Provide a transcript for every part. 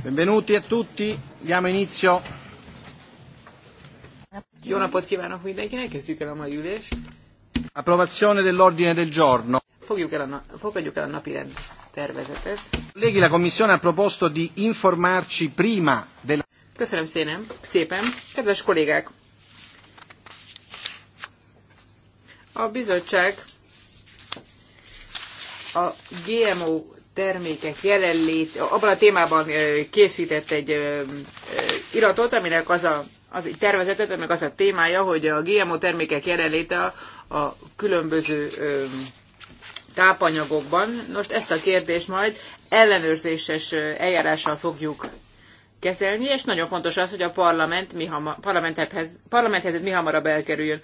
Benvenuti a tutti, diamo inizio. Jó napot kívánok mindenkinek, kezdjük el a mai ülést. Approvazione dell'ordine del giorno. Fogjuk el a, fogadjuk el a napi rend tervezetet. Colleghi, la Commissione ha proposto di informarci prima della... Köszönöm szépen, szépen, kedves kollégák! A bizottság a GMO termékek jelenlét, abban a témában készített egy iratot, aminek az a az egy tervezetet, meg az a témája, hogy a GMO termékek jelenléte a, a különböző ö, tápanyagokban. Most ezt a kérdést majd ellenőrzéses eljárással fogjuk kezelni, és nagyon fontos az, hogy a parlament mi hama, parlamenthez, parlamenthez mi hamarabb elkerüljön.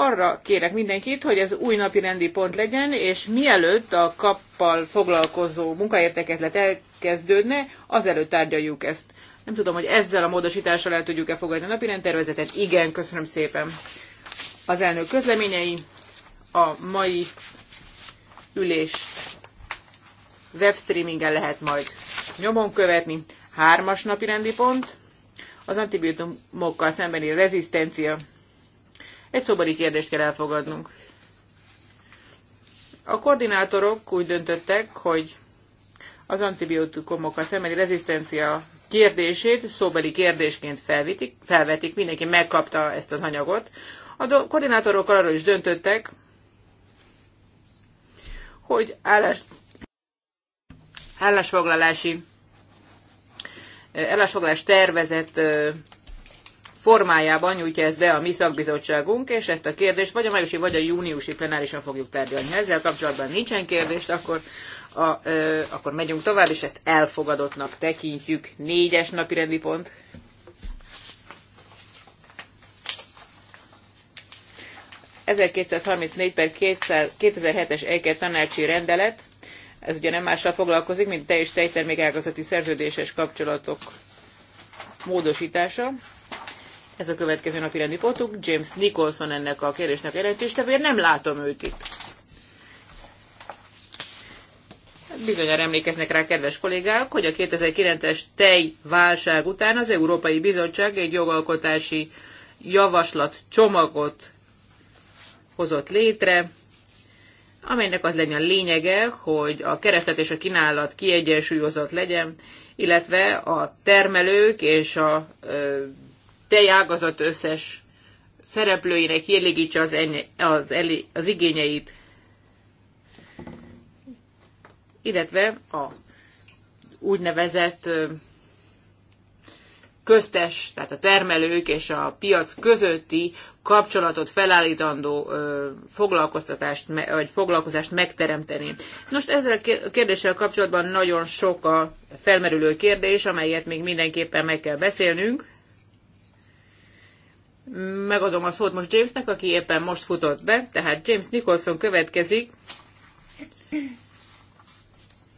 Arra kérek mindenkit, hogy ez új napi rendi pont legyen, és mielőtt a kappal foglalkozó munkaértekezlet elkezdődne, azelőtt tárgyaljuk ezt. Nem tudom, hogy ezzel a módosítással el tudjuk-e fogadni a napi rendtervezetet. Igen, köszönöm szépen. Az elnök közleményei a mai ülés webstreamingen lehet majd nyomon követni. Hármas napi rendi pont, az antibiotikumokkal szembeni rezisztencia egy szobori kérdést kell elfogadnunk. A koordinátorok úgy döntöttek, hogy az antibiotikumokkal szembeni rezisztencia kérdését szóbeli kérdésként felvetik, felvetik, mindenki megkapta ezt az anyagot. A koordinátorok arról is döntöttek, hogy állás, állásfoglalási eh, állásfoglalás tervezett eh, formájában nyújtja ezt be a mi szakbizottságunk, és ezt a kérdést vagy a májusi, vagy a júniusi plenárison fogjuk tárgyalni. Ezzel kapcsolatban nincsen kérdést, akkor, a, ö, akkor megyünk tovább, és ezt elfogadottnak tekintjük. Négyes napi rendi pont. per 2007-es EK tanácsi rendelet, ez ugye nem mással foglalkozik, mint te és tejtermékágazati szerződéses kapcsolatok módosítása. Ez a következő napi rendi pontunk. James Nicholson ennek a kérdésnek jelentéstevője. Nem látom őt itt. Bizonyára emlékeznek rá, kedves kollégák, hogy a 2009-es tejválság után az Európai Bizottság egy jogalkotási javaslat csomagot hozott létre, amelynek az legyen a lényege, hogy a kereslet és a kínálat kiegyensúlyozott legyen, illetve a termelők és a tejágazat összes szereplőinek kielégítse az, enye, az, elé, az igényeit, illetve a úgynevezett köztes, tehát a termelők és a piac közötti kapcsolatot felállítandó ö, foglalkoztatást, me, vagy foglalkozást megteremteni. Most ezzel a kérdéssel kapcsolatban nagyon sok a felmerülő kérdés, amelyet még mindenképpen meg kell beszélnünk megadom a szót most Jamesnek, aki éppen most futott be, tehát James Nicholson következik.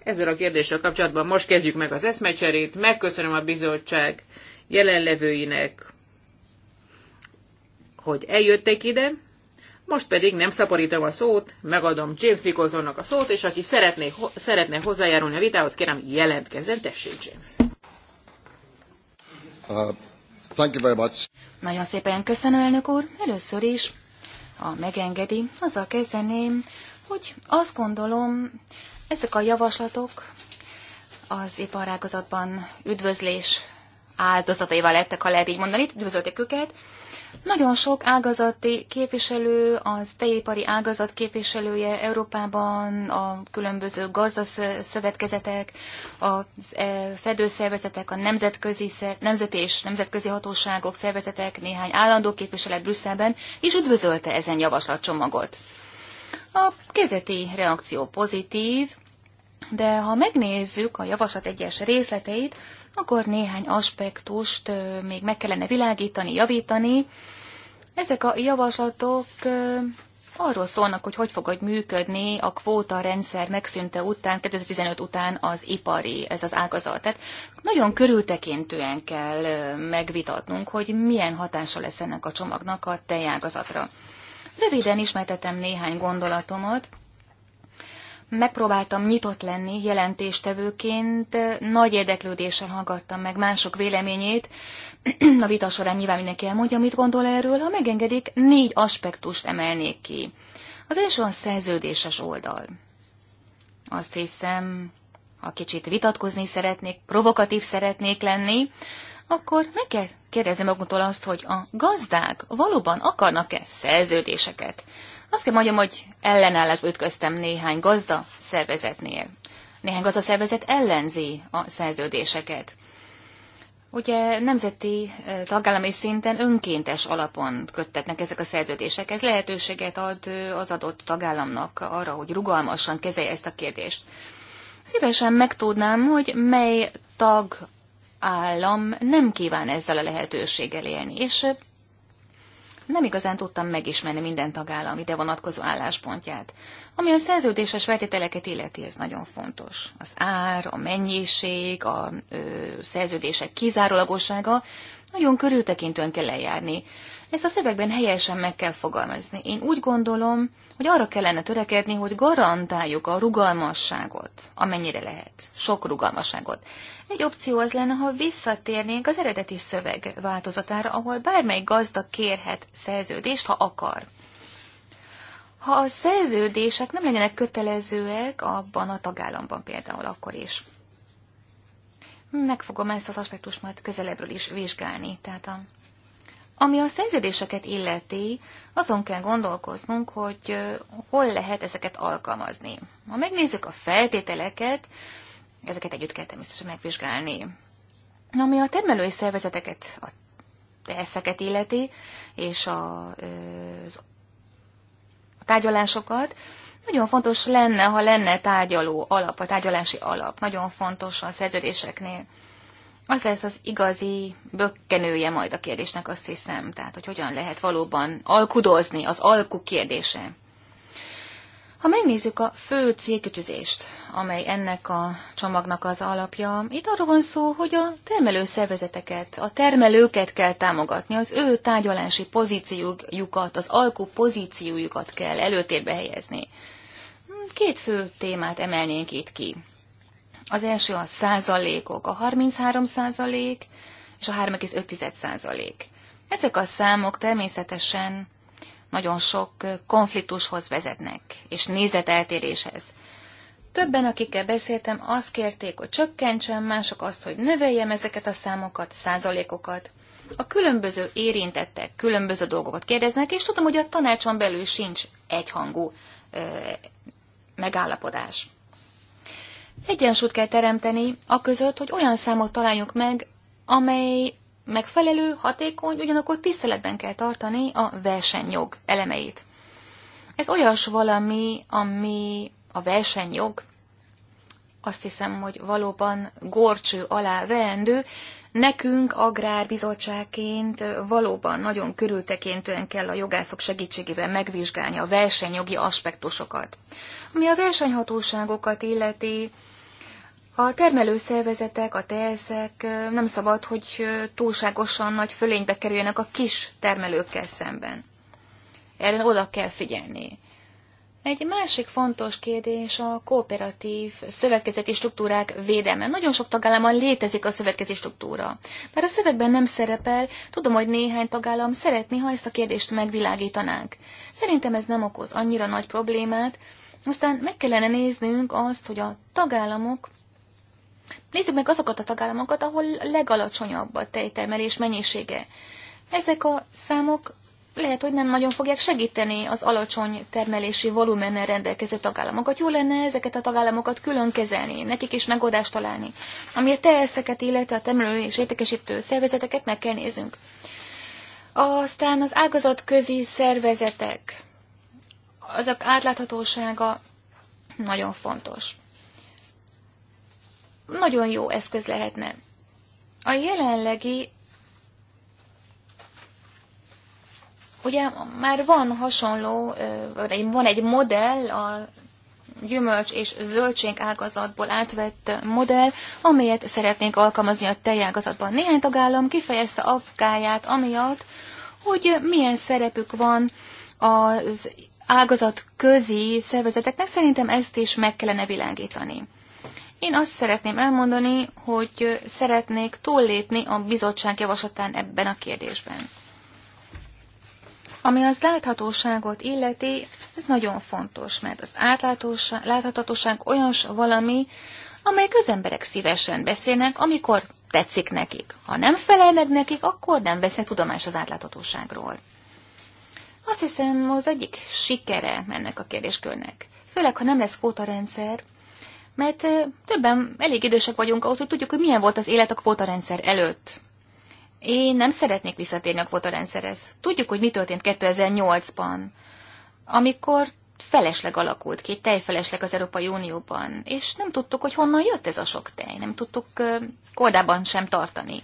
Ezzel a kérdéssel kapcsolatban most kezdjük meg az eszmecserét. Megköszönöm a bizottság jelenlevőinek, hogy eljöttek ide. Most pedig nem szaporítom a szót, megadom James Nicholsonnak a szót, és aki szeretné, ho- szeretne hozzájárulni a vitához, kérem jelentkezzen, tessék James. Uh. Thank you very much. Nagyon szépen köszönöm, elnök úr. Először is, ha megengedi, azzal kezdeném, hogy azt gondolom, ezek a javaslatok az iparágazatban üdvözlés áldozataival lettek, ha lehet így mondani, üdvözölték őket, nagyon sok ágazati képviselő, az tejipari ágazat képviselője Európában, a különböző gazdaszövetkezetek, a e, fedőszervezetek, a nemzetközi, nemzeti és nemzetközi hatóságok, szervezetek, néhány állandó képviselet Brüsszelben is üdvözölte ezen javaslatcsomagot. A kezeti reakció pozitív, de ha megnézzük a javaslat egyes részleteit, akkor néhány aspektust még meg kellene világítani, javítani. Ezek a javaslatok arról szólnak, hogy hogy fog működni a kvóta rendszer megszűnte után, 2015 után az ipari, ez az ágazat. Tehát nagyon körültekintően kell megvitatnunk, hogy milyen hatása lesz ennek a csomagnak a tejágazatra. Röviden ismertetem néhány gondolatomat, megpróbáltam nyitott lenni jelentéstevőként, nagy érdeklődéssel hallgattam meg mások véleményét. A vita során nyilván mindenki elmondja, mit gondol erről. Ha megengedik, négy aspektust emelnék ki. Az első a szerződéses oldal. Azt hiszem, ha kicsit vitatkozni szeretnék, provokatív szeretnék lenni, akkor meg kell kérdezni magunktól azt, hogy a gazdák valóban akarnak-e szerződéseket. Azt kell mondjam, hogy ellenállásba ütköztem néhány gazda szervezetnél. Néhány gazda szervezet ellenzi a szerződéseket. Ugye nemzeti tagállami szinten önkéntes alapon köttetnek ezek a szerződések. Ez lehetőséget ad az adott tagállamnak arra, hogy rugalmasan kezelje ezt a kérdést. Szívesen megtudnám, hogy mely tag állam nem kíván ezzel a lehetőséggel élni, és nem igazán tudtam megismerni minden tagállam ide vonatkozó álláspontját. Ami a szerződéses feltételeket illeti, ez nagyon fontos. Az ár, a mennyiség, a ö, szerződések kizárólagossága, nagyon körültekintően kell eljárni. Ezt a szövegben helyesen meg kell fogalmazni. Én úgy gondolom, hogy arra kellene törekedni, hogy garantáljuk a rugalmasságot, amennyire lehet. Sok rugalmasságot. Egy opció az lenne, ha visszatérnénk az eredeti szöveg változatára, ahol bármely gazda kérhet szerződést, ha akar. Ha a szerződések nem lennének kötelezőek abban a tagállamban például akkor is. Meg fogom ezt az aspektust majd közelebbről is vizsgálni. Tehát a, ami a szerződéseket illeti, azon kell gondolkoznunk, hogy hol lehet ezeket alkalmazni. Ha megnézzük a feltételeket, Ezeket együtt kell természetesen megvizsgálni. Na, Ami a termelői szervezeteket, a teszeket illeti, és a, az, a tárgyalásokat, nagyon fontos lenne, ha lenne tárgyaló alap, a tárgyalási alap. Nagyon fontos a szerződéseknél. Az lesz az igazi bökkenője majd a kérdésnek, azt hiszem. Tehát, hogy hogyan lehet valóban alkudozni, az alku kérdése. Ha megnézzük a fő célkötözést, amely ennek a csomagnak az alapja, itt arról van szó, hogy a termelő szervezeteket, a termelőket kell támogatni, az ő tárgyalási pozíciójukat, az alkú pozíciójukat kell előtérbe helyezni. Két fő témát emelnénk itt ki. Az első a százalékok, a 33 százalék és a 3,5 százalék. Ezek a számok természetesen nagyon sok konfliktushoz vezetnek, és nézeteltéréshez. Többen, akikkel beszéltem, azt kérték, hogy csökkentsem, mások azt, hogy növeljem ezeket a számokat, százalékokat. A különböző érintettek különböző dolgokat kérdeznek, és tudom, hogy a tanácson belül sincs egyhangú ö, megállapodás. Egyensúlyt kell teremteni, aközött, hogy olyan számot találjunk meg, amely megfelelő, hatékony, ugyanakkor tiszteletben kell tartani a versenyjog elemeit. Ez olyas valami, ami a versenyjog, azt hiszem, hogy valóban gorcső alá veendő, Nekünk agrárbizottságként valóban nagyon körültekintően kell a jogászok segítségével megvizsgálni a versenyjogi aspektusokat. Ami a versenyhatóságokat illeti, a termelőszervezetek, a teeszek nem szabad, hogy túlságosan nagy fölénybe kerüljenek a kis termelőkkel szemben. Erre oda kell figyelni. Egy másik fontos kérdés a kooperatív szövetkezeti struktúrák védelme. Nagyon sok tagállamban létezik a szövetkezeti struktúra. Bár a szövegben nem szerepel, tudom, hogy néhány tagállam szeretné, ha ezt a kérdést megvilágítanánk. Szerintem ez nem okoz annyira nagy problémát, aztán meg kellene néznünk azt, hogy a tagállamok Nézzük meg azokat a tagállamokat, ahol legalacsonyabb a tejtermelés mennyisége. Ezek a számok lehet, hogy nem nagyon fogják segíteni az alacsony termelési volumennel rendelkező tagállamokat. Jó lenne ezeket a tagállamokat külön kezelni, nekik is megoldást találni. Ami a teeszeket illeti a termelő és értékesítő szervezeteket meg kell néznünk. Aztán az ágazatközi szervezetek, azok átláthatósága nagyon fontos nagyon jó eszköz lehetne. A jelenlegi, ugye már van hasonló, van egy modell, a gyümölcs és zöldség ágazatból átvett modell, amelyet szeretnénk alkalmazni a tejágazatban. Néhány tagállam kifejezte aggáját amiatt, hogy milyen szerepük van az ágazat közi szervezeteknek, szerintem ezt is meg kellene világítani. Én azt szeretném elmondani, hogy szeretnék túllépni a bizottság javaslatán ebben a kérdésben. Ami az láthatóságot illeti, ez nagyon fontos, mert az láthatóság olyan valami, amely közemberek szívesen beszélnek, amikor tetszik nekik. Ha nem felel meg nekik, akkor nem vesznek tudomást az átláthatóságról. Azt hiszem, az egyik sikere ennek a kérdéskörnek, főleg ha nem lesz kvótarendszer, mert többen elég idősek vagyunk ahhoz, hogy tudjuk, hogy milyen volt az élet a kvótarendszer előtt. Én nem szeretnék visszatérni a kvótarendszerhez. Tudjuk, hogy mi történt 2008-ban, amikor felesleg alakult ki, tejfelesleg az Európai Unióban, és nem tudtuk, hogy honnan jött ez a sok tej, nem tudtuk kordában sem tartani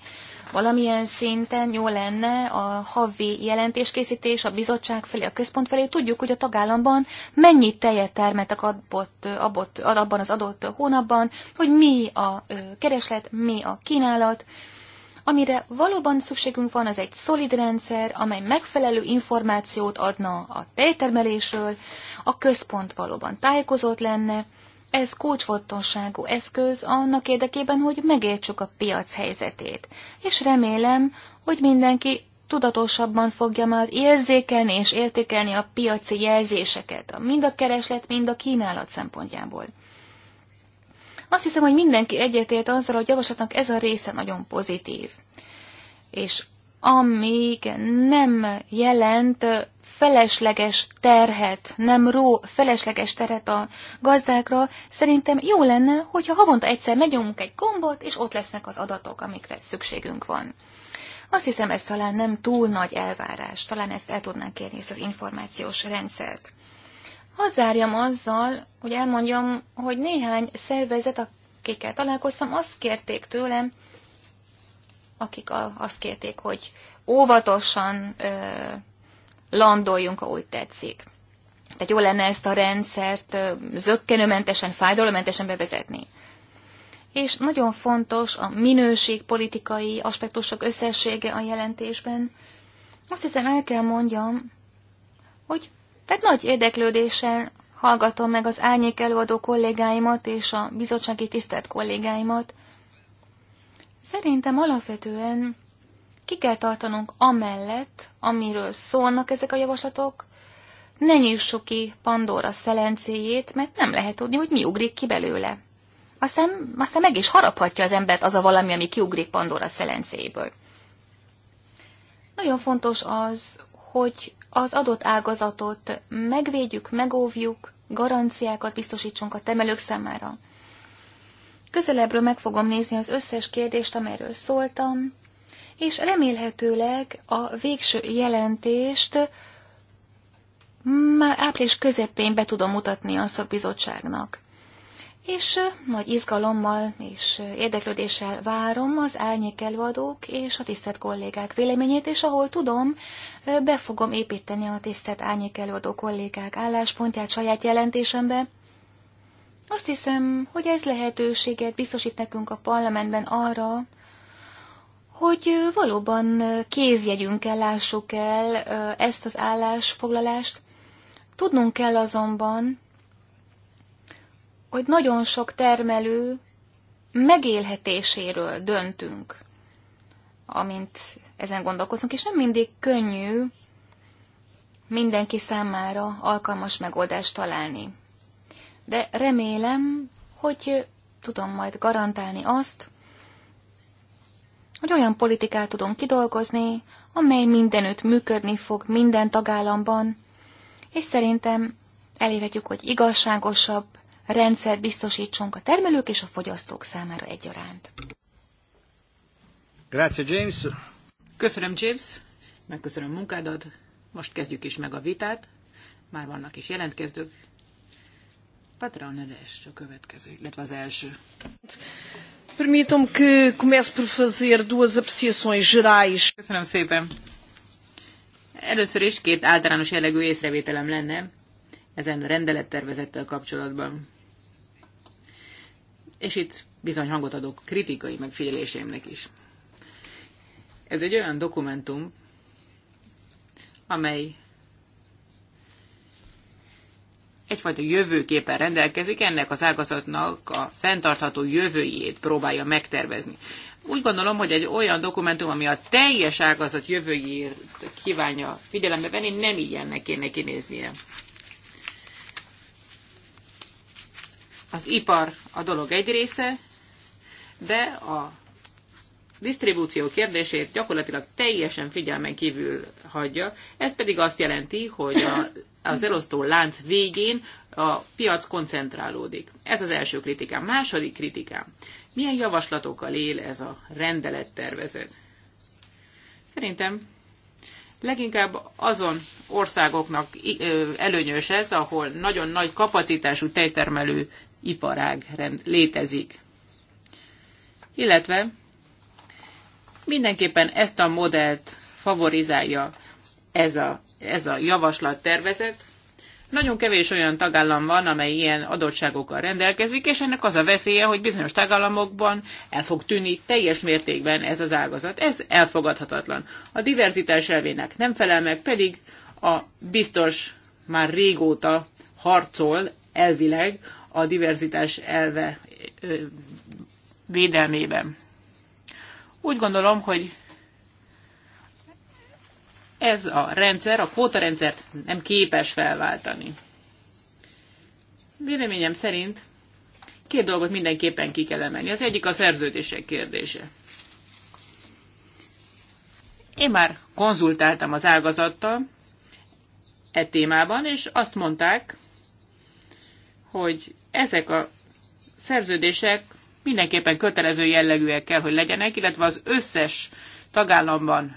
valamilyen szinten jó lenne a havi jelentéskészítés a bizottság felé, a központ felé. Tudjuk, hogy a tagállamban mennyi tejet termeltek abott, abott, abban az adott hónapban, hogy mi a kereslet, mi a kínálat. Amire valóban szükségünk van, az egy szolid rendszer, amely megfelelő információt adna a tejtermelésről, a központ valóban tájékozott lenne, ez kulcsfontosságú eszköz annak érdekében, hogy megértsük a piac helyzetét. És remélem, hogy mindenki tudatosabban fogja már érzékelni és értékelni a piaci jelzéseket, mind a kereslet, mind a kínálat szempontjából. Azt hiszem, hogy mindenki egyetért azzal, hogy javaslatnak ez a része nagyon pozitív. És amíg nem jelent felesleges terhet, nem ró felesleges terhet a gazdákra, szerintem jó lenne, hogyha havonta egyszer megnyomunk egy gombot, és ott lesznek az adatok, amikre szükségünk van. Azt hiszem, ez talán nem túl nagy elvárás, talán ezt el tudnánk kérni, ezt az információs rendszert. Hadd zárjam azzal, hogy elmondjam, hogy néhány szervezet, akikkel találkoztam, azt kérték tőlem, akik azt kérték, hogy óvatosan ö, landoljunk, ahogy tetszik. Tehát jó lenne ezt a rendszert zöggenőmentesen, fájdalommentesen bevezetni. És nagyon fontos a minőségpolitikai aspektusok összessége a jelentésben. Azt hiszem el kell mondjam, hogy tehát nagy érdeklődéssel hallgatom meg az árnyék előadó kollégáimat és a bizottsági tisztelt kollégáimat, Szerintem alapvetően ki kell tartanunk amellett, amiről szólnak ezek a javaslatok, ne nyissuk ki Pandora szelencéjét, mert nem lehet tudni, hogy mi ugrik ki belőle. Aztán, aztán meg is haraphatja az embert az a valami, ami kiugrik Pandora szelencéből. Nagyon fontos az, hogy az adott ágazatot megvédjük, megóvjuk, garanciákat biztosítsunk a temelők számára. Közelebbről meg fogom nézni az összes kérdést, amelyről szóltam, és remélhetőleg a végső jelentést már április közepén be tudom mutatni a szakbizottságnak. És nagy izgalommal és érdeklődéssel várom az árnyék előadók és a tisztelt kollégák véleményét, és ahol tudom, be fogom építeni a tisztelt árnyék előadó kollégák álláspontját saját jelentésembe, azt hiszem, hogy ez lehetőséget biztosít nekünk a parlamentben arra, hogy valóban kézjegyünkkel lássuk el ezt az állásfoglalást. Tudnunk kell azonban, hogy nagyon sok termelő megélhetéséről döntünk, amint ezen gondolkozunk, és nem mindig könnyű mindenki számára alkalmas megoldást találni de remélem, hogy tudom majd garantálni azt, hogy olyan politikát tudom kidolgozni, amely mindenütt működni fog minden tagállamban, és szerintem elérhetjük, hogy igazságosabb rendszert biztosítsunk a termelők és a fogyasztók számára egyaránt. Grazie, James. Köszönöm, James. Megköszönöm munkádat. Most kezdjük is meg a vitát. Már vannak is jelentkezők. Patroneres a következő, illetve az első. Permitam que comece por fazer duas apreciações gerais. Köszönöm szépen. Először is két általános jellegű észrevételem lenne ezen rendelettervezettel kapcsolatban. És itt bizony hangot adok kritikai megfigyeléseimnek is. Ez egy olyan dokumentum, amely egyfajta jövőképpen rendelkezik, ennek az ágazatnak a fenntartható jövőjét próbálja megtervezni. Úgy gondolom, hogy egy olyan dokumentum, ami a teljes ágazat jövőjét kívánja figyelembe venni, nem így ennek kéne kinéznie. Az ipar a dolog egy része, de a disztribúció kérdését gyakorlatilag teljesen figyelmen kívül hagyja. Ez pedig azt jelenti, hogy a az elosztó lánc végén a piac koncentrálódik. Ez az első kritikám. Második kritikám. Milyen javaslatokkal él ez a rendelettervezet? Szerintem leginkább azon országoknak előnyös ez, ahol nagyon nagy kapacitású tejtermelő iparág létezik. Illetve mindenképpen ezt a modellt favorizálja ez a ez a javaslat tervezet. Nagyon kevés olyan tagállam van, amely ilyen adottságokkal rendelkezik, és ennek az a veszélye, hogy bizonyos tagállamokban el fog tűnni teljes mértékben ez az ágazat. Ez elfogadhatatlan. A diverzitás elvének nem felel meg, pedig a biztos már régóta harcol elvileg a diverzitás elve védelmében. Úgy gondolom, hogy ez a rendszer, a kvótarendszert nem képes felváltani. Véleményem szerint két dolgot mindenképpen ki kell emelni. Az egyik a szerződések kérdése. Én már konzultáltam az ágazattal e témában, és azt mondták, hogy ezek a szerződések mindenképpen kötelező jellegűek kell, hogy legyenek, illetve az összes tagállamban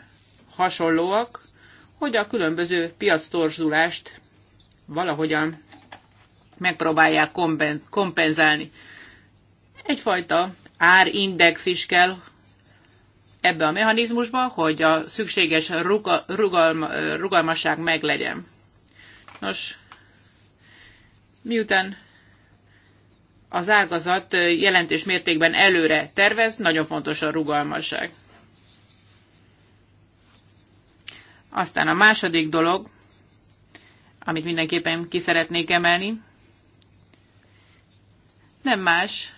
hasonlóak, hogy a különböző piactorzulást valahogyan megpróbálják kompenzálni. Egyfajta árindex is kell ebbe a mechanizmusba, hogy a szükséges ruga, rugalma, rugalmasság meglegyen. Nos, miután az ágazat jelentős mértékben előre tervez, nagyon fontos a rugalmasság. Aztán a második dolog, amit mindenképpen ki szeretnék emelni, nem más,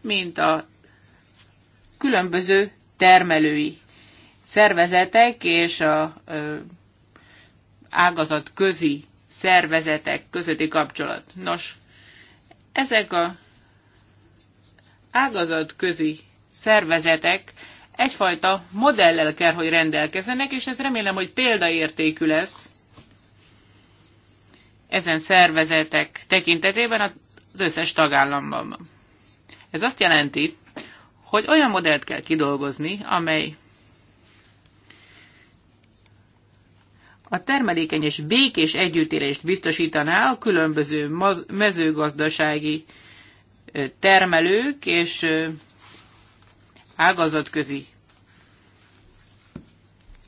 mint a különböző termelői szervezetek és a ö, ágazat közi szervezetek közötti kapcsolat. Nos, ezek a ágazat közi szervezetek egyfajta modellel kell, hogy rendelkezzenek, és ez remélem, hogy példaértékű lesz ezen szervezetek tekintetében az összes tagállamban. Ez azt jelenti, hogy olyan modellt kell kidolgozni, amely a termelékeny és békés együttélést biztosítaná a különböző mezőgazdasági termelők és ágazatközi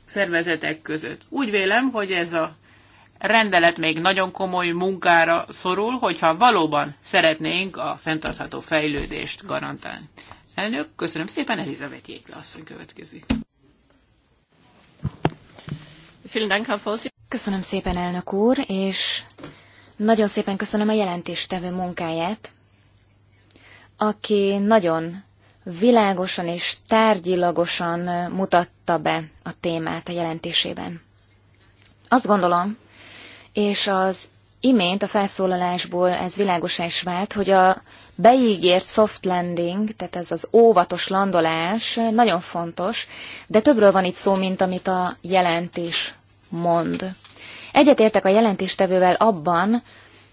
szervezetek között. Úgy vélem, hogy ez a rendelet még nagyon komoly munkára szorul, hogyha valóban szeretnénk a fenntartható fejlődést garantálni. Elnök, köszönöm szépen, Elizabeth Jégle asszony következik. Köszönöm szépen, elnök úr, és nagyon szépen köszönöm a jelentéstevő munkáját, aki nagyon világosan és tárgyilagosan mutatta be a témát a jelentésében. Azt gondolom, és az imént a felszólalásból ez világosá is vált, hogy a beígért soft landing, tehát ez az óvatos landolás nagyon fontos, de többről van itt szó, mint amit a jelentés mond. Egyetértek a jelentéstevővel abban,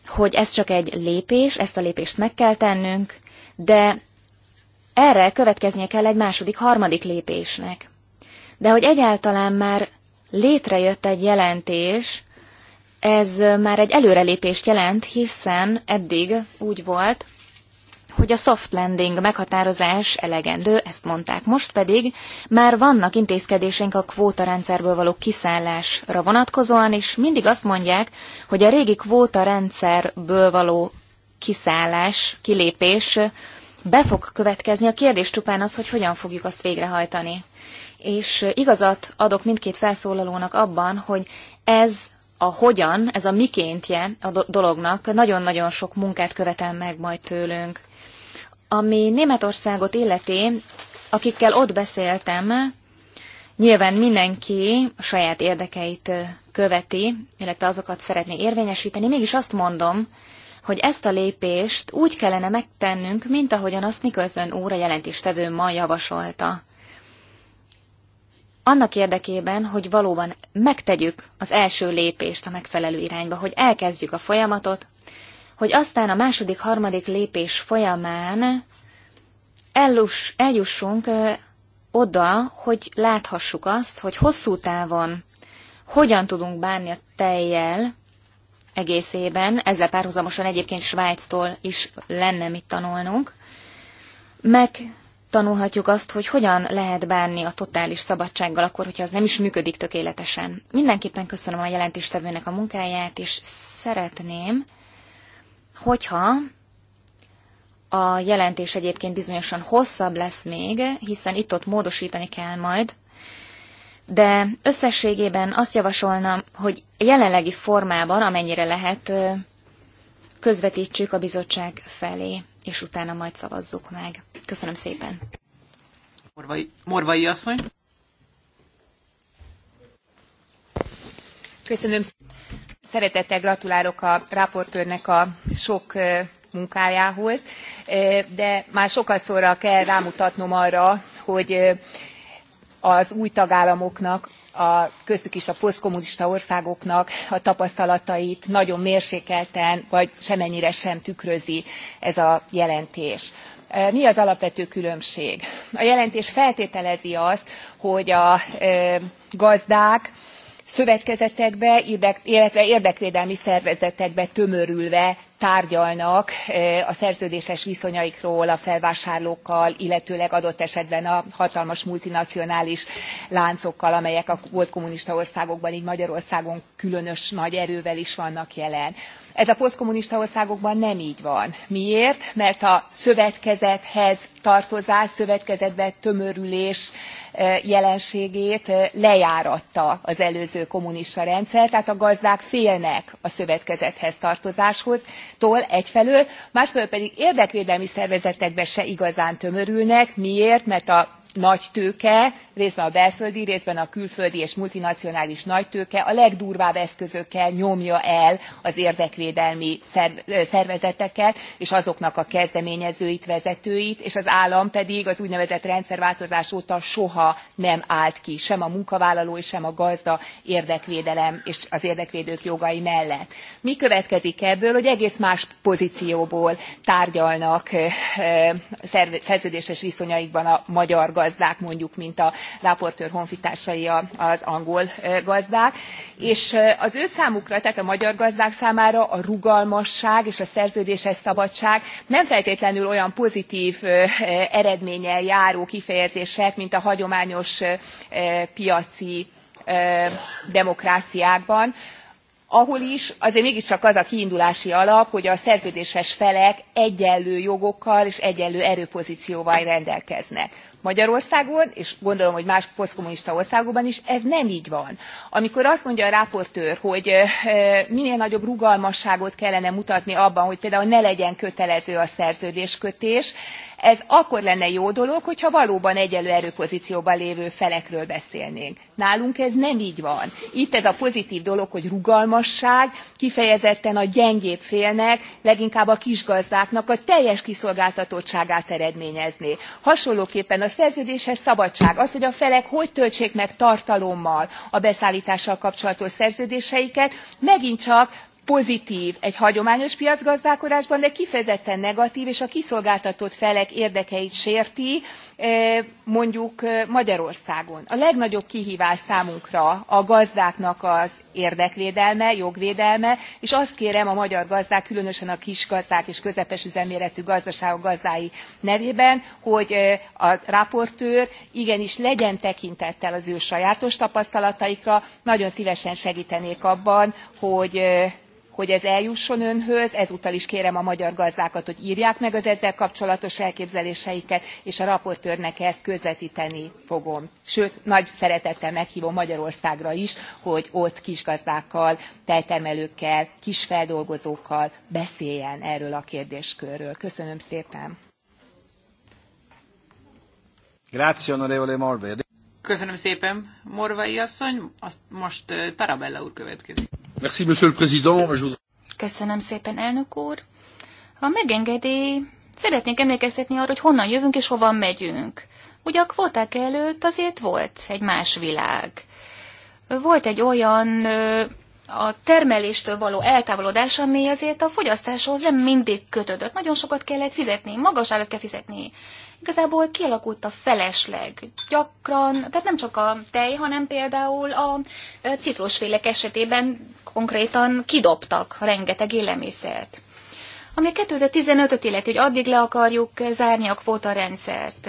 hogy ez csak egy lépés, ezt a lépést meg kell tennünk, de erre következnie kell egy második, harmadik lépésnek. De hogy egyáltalán már létrejött egy jelentés, ez már egy előrelépést jelent, hiszen eddig úgy volt, hogy a soft landing meghatározás elegendő, ezt mondták. Most pedig már vannak intézkedésénk a kvótarendszerből való kiszállásra vonatkozóan, és mindig azt mondják, hogy a régi kvótarendszerből való kiszállás, kilépés be fog következni. A kérdés csupán az, hogy hogyan fogjuk azt végrehajtani. És igazat adok mindkét felszólalónak abban, hogy ez a hogyan, ez a mikéntje a dolognak nagyon-nagyon sok munkát követel meg majd tőlünk. Ami Németországot illeti, akikkel ott beszéltem, Nyilván mindenki a saját érdekeit követi, illetve azokat szeretné érvényesíteni, mégis azt mondom, hogy ezt a lépést úgy kellene megtennünk, mint ahogyan azt Nicholson óra jelentéstevő ma javasolta. Annak érdekében, hogy valóban megtegyük az első lépést a megfelelő irányba, hogy elkezdjük a folyamatot, hogy aztán a második, harmadik lépés folyamán ellus, eljussunk oda, hogy láthassuk azt, hogy hosszú távon hogyan tudunk bánni a tejjel, egészében, ezzel párhuzamosan egyébként Svájctól is lenne mit tanulnunk, megtanulhatjuk azt, hogy hogyan lehet bánni a totális szabadsággal akkor, hogyha az nem is működik tökéletesen. Mindenképpen köszönöm a jelentéstevőnek a munkáját, és szeretném, hogyha a jelentés egyébként bizonyosan hosszabb lesz még, hiszen itt-ott módosítani kell majd, de összességében azt javasolnám, hogy jelenlegi formában, amennyire lehet, közvetítsük a bizottság felé, és utána majd szavazzuk meg. Köszönöm szépen. Morvai, Morvai asszony. Köszönöm Szeretettel gratulálok a raportőrnek a sok munkájához, de már sokat szóra kell rámutatnom arra, hogy az új tagállamoknak a, köztük is a posztkommunista országoknak a tapasztalatait nagyon mérsékelten vagy semennyire sem tükrözi ez a jelentés. E, mi az alapvető különbség? A jelentés feltételezi azt, hogy a e, gazdák szövetkezetekbe illetve érdekvédelmi szervezetekbe tömörülve tárgyalnak a szerződéses viszonyaikról a felvásárlókkal illetőleg adott esetben a hatalmas multinacionális láncokkal amelyek a volt kommunista országokban gy magyarországon különös nagy erővel is vannak jelen ez a posztkommunista országokban nem gy van. miért? mert a szövetkezethez tartozás szövetkezetbe tömörülés e, jelenségét e, lejáratta az előző kommunista rendszer tehát a gazdák félnek a szövetkezethez tartozástól egyfelől másfelől pedig érdekvédelmi szervezetekbe se igazán tömörülnek miért? mert a nagytőke részben a belföldi részben a külföldi és multinacionális nagytőke a legdurvább eszközökkel nyomja el az érdekvédelmi szervezeteket és azoknak a kezdeményezőit vezetőit és az állam pedig az úgynevezett rendszerváltozás óta soha nem állt ki sem a munkavállalói sem a gazda érdekvédelem és az érdekvédők jogai mellett. mi következik ebből hogy egész más pozcióból tárgyalnak szerződéses viszonyaikban a magyar gazdák mondjuk mint a raportőr honfitársai az angol gazdák és az ő számukra tehát a magyar gazdák számára a rugalmasság és a szerződéses szabadság nem feltétlenül olyan pozitv eredménnyel járó kifejezések mint a hagyományos piaci demokráciákban ahol is azért mégiscsak az a kiindulási alap hogy a szerződéses felek egyenlő jogokkal és egyenlő erőpozcióval rendelkeznek magyarországon és gondolom hogy más posztkommunista országokban is ez nem gy van. amikor azt mondja a rapportőr hogy minél nagyobb rugalmasságot kellene mutatni abban hogy például ne legyen kötelező a szerződéskötés ez ez akkor lenne jó dolog, hogyha valóban egyenlő erőpozícióban lévő felekről beszélnénk. Nálunk ez nem így van. Itt ez a pozitív dolog, hogy rugalmasság, kifejezetten a gyengébb félnek, leginkább a kisgazdáknak a teljes kiszolgáltatottságát eredményezni. Hasonlóképpen a szerződéshez szabadság, az, hogy a felek hogy töltsék meg tartalommal a beszállítással kapcsolatos szerződéseiket, megint csak pozitv egy hagyományos piacgazdálkodásban de kifejezetten negatv és a kiszolgáltatott felek érdekeit sérti eh, mondjuk eh, magyarországon. a legnagyobb kihvás számunkra a gazdáknak az érdekvédelme jogvédelme és azt kérem a magyar gazdák különösen a kisgazdák és közepes üzemméretű gazdaságok gazdái nevében hogy eh, a raportőr igenis legyen tekintettel az ő sajátos tapasztalataikra nagyon szvesen segtenék abban hogy hogy ez eljusson önhöz ezúttal is kérem a magyar gazdákat hogy rják meg az ezzel kapcsolatos elképzeléseiket és a raportőrnek ezt közvetteni fogom sőt nagy szeretettel meghvom magyarországra is hogy ott kisgazdákkal tejtermelőkkel kisfeldolgozókkal beszéljen erről a kérdéskörről. köszönöm szépen! Köszönöm szépen, Morvai asszony. Azt most Tarabella úr következik. Merci, Monsieur le Président. Köszönöm szépen, elnök úr. Ha megengedi, szeretnénk emlékeztetni arra, hogy honnan jövünk és hova megyünk. Ugye a kvóták előtt azért volt egy más világ. Volt egy olyan a termeléstől való eltávolodás, ami azért a fogyasztáshoz nem mindig kötődött. Nagyon sokat kellett fizetni, magas állat kell fizetni igazából kialakult a felesleg. Gyakran, tehát nem csak a tej, hanem például a citrusfélek esetében konkrétan kidobtak rengeteg élelmiszert. Ami 2015-öt illeti, hogy addig le akarjuk zárni a kvóta rendszert.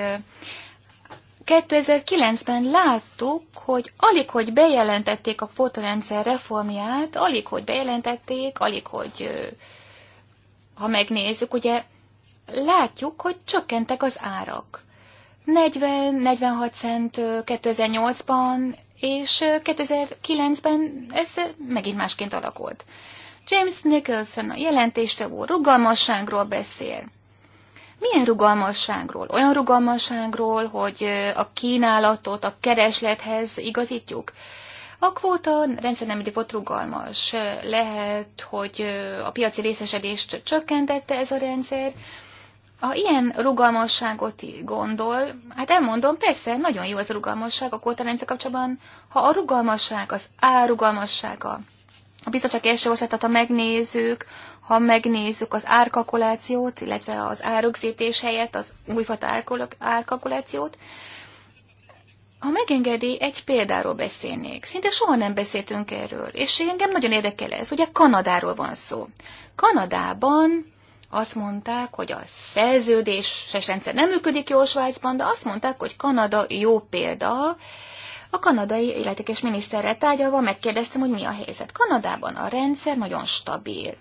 2009-ben láttuk, hogy alig, hogy bejelentették a kvótarendszer reformját, alig, hogy bejelentették, alig, hogy ha megnézzük, ugye látjuk, hogy csökkentek az árak. 40-46 cent 2008-ban, és 2009-ben ez megint másként alakult. James Nicholson a jelentéstevő rugalmasságról beszél. Milyen rugalmasságról? Olyan rugalmasságról, hogy a kínálatot a kereslethez igazítjuk? A kvóta rendszer nem mindig volt rugalmas. Lehet, hogy a piaci részesedést csökkentette ez a rendszer, ha ilyen rugalmasságot gondol, hát elmondom, persze, nagyon jó az a rugalmasság a kótarendszer kapcsolatban. Ha a rugalmasság, az árugalmassága, a bizottság első javaslatát, ha megnézzük, ha megnézzük az árkalkulációt, illetve az árögzítés helyett az újfajta árkalkulációt, ha megengedi, egy példáról beszélnék. Szinte soha nem beszéltünk erről, és engem nagyon érdekel ez. Ugye Kanadáról van szó. Kanadában azt mondták, hogy a szerződéses rendszer nem működik jó Svájcban, de azt mondták, hogy Kanada jó példa. A kanadai illetékes miniszterre tárgyalva megkérdeztem, hogy mi a helyzet. Kanadában a rendszer nagyon stabil.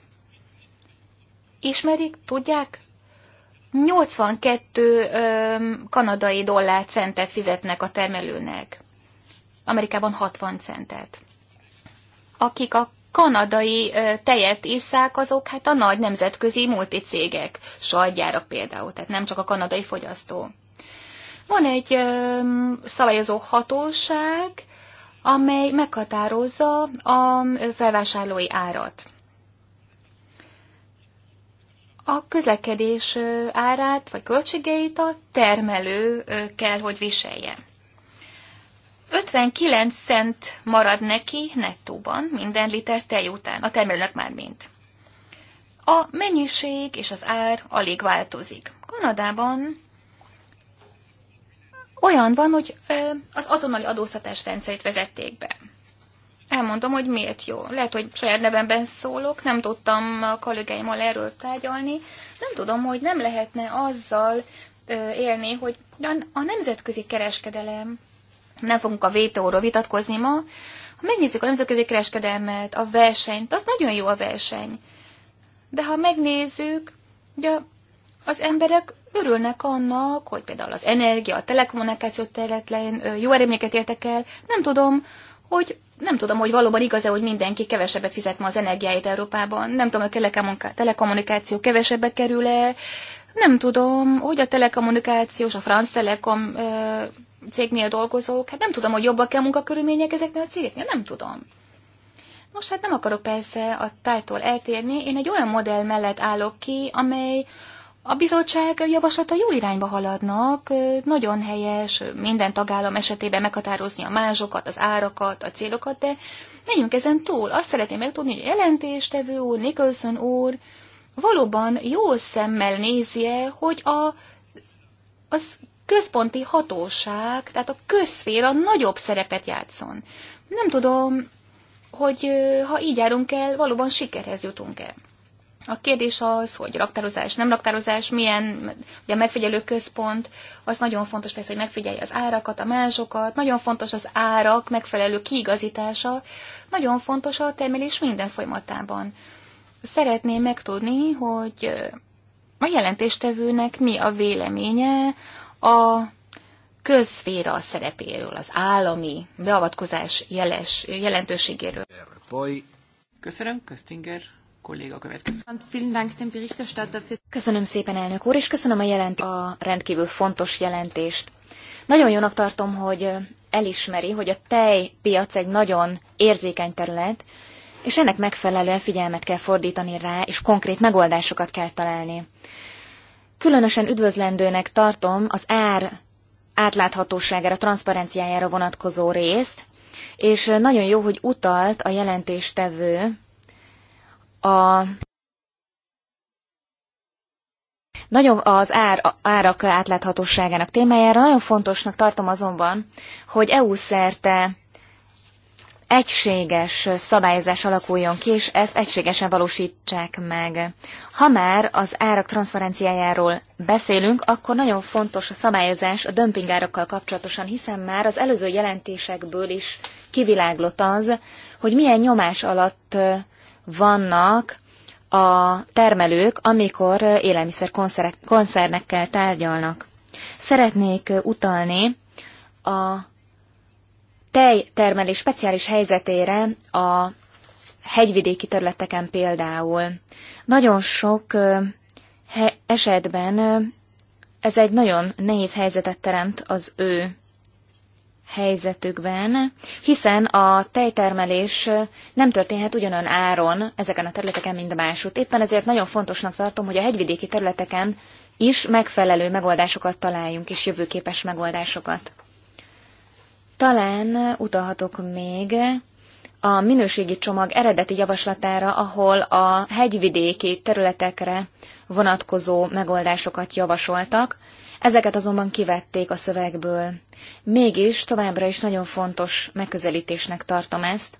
Ismerik, tudják, 82 ö, kanadai dollár centet fizetnek a termelőnek. Amerikában 60 centet. Akik a kanadai tejet iszák, azok hát a nagy nemzetközi multicégek, sajtjára például, tehát nem csak a kanadai fogyasztó. Van egy szabályozó hatóság, amely meghatározza a felvásárlói árat. A közlekedés árát vagy költségeit a termelő kell, hogy viselje. 59 cent marad neki nettóban minden liter tej után, a termelőnek már mint. A mennyiség és az ár alig változik. Kanadában olyan van, hogy az azonnali adóztatás rendszerét vezették be. Elmondom, hogy miért jó. Lehet, hogy saját nevemben szólok, nem tudtam a kollégáimmal erről tárgyalni. Nem tudom, hogy nem lehetne azzal élni, hogy a nemzetközi kereskedelem nem fogunk a WTO-ról vitatkozni ma. Ha megnézzük a nemzetközi kereskedelmet, a versenyt, az nagyon jó a verseny. De ha megnézzük, ugye az emberek örülnek annak, hogy például az energia, a telekommunikáció területén jó eredményeket értek el. Nem tudom, hogy nem tudom, hogy valóban igaz-e, hogy mindenki kevesebbet fizet ma az energiáit Európában. Nem tudom, hogy a telekommunikáció kevesebbe kerül-e. Nem tudom, hogy a telekommunikációs, a franc telekom cégnél dolgozók, hát nem tudom, hogy jobbak kell munkakörülmények ezeknél a cégeknél, nem tudom. Most hát nem akarok persze a tájtól eltérni, én egy olyan modell mellett állok ki, amely a bizottság javaslata jó irányba haladnak, nagyon helyes minden tagállam esetében meghatározni a mázsokat, az árakat, a célokat, de menjünk ezen túl. Azt szeretném megtudni, hogy jelentéstevő úr, Nicholson úr valóban jó szemmel nézi -e, hogy a, az központi hatóság, tehát a közféra nagyobb szerepet játszon. Nem tudom, hogy ha így járunk el, valóban sikerhez jutunk-e. A kérdés az, hogy raktározás, nem raktározás, milyen, ugye a megfigyelő központ, az nagyon fontos persze, hogy megfigyelje az árakat, a másokat, nagyon fontos az árak megfelelő kiigazítása, nagyon fontos a termelés minden folyamatában. Szeretném megtudni, hogy a jelentéstevőnek mi a véleménye a közszféra a szerepéről, az állami beavatkozás jeles, jelentőségéről. Köszönöm, Köztinger kolléga következő. Köszönöm szépen, elnök úr, és köszönöm a, jelent, a rendkívül fontos jelentést. Nagyon jónak tartom, hogy elismeri, hogy a tejpiac egy nagyon érzékeny terület, és ennek megfelelően figyelmet kell fordítani rá, és konkrét megoldásokat kell találni. Különösen üdvözlendőnek tartom az ár átláthatóságára, transzparenciájára vonatkozó részt, és nagyon jó, hogy utalt a jelentéstevő a nagyon az ár, árak átláthatóságának témájára. Nagyon fontosnak tartom azonban, hogy EU szerte egységes szabályozás alakuljon ki, és ezt egységesen valósítsák meg. Ha már az árak transzferenciájáról beszélünk, akkor nagyon fontos a szabályozás a dömpingárakkal kapcsolatosan, hiszen már az előző jelentésekből is kiviláglott az, hogy milyen nyomás alatt vannak a termelők, amikor élelmiszer konszernekkel tárgyalnak. Szeretnék utalni a tejtermelés speciális helyzetére a hegyvidéki területeken például. Nagyon sok esetben ez egy nagyon nehéz helyzetet teremt az ő helyzetükben, hiszen a tejtermelés nem történhet ugyanolyan áron ezeken a területeken, mint másút. Éppen ezért nagyon fontosnak tartom, hogy a hegyvidéki területeken is megfelelő megoldásokat találjunk, és jövőképes megoldásokat. Talán utalhatok még a minőségi csomag eredeti javaslatára, ahol a hegyvidéki területekre vonatkozó megoldásokat javasoltak, ezeket azonban kivették a szövegből. Mégis továbbra is nagyon fontos megközelítésnek tartom ezt.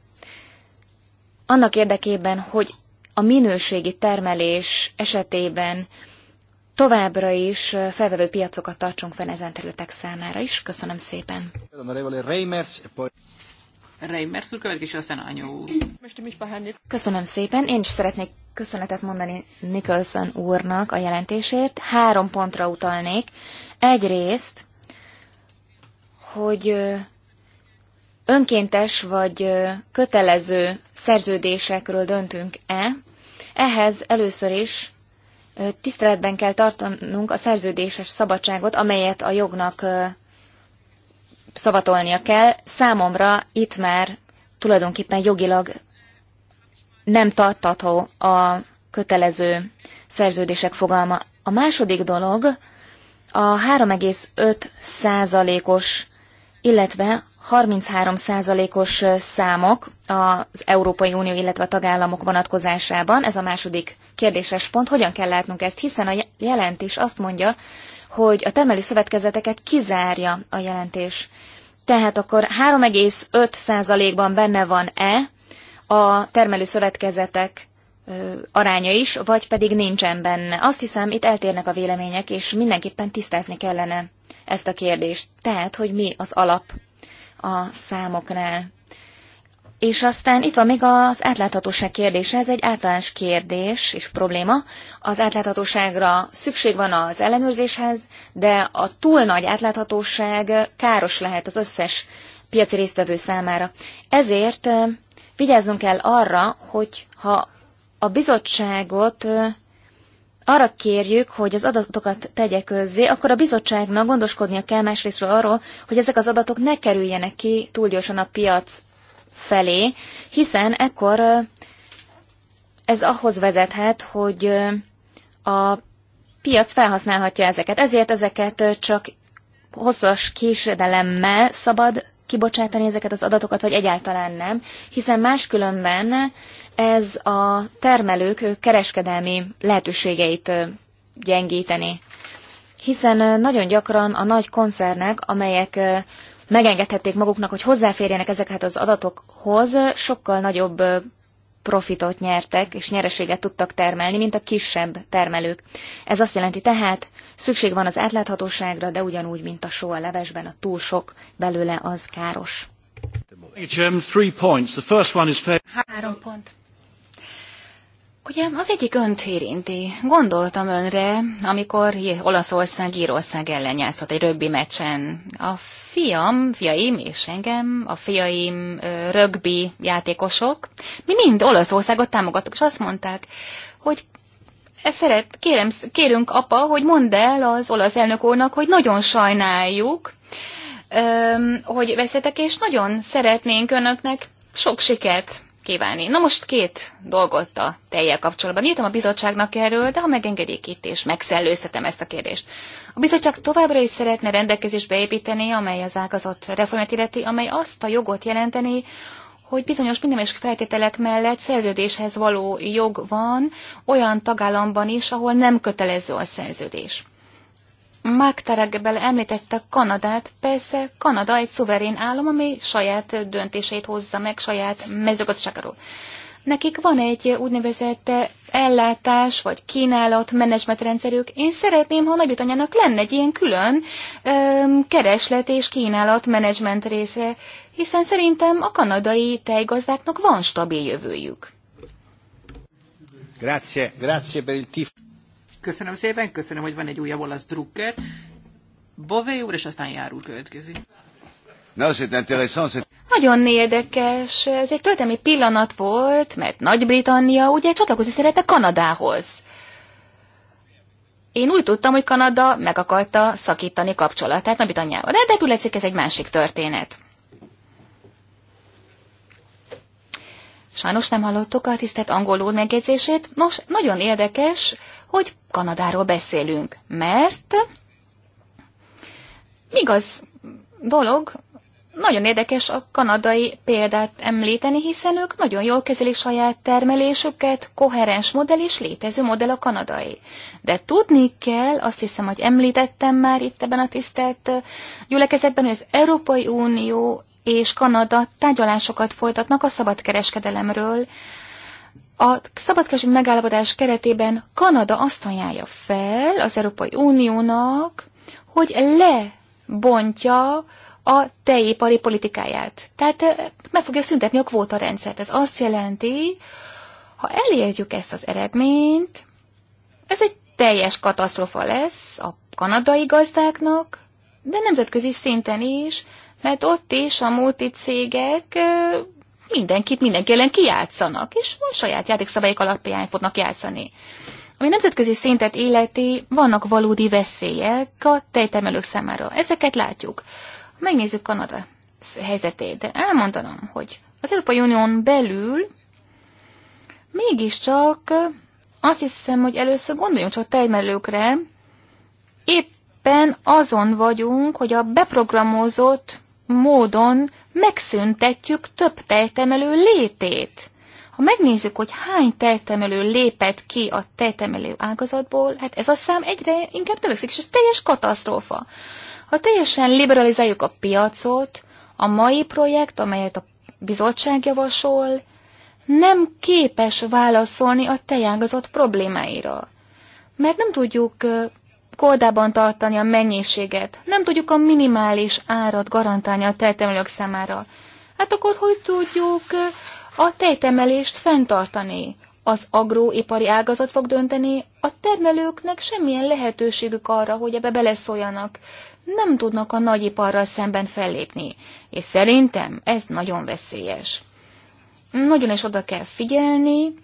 Annak érdekében, hogy a minőségi termelés esetében továbbra is felvevő piacokat tartsunk fenn ezen területek számára is. Köszönöm szépen. Reimers úr, következő aztán Anyó Köszönöm szépen. Én is szeretnék köszönetet mondani Nicholson úrnak a jelentésért. Három pontra utalnék. Egyrészt, hogy önkéntes vagy kötelező szerződésekről döntünk-e, ehhez először is tiszteletben kell tartanunk a szerződéses szabadságot, amelyet a jognak szavatolnia kell. Számomra itt már tulajdonképpen jogilag nem tartató a kötelező szerződések fogalma. A második dolog a 3,5 százalékos, illetve 33%-os számok az Európai Unió, illetve a tagállamok vonatkozásában. Ez a második kérdéses pont. Hogyan kell látnunk ezt? Hiszen a jelentés azt mondja, hogy a termelő szövetkezeteket kizárja a jelentés. Tehát akkor 3,5%-ban benne van-e a termelő szövetkezetek aránya is, vagy pedig nincsen benne. Azt hiszem, itt eltérnek a vélemények, és mindenképpen tisztázni kellene ezt a kérdést. Tehát, hogy mi az alap a számoknál. És aztán itt van még az átláthatóság kérdése, ez egy általános kérdés és probléma. Az átláthatóságra szükség van az ellenőrzéshez, de a túl nagy átláthatóság káros lehet az összes piaci résztvevő számára. Ezért vigyáznunk kell arra, hogy ha a bizottságot arra kérjük, hogy az adatokat tegye közzé, akkor a bizottságnak gondoskodnia kell másrésztről arról, hogy ezek az adatok ne kerüljenek ki túl gyorsan a piac felé, hiszen ekkor ez ahhoz vezethet, hogy a piac felhasználhatja ezeket. Ezért ezeket csak hosszas késedelemmel szabad kibocsátani ezeket az adatokat, vagy egyáltalán nem, hiszen máskülönben ez a termelők kereskedelmi lehetőségeit gyengíteni. Hiszen nagyon gyakran a nagy koncernek, amelyek megengedhették maguknak, hogy hozzáférjenek ezeket az adatokhoz, sokkal nagyobb profitot nyertek, és nyereséget tudtak termelni, mint a kisebb termelők. Ez azt jelenti tehát, szükség van az átláthatóságra, de ugyanúgy, mint a só a levesben, a túl sok belőle az káros. Három pont. Ugye az egyik önt érinti. Gondoltam önre, amikor Olaszország Írország ellen játszott egy rögbi meccsen. A fiam, fiaim és engem, a fiaim rögbi játékosok, mi mind Olaszországot támogattuk, és azt mondták, hogy ezt szeret, kérem, kérünk apa, hogy mondd el az olasz elnök úrnak, hogy nagyon sajnáljuk, hogy veszetek, és nagyon szeretnénk önöknek sok sikert kívánni. Na most két dolgot a tejjel kapcsolatban. Írtam a bizottságnak erről, de ha megengedik itt, és megszellőztetem ezt a kérdést. A bizottság továbbra is szeretne rendelkezésbe építeni, amely az ágazott reformját illeti, amely azt a jogot jelenteni, hogy bizonyos minimális feltételek mellett szerződéshez való jog van olyan tagállamban is, ahol nem kötelező a szerződés. Mark Taragbel említette Kanadát, persze Kanada egy szuverén állam, ami saját döntéseit hozza meg saját mezőgazdaságáról. Nekik van egy úgynevezett ellátás vagy kínálat menedzsmentrendszerük. Én szeretném, ha Nagy-Britanniának lenne egy ilyen külön ö, kereslet és kínálat menedzsment része, hiszen szerintem a kanadai tejgazdáknak van stabil jövőjük. Grazie, grazie per il tifo. Köszönöm szépen, köszönöm, hogy van egy újabb olasz drukker. Bové úr, és aztán Jár úr következik. No, Nagyon érdekes, ez egy történelmi pillanat volt, mert Nagy-Britannia ugye csatlakozni szerette Kanadához. Én úgy tudtam, hogy Kanada meg akarta szakítani kapcsolatát Nagy-Britanniával, de ebből leszik ez egy másik történet. Sajnos nem hallottuk a tisztelt angol úr megjegyzését. Nos, nagyon érdekes, hogy Kanadáról beszélünk, mert igaz dolog, nagyon érdekes a kanadai példát említeni, hiszen ők nagyon jól kezelik saját termelésüket, koherens modell és létező modell a kanadai. De tudni kell, azt hiszem, hogy említettem már itt ebben a tisztelt gyülekezetben, hogy az Európai Unió és Kanada tárgyalásokat folytatnak a szabadkereskedelemről, a szabadkereskedelmi megállapodás keretében Kanada azt ajánlja fel az Európai Uniónak, hogy lebontja a tejépari politikáját. Tehát meg fogja szüntetni a kvótarendszert. Ez azt jelenti, ha elérjük ezt az eredményt, ez egy teljes katasztrofa lesz a kanadai gazdáknak, de nemzetközi szinten is, mert ott is a multicégek cégek mindenkit mindenki ellen kijátszanak, és a saját játékszabályok alapján fognak játszani. Ami nemzetközi szintet életi, vannak valódi veszélyek a tejtermelők számára. Ezeket látjuk. Megnézzük Kanada helyzetét, de elmondanom, hogy az Európai Unión belül mégiscsak azt hiszem, hogy először gondoljunk csak a tejmelőkre, éppen azon vagyunk, hogy a beprogramozott módon megszüntetjük több tejtemelő létét. Ha megnézzük, hogy hány tejtemelő lépett ki a tejtemelő ágazatból, hát ez a szám egyre inkább növekszik, és ez teljes katasztrófa. Ha teljesen liberalizáljuk a piacot, a mai projekt, amelyet a bizottság javasol, nem képes válaszolni a tejágazat problémáira. Mert nem tudjuk kordában tartani a mennyiséget. Nem tudjuk a minimális árat garantálni a tejtemelők számára. Hát akkor hogy tudjuk a tejtemelést fenntartani? Az agróipari ágazat fog dönteni, a termelőknek semmilyen lehetőségük arra, hogy ebbe beleszóljanak. Nem tudnak a nagyiparral szemben fellépni, és szerintem ez nagyon veszélyes. Nagyon is oda kell figyelni,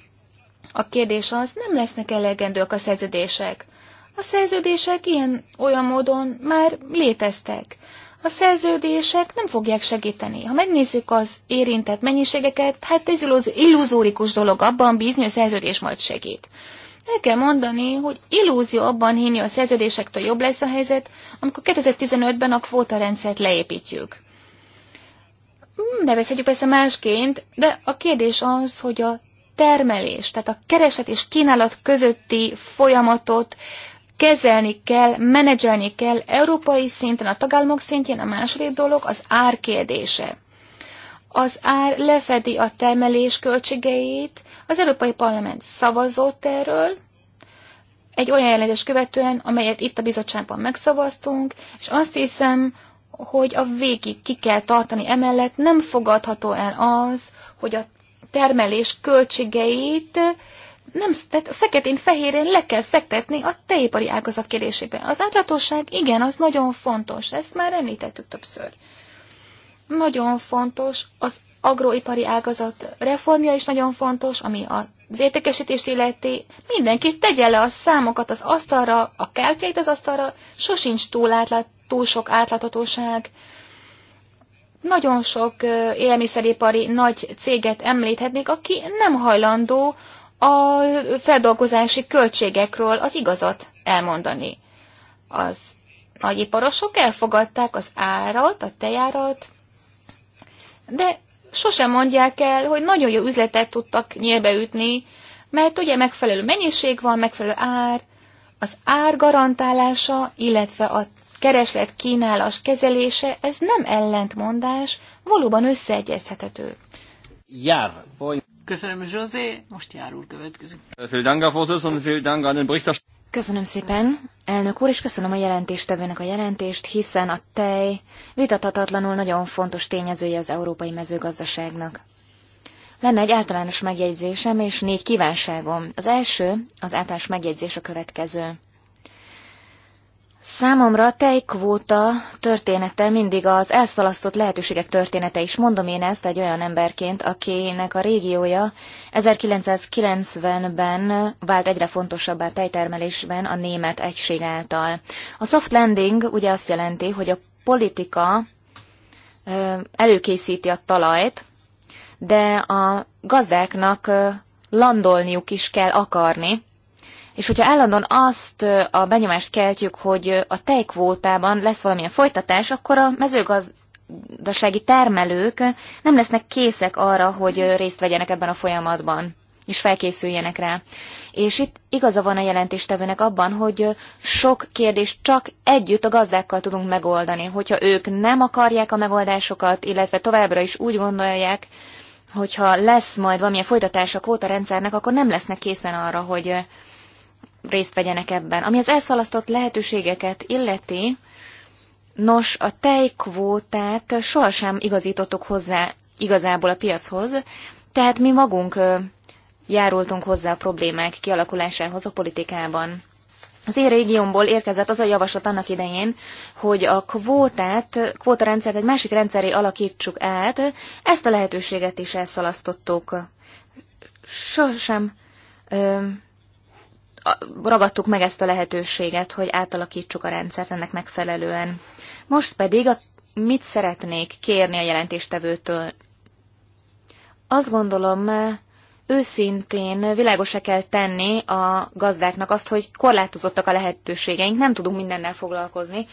a kérdés az, nem lesznek elegendők a szerződések. A szerződések ilyen olyan módon már léteztek. A szerződések nem fogják segíteni. Ha megnézzük az érintett mennyiségeket, hát ez illuzórikus dolog abban bízni, hogy a szerződés majd segít. El kell mondani, hogy illúzió abban hinni, a szerződésektől jobb lesz a helyzet, amikor 2015-ben a rendszert leépítjük. Nevezhetjük persze másként, de a kérdés az, hogy a termelés, tehát a kereset és kínálat közötti folyamatot kezelni kell, menedzselni kell európai szinten, a tagállamok szintjén. A második dolog az ár kérdése. Az ár lefedi a termelés költségeit. Az Európai Parlament szavazott erről, egy olyan jelentés követően, amelyet itt a bizottságban megszavaztunk, és azt hiszem, hogy a végig ki kell tartani emellett, nem fogadható el az, hogy a termelés költségeit nem, tehát feketén-fehérén le kell fektetni a tejipari ágazat kérdésébe. Az átlatosság igen, az nagyon fontos, ezt már említettük többször. Nagyon fontos, az agroipari ágazat reformja is nagyon fontos, ami az értékesítést illeti. Mindenki tegye le a számokat az asztalra, a kártyáit az asztalra, sosincs túl, átlát, túl sok átláthatóság. Nagyon sok élelmiszeripari nagy céget említhetnék, aki nem hajlandó a feldolgozási költségekről az igazat elmondani. Az nagyiparosok elfogadták az árat, a tejárat, de sosem mondják el, hogy nagyon jó üzletet tudtak nyílbeütni, mert ugye megfelelő mennyiség van, megfelelő ár, az ár garantálása, illetve a kereslet kínálás kezelése, ez nem ellentmondás, valóban összeegyezhetető. Jár, boly. Köszönöm, José. Most jár úr következik. Köszönöm szépen, elnök úr, és köszönöm a jelentéstevőnek a jelentést, hiszen a tej vitathatatlanul nagyon fontos tényezője az európai mezőgazdaságnak. Lenne egy általános megjegyzésem és négy kívánságom. Az első, az általános megjegyzés a következő. Számomra a tejkvóta története mindig az elszalasztott lehetőségek története is. Mondom én ezt egy olyan emberként, akinek a régiója 1990-ben vált egyre fontosabbá tejtermelésben a német egység által. A soft landing ugye azt jelenti, hogy a politika előkészíti a talajt, de a gazdáknak landolniuk is kell akarni, és hogyha állandóan azt a benyomást keltjük, hogy a tejkvótában lesz valamilyen folytatás, akkor a mezőgazdasági termelők nem lesznek készek arra, hogy részt vegyenek ebben a folyamatban és felkészüljenek rá. És itt igaza van a jelentéstevőnek abban, hogy sok kérdést csak együtt a gazdákkal tudunk megoldani. Hogyha ők nem akarják a megoldásokat, illetve továbbra is úgy gondolják, hogyha lesz majd valamilyen folytatás a rendszernek, akkor nem lesznek készen arra, hogy részt vegyenek ebben. Ami az elszalasztott lehetőségeket illeti, nos, a tejkvótát sohasem igazítottuk hozzá igazából a piachoz, tehát mi magunk járultunk hozzá a problémák kialakulásához a politikában. Az én régiómból érkezett az a javaslat annak idején, hogy a kvótát, kvótarendszert egy másik rendszeré alakítsuk át, ezt a lehetőséget is elszalasztottuk. Sosem ragadtuk meg ezt a lehetőséget, hogy átalakítsuk a rendszert ennek megfelelően. Most pedig a, mit szeretnék kérni a jelentéstevőtől? Azt gondolom, őszintén világosra kell tenni a gazdáknak azt, hogy korlátozottak a lehetőségeink, nem tudunk mindennel foglalkozni.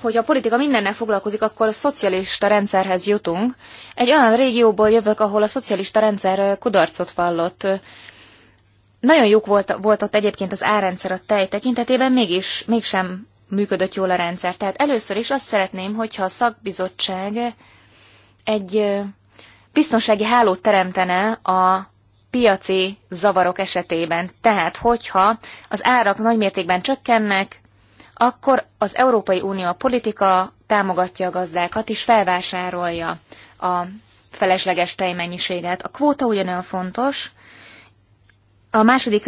Hogy a politika mindennel foglalkozik, akkor a szocialista rendszerhez jutunk. Egy olyan régióból jövök, ahol a szocialista rendszer kudarcot vallott. Nagyon jók volt, volt ott egyébként az árrendszer a tej tekintetében, mégis mégsem működött jól a rendszer. Tehát először is azt szeretném, hogyha a szakbizottság egy biztonsági hálót teremtene a piaci zavarok esetében. Tehát, hogyha az árak nagymértékben csökkennek, akkor az Európai Unió a politika támogatja a gazdákat és felvásárolja a felesleges tejmennyiséget. A kvóta ugyanolyan fontos, a második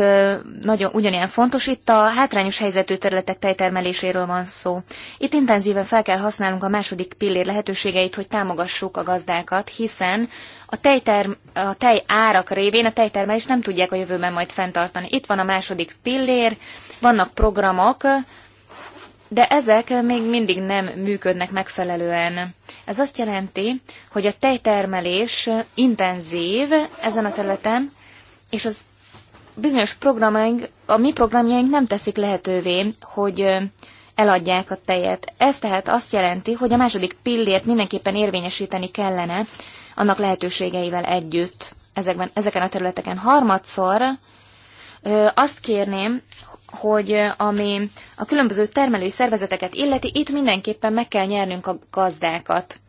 nagyon ugyanilyen fontos, itt a hátrányos helyzetű területek tejtermeléséről van szó. Itt intenzíven fel kell használnunk a második pillér lehetőségeit, hogy támogassuk a gazdákat, hiszen a, tejterm, a tej árak révén a tejtermelést nem tudják a jövőben majd fenntartani. Itt van a második pillér, vannak programok, de ezek még mindig nem működnek megfelelően. Ez azt jelenti, hogy a tejtermelés intenzív ezen a területen, és az bizonyos programjaink, a mi programjaink nem teszik lehetővé, hogy eladják a tejet. Ez tehát azt jelenti, hogy a második pillért mindenképpen érvényesíteni kellene annak lehetőségeivel együtt ezekben, ezeken a területeken. Harmadszor azt kérném, hogy ami a különböző termelői szervezeteket illeti, itt mindenképpen meg kell nyernünk a gazdákat.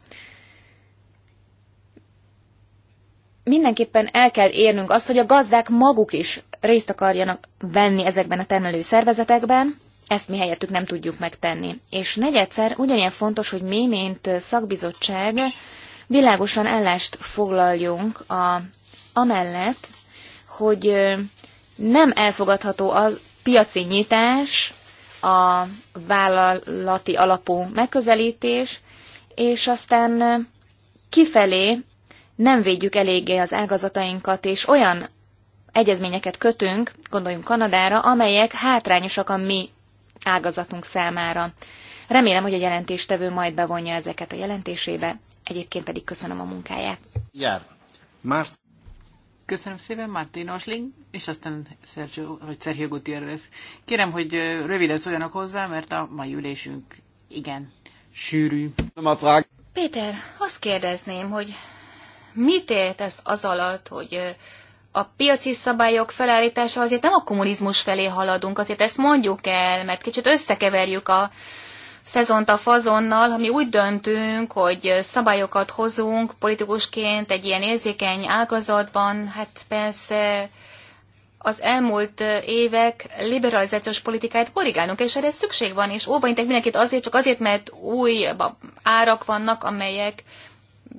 mindenképpen el kell érnünk azt, hogy a gazdák maguk is részt akarjanak venni ezekben a termelő szervezetekben, ezt mi helyettük nem tudjuk megtenni. És negyedszer ugyanilyen fontos, hogy mi, mint szakbizottság, világosan ellást foglaljunk a, amellett, hogy nem elfogadható az piaci nyitás, a vállalati alapú megközelítés, és aztán kifelé nem védjük eléggé az ágazatainkat, és olyan egyezményeket kötünk, gondoljunk Kanadára, amelyek hátrányosak a mi ágazatunk számára. Remélem, hogy a jelentéstevő majd bevonja ezeket a jelentésébe, egyébként pedig köszönöm a munkáját. Jár. már? Köszönöm szépen, Martin Osling, és aztán Sergio, vagy Sergio Gutierrez. Kérem, hogy röviden szóljanak hozzá, mert a mai ülésünk igen sűrű. Péter, azt kérdezném, hogy mit ért ez az alatt, hogy a piaci szabályok felállítása azért nem a kommunizmus felé haladunk, azért ezt mondjuk el, mert kicsit összekeverjük a szezont a fazonnal, ha mi úgy döntünk, hogy szabályokat hozunk politikusként egy ilyen érzékeny ágazatban, hát persze az elmúlt évek liberalizációs politikáját korrigálnunk, és erre szükség van, és óvaintek mindenkit azért, csak azért, mert új árak vannak, amelyek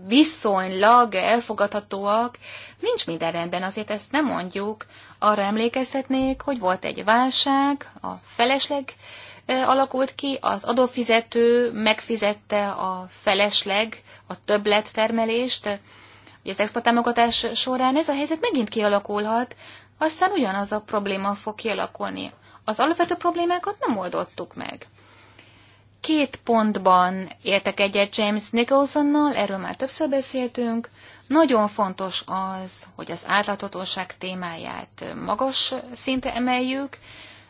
viszonylag elfogadhatóak. Nincs minden rendben, azért ezt nem mondjuk. Arra emlékezhetnék, hogy volt egy válság, a felesleg alakult ki, az adófizető megfizette a felesleg, a többlettermelést, hogy az exporttámogatás során ez a helyzet megint kialakulhat, aztán ugyanaz a probléma fog kialakulni. Az alapvető problémákat nem oldottuk meg. Két pontban értek egyet James Nicholsonnal, erről már többször beszéltünk. Nagyon fontos az, hogy az átláthatóság témáját magas szintre emeljük,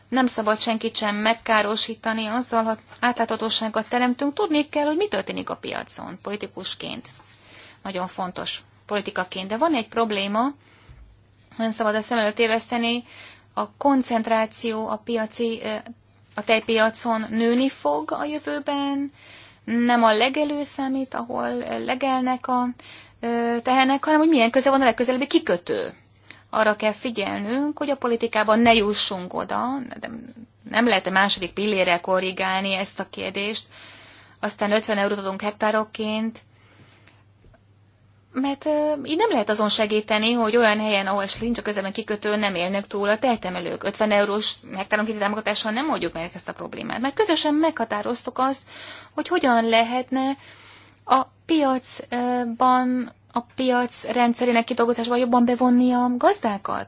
nem szabad senkit sem megkárosítani azzal, ha átláthatóságot teremtünk, tudni kell, hogy mi történik a piacon politikusként. Nagyon fontos politikaként. De van egy probléma, nem szabad a szem előtt éveszteni, a koncentráció a piaci eh, a tejpiacon nőni fog a jövőben, nem a legelő számít, ahol legelnek a tehenek, hanem hogy milyen közel van a legközelebbi kikötő. Arra kell figyelnünk, hogy a politikában ne jussunk oda, de nem lehet a második pillére korrigálni ezt a kérdést, aztán 50 eurót adunk hektárokként, mert így nem lehet azon segíteni, hogy olyan helyen, ahol nincs a közelben kikötő, nem élnek túl a tehetemelők. 50 eurós megtálomkéti támogatással nem oldjuk meg ezt a problémát, mert közösen meghatároztuk azt, hogy hogyan lehetne a piacban, a piac rendszerének kidolgozásban jobban bevonni a gazdákat.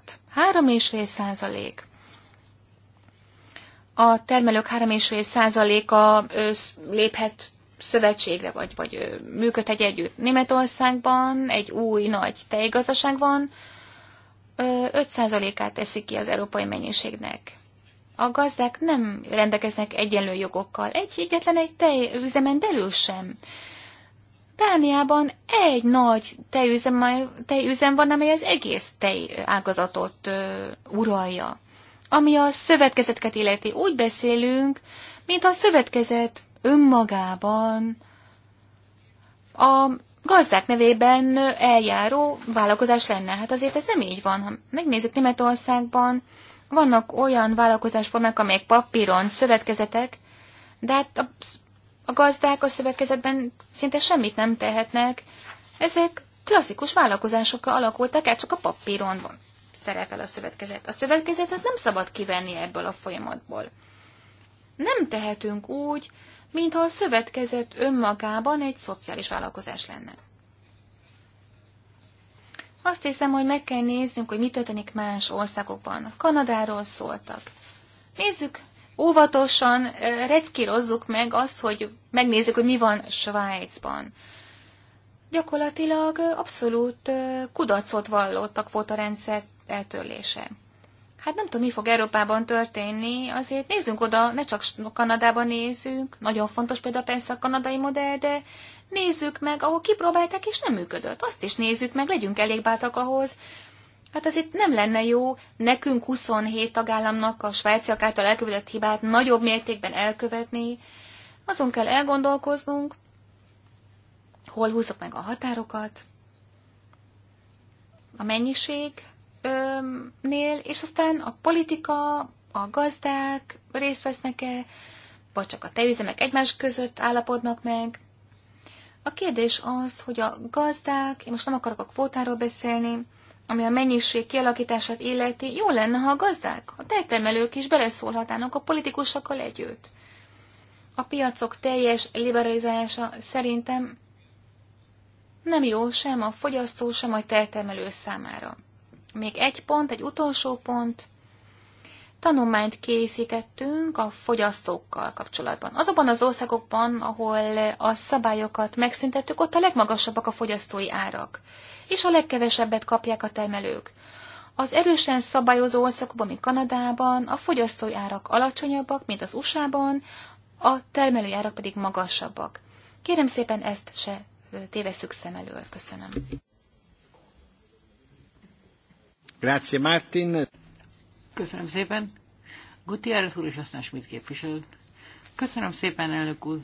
3,5 százalék. A termelők 3,5 százaléka léphet szövetségre, vagy, vagy működhet együtt. Németországban egy új nagy tejgazdaság van, 5%-át teszik ki az európai mennyiségnek. A gazdák nem rendelkeznek egyenlő jogokkal, egy egyetlen egy tejüzemen belül sem. Dániában egy nagy tejüzem, tejüzem van, amely az egész tej ágazatot ö, uralja. Ami a szövetkezetket illeti, úgy beszélünk, mint a szövetkezet önmagában a gazdák nevében eljáró vállalkozás lenne. Hát azért ez nem így van. Ha megnézzük Németországban, vannak olyan vállalkozásformák, amelyek papíron szövetkezetek, de hát a, a gazdák a szövetkezetben szinte semmit nem tehetnek. Ezek klasszikus vállalkozásokkal alakultak át, csak a papíron van. szerepel a szövetkezet. A szövetkezetet nem szabad kivenni ebből a folyamatból. Nem tehetünk úgy, mintha a szövetkezet önmagában egy szociális vállalkozás lenne. Azt hiszem, hogy meg kell néznünk, hogy mi történik más országokban. Kanadáról szóltak. Nézzük, óvatosan reckírozzuk meg azt, hogy megnézzük, hogy mi van Svájcban. Gyakorlatilag abszolút kudarcot vallottak volt a rendszer eltörlése. Hát nem tudom, mi fog Európában történni, azért nézzünk oda, ne csak Kanadában nézzünk, nagyon fontos például persze a kanadai modell, de nézzük meg, ahol kipróbálták és nem működött. Azt is nézzük meg, legyünk elég bátrak ahhoz. Hát azért nem lenne jó nekünk 27 tagállamnak a svájciak által elkövetett hibát nagyobb mértékben elkövetni. Azon kell elgondolkoznunk, hol húzok meg a határokat, a mennyiség, nél, és aztán a politika, a gazdák részt vesznek-e, vagy csak a tejüzemek egymás között állapodnak meg. A kérdés az, hogy a gazdák, én most nem akarok a kvótáról beszélni, ami a mennyiség kialakítását illeti, jó lenne, ha a gazdák, a tejtermelők is beleszólhatnának a politikusokkal együtt. A piacok teljes liberalizálása szerintem nem jó sem a fogyasztó, sem a tejtermelő számára. Még egy pont, egy utolsó pont. Tanulmányt készítettünk a fogyasztókkal kapcsolatban. Azokban az országokban, ahol a szabályokat megszüntettük, ott a legmagasabbak a fogyasztói árak, és a legkevesebbet kapják a termelők. Az erősen szabályozó országokban, mint Kanadában, a fogyasztói árak alacsonyabbak, mint az USA-ban, a termelői árak pedig magasabbak. Kérem szépen ezt se tévesszük szem elől. Köszönöm. Köszönöm szépen. Gutiérrez úr és aztán Schmidt képviselő. Köszönöm szépen, elnök úr.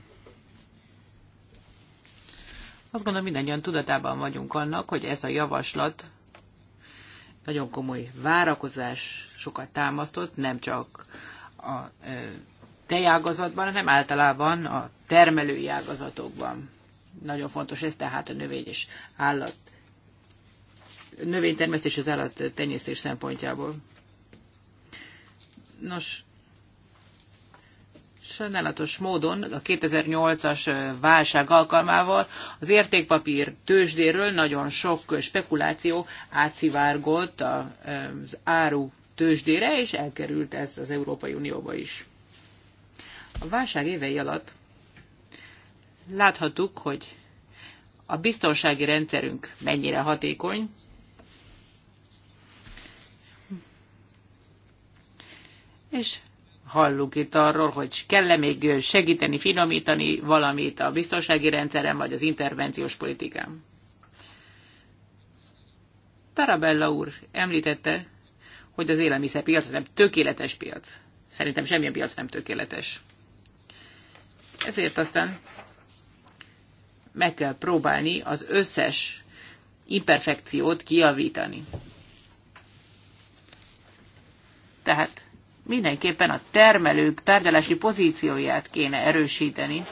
Azt gondolom, mindannyian tudatában vagyunk annak, hogy ez a javaslat nagyon komoly várakozás sokat támasztott, nem csak a tejágazatban, hanem általában a termelői ágazatokban. Nagyon fontos ez tehát a növény és állat növénytermesztés az állattenyésztés szempontjából. Nos, sajnálatos módon a 2008-as válság alkalmával az értékpapír tőzsdéről nagyon sok spekuláció átszivárgott az áru tőzsdére, és elkerült ez az Európai Unióba is. A válság évei alatt láthattuk, hogy a biztonsági rendszerünk mennyire hatékony, és hallunk itt arról, hogy kell-e még segíteni, finomítani valamit a biztonsági rendszeren, vagy az intervenciós politikán. Tarabella úr említette, hogy az élelmiszerpiac nem tökéletes piac. Szerintem semmilyen piac nem tökéletes. Ezért aztán meg kell próbálni az összes imperfekciót kiavítani. Tehát mindenképpen a termelők tárgyalási pozícióját kéne erősíteni,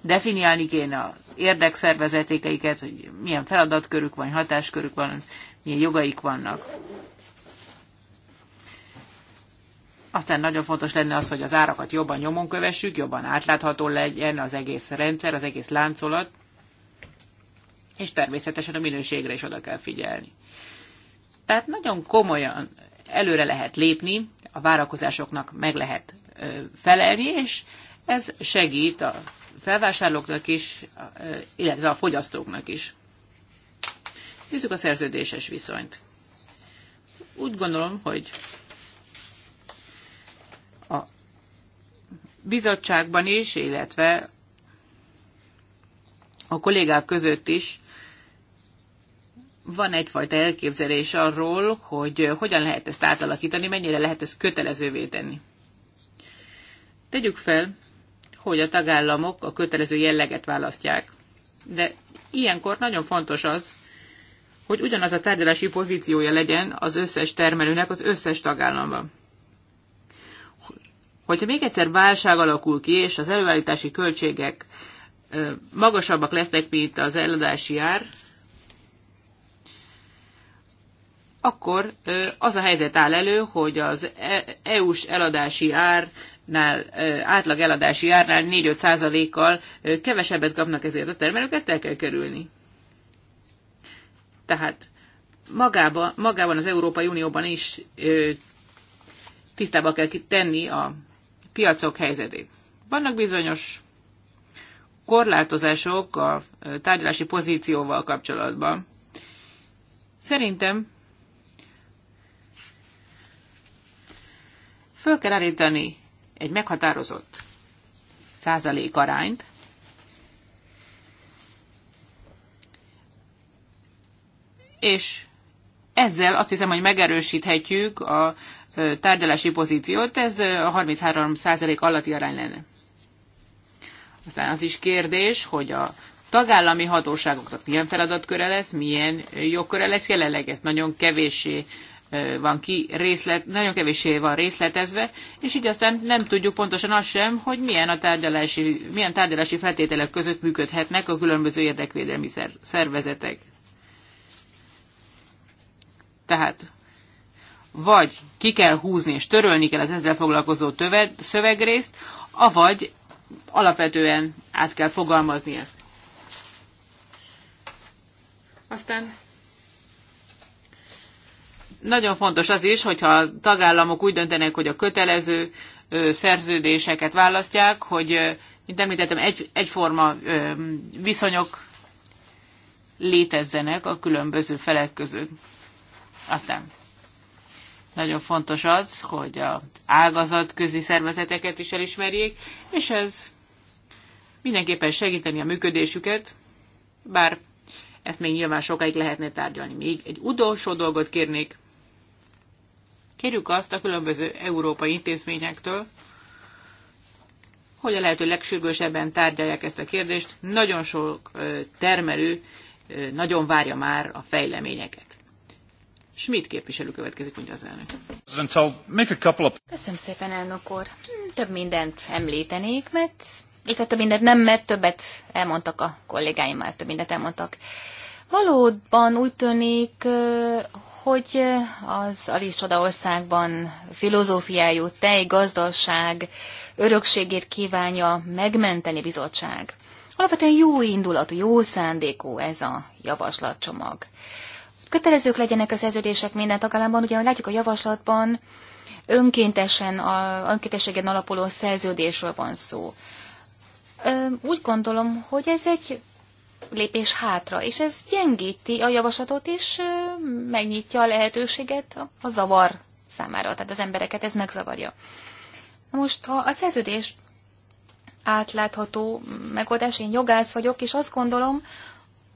definiálni kéne az érdekszervezetékeiket, hogy milyen feladatkörük van, hatáskörük van, milyen jogaik vannak. Aztán nagyon fontos lenne az, hogy az árakat jobban nyomon kövessük, jobban átlátható legyen az egész rendszer, az egész láncolat, és természetesen a minőségre is oda kell figyelni. Tehát nagyon komolyan előre lehet lépni, a várakozásoknak meg lehet felelni, és ez segít a felvásárlóknak is, illetve a fogyasztóknak is. Nézzük a szerződéses viszonyt. Úgy gondolom, hogy a bizottságban is, illetve a kollégák között is van egyfajta elképzelés arról, hogy hogyan lehet ezt átalakítani, mennyire lehet ezt kötelezővé tenni. Tegyük fel, hogy a tagállamok a kötelező jelleget választják, de ilyenkor nagyon fontos az, hogy ugyanaz a tárgyalási pozíciója legyen az összes termelőnek az összes tagállamban. Hogyha még egyszer válság alakul ki, és az előállítási költségek magasabbak lesznek, mint az eladási ár, akkor az a helyzet áll elő, hogy az EU-s e-, e-, eladási ár nál, átlag eladási árnál 4-5 százalékkal kevesebbet kapnak ezért a termelők, ezt el kell kerülni. Tehát magába, magában az Európai Unióban is ö, tisztába kell tenni a piacok helyzetét. Vannak bizonyos korlátozások a tárgyalási pozícióval kapcsolatban. Szerintem Föl kell állítani egy meghatározott százalék arányt, és ezzel azt hiszem, hogy megerősíthetjük a tárgyalási pozíciót, ez a 33 százalék alatti arány lenne. Aztán az is kérdés, hogy a tagállami hatóságoknak milyen feladatköre lesz, milyen jogköre lesz jelenleg, ez nagyon kevéssé van ki részlet, nagyon kevéssé van részletezve, és így aztán nem tudjuk pontosan azt sem, hogy milyen, a tárgyalási, milyen tárgyalási feltételek között működhetnek a különböző érdekvédelmi szervezetek. Tehát vagy ki kell húzni és törölni kell az ezzel foglalkozó töved, szövegrészt, avagy alapvetően át kell fogalmazni ezt. Aztán nagyon fontos az is, hogyha a tagállamok úgy döntenek, hogy a kötelező szerződéseket választják, hogy, mint említettem, egy, egyforma viszonyok létezzenek a különböző felek között. Aztán nagyon fontos az, hogy a ágazat közi szervezeteket is elismerjék, és ez mindenképpen segíteni a működésüket, bár ezt még nyilván sokáig lehetne tárgyalni. Még egy utolsó dolgot kérnék. Kérjük azt a különböző európai intézményektől, hogy a lehető legsürgősebben tárgyalják ezt a kérdést. Nagyon sok termelő nagyon várja már a fejleményeket. Schmidt képviselő következik, mint az elnök. Köszönöm szépen, elnök úr. Több mindent említenék, mert illetve több mindent nem, mert többet elmondtak a kollégáim már, több mindent elmondtak. Valóban úgy tűnik, hogy az Alice Csoda országban filozófiájú tejgazdaság örökségét kívánja megmenteni bizottság. Alapvetően jó indulatú, jó szándékú ez a javaslatcsomag. Kötelezők legyenek a szerződések minden tagállamban, ugye látjuk a javaslatban önkéntesen, a, önkéntességen alapuló szerződésről van szó. Úgy gondolom, hogy ez egy lépés hátra, és ez gyengíti a javaslatot, és megnyitja a lehetőséget a zavar számára, tehát az embereket ez megzavarja. Na most, ha a szerződés átlátható megoldás, én jogász vagyok, és azt gondolom,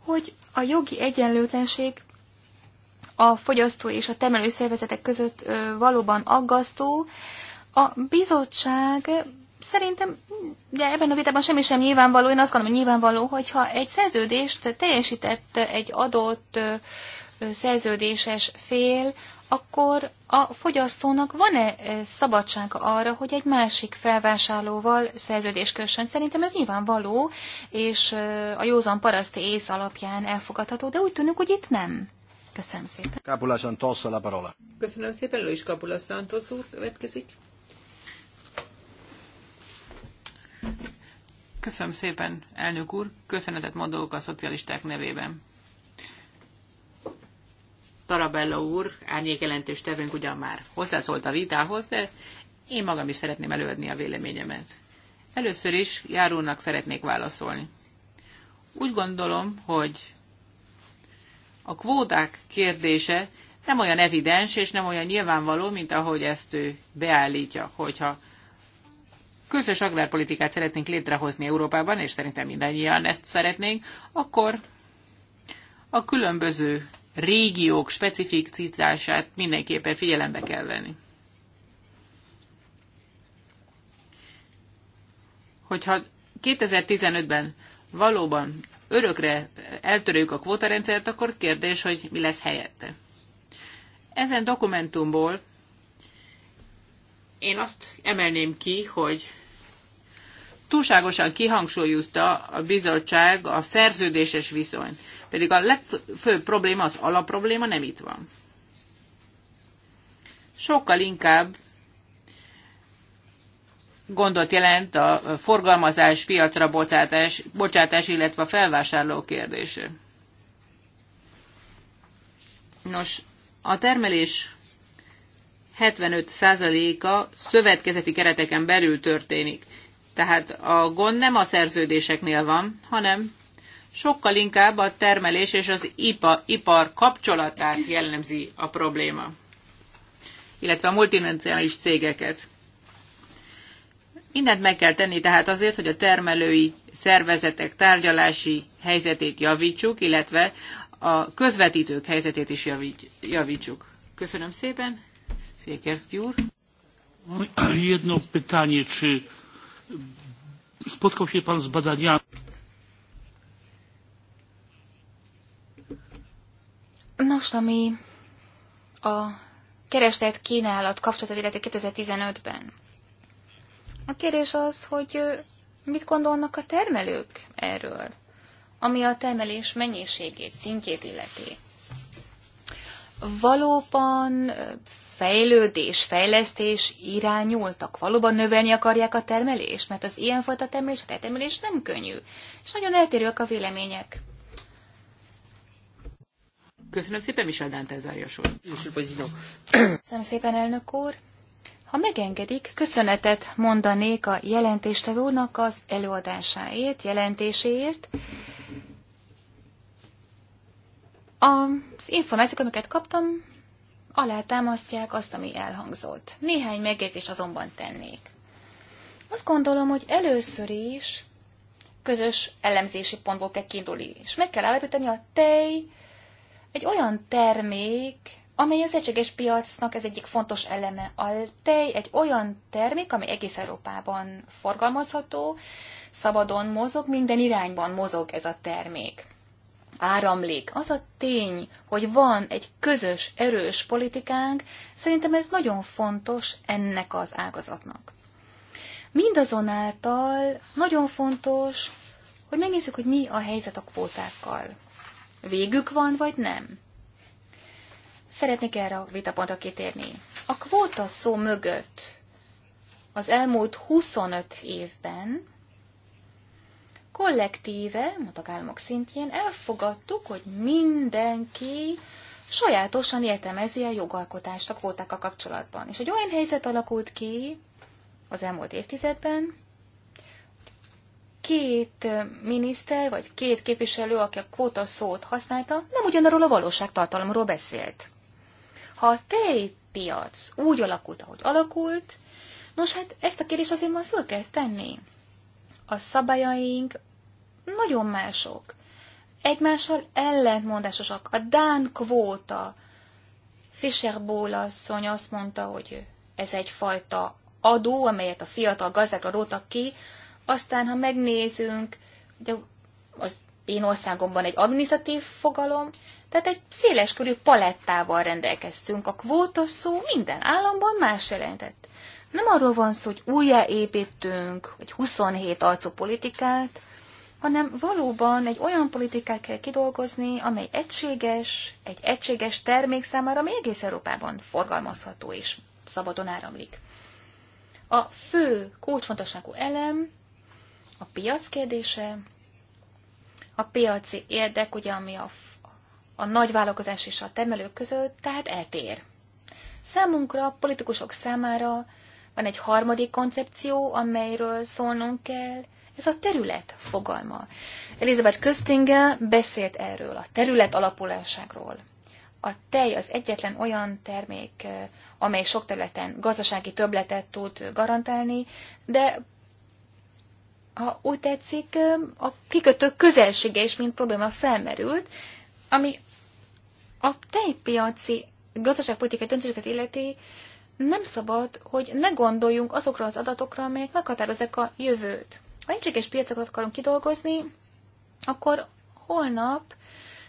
hogy a jogi egyenlőtlenség a fogyasztó és a termelő szervezetek között valóban aggasztó. A bizottság Szerintem, de ebben a vitában semmi sem nyilvánvaló. Én azt gondolom, hogy nyilvánvaló, hogyha egy szerződést teljesített egy adott szerződéses fél, akkor a fogyasztónak van-e szabadsága arra, hogy egy másik felvásárlóval szerződés kössön? Szerintem ez nyilvánvaló, és a józan paraszti ész alapján elfogadható, de úgy tűnik, hogy itt nem. Köszönöm szépen. Capula Santos a parola. Köszönöm szépen, Luis Capula Santos úr következik. Köszönöm szépen, elnök úr. Köszönetet mondok a szocialisták nevében. Tarabella úr, árnyékelentős tevünk ugyan már hozzászólt a vitához, de én magam is szeretném előadni a véleményemet. Először is járónak szeretnék válaszolni. Úgy gondolom, hogy a kvóták kérdése nem olyan evidens és nem olyan nyilvánvaló, mint ahogy ezt ő beállítja, hogyha közös agrárpolitikát szeretnénk létrehozni Európában, és szerintem mindannyian ezt szeretnénk, akkor a különböző régiók specificitását mindenképpen figyelembe kell venni. Hogyha 2015-ben valóban örökre eltörjük a kvótarendszert, akkor kérdés, hogy mi lesz helyette. Ezen dokumentumból én azt emelném ki, hogy túlságosan kihangsúlyozta a bizottság a szerződéses viszony. Pedig a legfőbb probléma, az alapprobléma nem itt van. Sokkal inkább gondot jelent a forgalmazás, piacra bocsátás, bocsátás illetve a felvásárló kérdése. Nos, a termelés 75%-a szövetkezeti kereteken belül történik. Tehát a gond nem a szerződéseknél van, hanem sokkal inkább a termelés és az ipa, ipar kapcsolatát jellemzi a probléma, illetve a multinacionális cégeket. Mindent meg kell tenni tehát azért, hogy a termelői szervezetek tárgyalási helyzetét javítsuk, illetve a közvetítők helyzetét is javítsuk. Köszönöm szépen! Székerszki úr. Jedno pytanie, czy spotkał się pan z badaniami? Nos, ami a kereslet kínálat kapcsolatot illeti 2015-ben. A kérdés az, hogy mit gondolnak a termelők erről, ami a termelés mennyiségét, szintjét illeti. Valóban fejlődés, fejlesztés irányultak? Valóban növelni akarják a termelést? Mert az ilyenfajta termelés, a termelés nem könnyű. És nagyon eltérőek a vélemények. Köszönöm szépen, Michel Dante Zárjas Köszönöm szépen, elnök úr. Ha megengedik, köszönetet mondanék a jelentéstevőnek az előadásáért, jelentéséért. Az információk, amiket kaptam, alátámasztják azt, ami elhangzott. Néhány megjegyzés azonban tennék. Azt gondolom, hogy először is közös elemzési pontból kell kiindulni, és meg kell állapítani a tej egy olyan termék, amely az egységes piacnak ez egyik fontos eleme. A tej egy olyan termék, ami egész Európában forgalmazható, szabadon mozog, minden irányban mozog ez a termék áramlik. Az a tény, hogy van egy közös, erős politikánk, szerintem ez nagyon fontos ennek az ágazatnak. Mindazonáltal nagyon fontos, hogy megnézzük, hogy mi a helyzet a kvótákkal. Végük van, vagy nem? Szeretnék erre a vitapontra kitérni. A kvóta szó mögött az elmúlt 25 évben kollektíve, a tagállamok szintjén elfogadtuk, hogy mindenki sajátosan értelmezi a jogalkotást a kvótákkal kapcsolatban. És egy olyan helyzet alakult ki az elmúlt évtizedben, két miniszter, vagy két képviselő, aki a kvóta szót használta, nem ugyanarról a valóság tartalomról beszélt. Ha a tejpiac úgy alakult, ahogy alakult, nos hát ezt a kérdést azért majd föl kell tenni. A szabályaink, nagyon mások. Egymással ellentmondásosak. A Dán kvóta. Fischer asszony azt mondta, hogy ez egyfajta adó, amelyet a fiatal gazdákra rótak ki. Aztán, ha megnézünk, ugye az én országomban egy administratív fogalom, tehát egy széleskörű palettával rendelkeztünk. A kvóta szó minden államban más jelentett. Nem arról van szó, hogy újjáépítünk egy 27 arcú politikát, hanem valóban egy olyan politikát kell kidolgozni, amely egységes, egy egységes termék számára, még egész Európában forgalmazható és szabadon áramlik. A fő kulcsfontosságú elem a piac kérdése, a piaci érdek, ugye, ami a, a nagy vállalkozás és a termelők között, tehát eltér. Számunkra, politikusok számára van egy harmadik koncepció, amelyről szólnunk kell, ez a terület fogalma. Elizabeth Köstinge beszélt erről, a terület alapulásáról. A tej az egyetlen olyan termék, amely sok területen gazdasági töbletet tud garantálni, de ha úgy tetszik, a kikötők közelsége is, mint probléma felmerült, ami a tejpiaci gazdaságpolitikai döntéseket illeti, nem szabad, hogy ne gondoljunk azokra az adatokra, amelyek meghatározzák a jövőt. Ha egységes piacokat akarunk kidolgozni, akkor holnap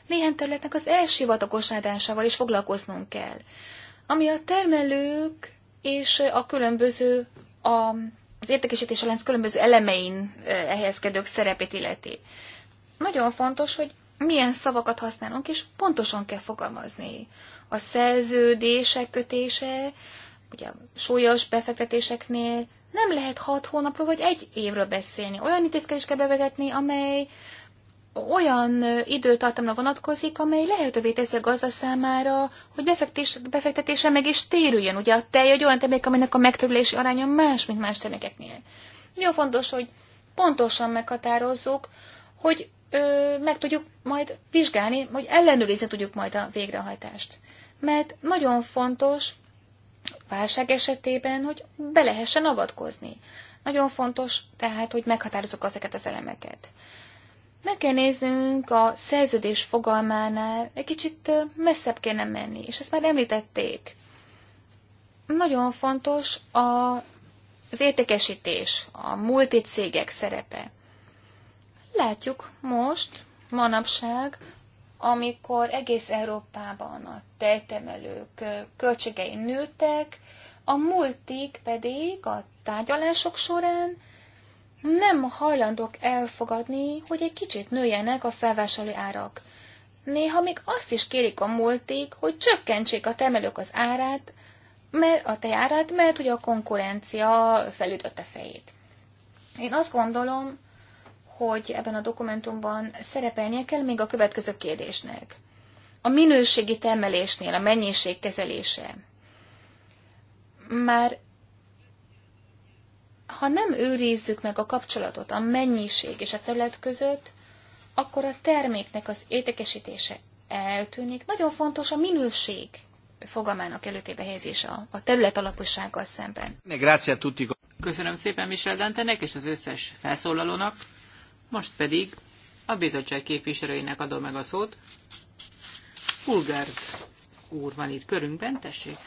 néhány területnek az elsivatagosodásával is foglalkoznunk kell. Ami a termelők és a különböző, a, az értékesítés lánc különböző elemein elhelyezkedők szerepét illeti. Nagyon fontos, hogy milyen szavakat használunk, és pontosan kell fogalmazni. A szerződések kötése, ugye a súlyos befektetéseknél nem lehet hat hónapról vagy egy évről beszélni. Olyan intézkedés kell bevezetni, amely olyan időtartamra vonatkozik, amely lehetővé teszi a gazda számára, hogy befektés, befektetése meg is térüljön. Ugye a tej egy olyan termék, aminek a megterülési aránya más, mint más termékeknél. Nagyon fontos, hogy pontosan meghatározzuk, hogy ö, meg tudjuk majd vizsgálni, hogy ellenőrizni tudjuk majd a végrehajtást. Mert nagyon fontos, válság esetében, hogy be lehessen avatkozni. Nagyon fontos tehát, hogy meghatározok ezeket az elemeket. Meg kell néznünk a szerződés fogalmánál, egy kicsit messzebb kéne menni, és ezt már említették. Nagyon fontos a, az értékesítés, a multicégek szerepe. Látjuk most, manapság, amikor egész Európában a tejtemelők költségei nőttek, a multik pedig a tárgyalások során nem hajlandók elfogadni, hogy egy kicsit nőjenek a felvásárló árak. Néha még azt is kérik a multik, hogy csökkentsék a termelők az árát, mert a árát, mert ugye a konkurencia felütötte fejét. Én azt gondolom, hogy ebben a dokumentumban szerepelnie kell még a következő kérdésnek. A minőségi termelésnél a mennyiség kezelése. Már ha nem őrizzük meg a kapcsolatot a mennyiség és a terület között, akkor a terméknek az értékesítése eltűnik. Nagyon fontos a minőség fogalmának előtébe helyezése a terület alapossággal szemben. Köszönöm szépen Michel Dantenek és az összes felszólalónak. Most pedig a bizottság képviselőinek adom meg a szót. Fulgárd úr van itt körünkben, tessék.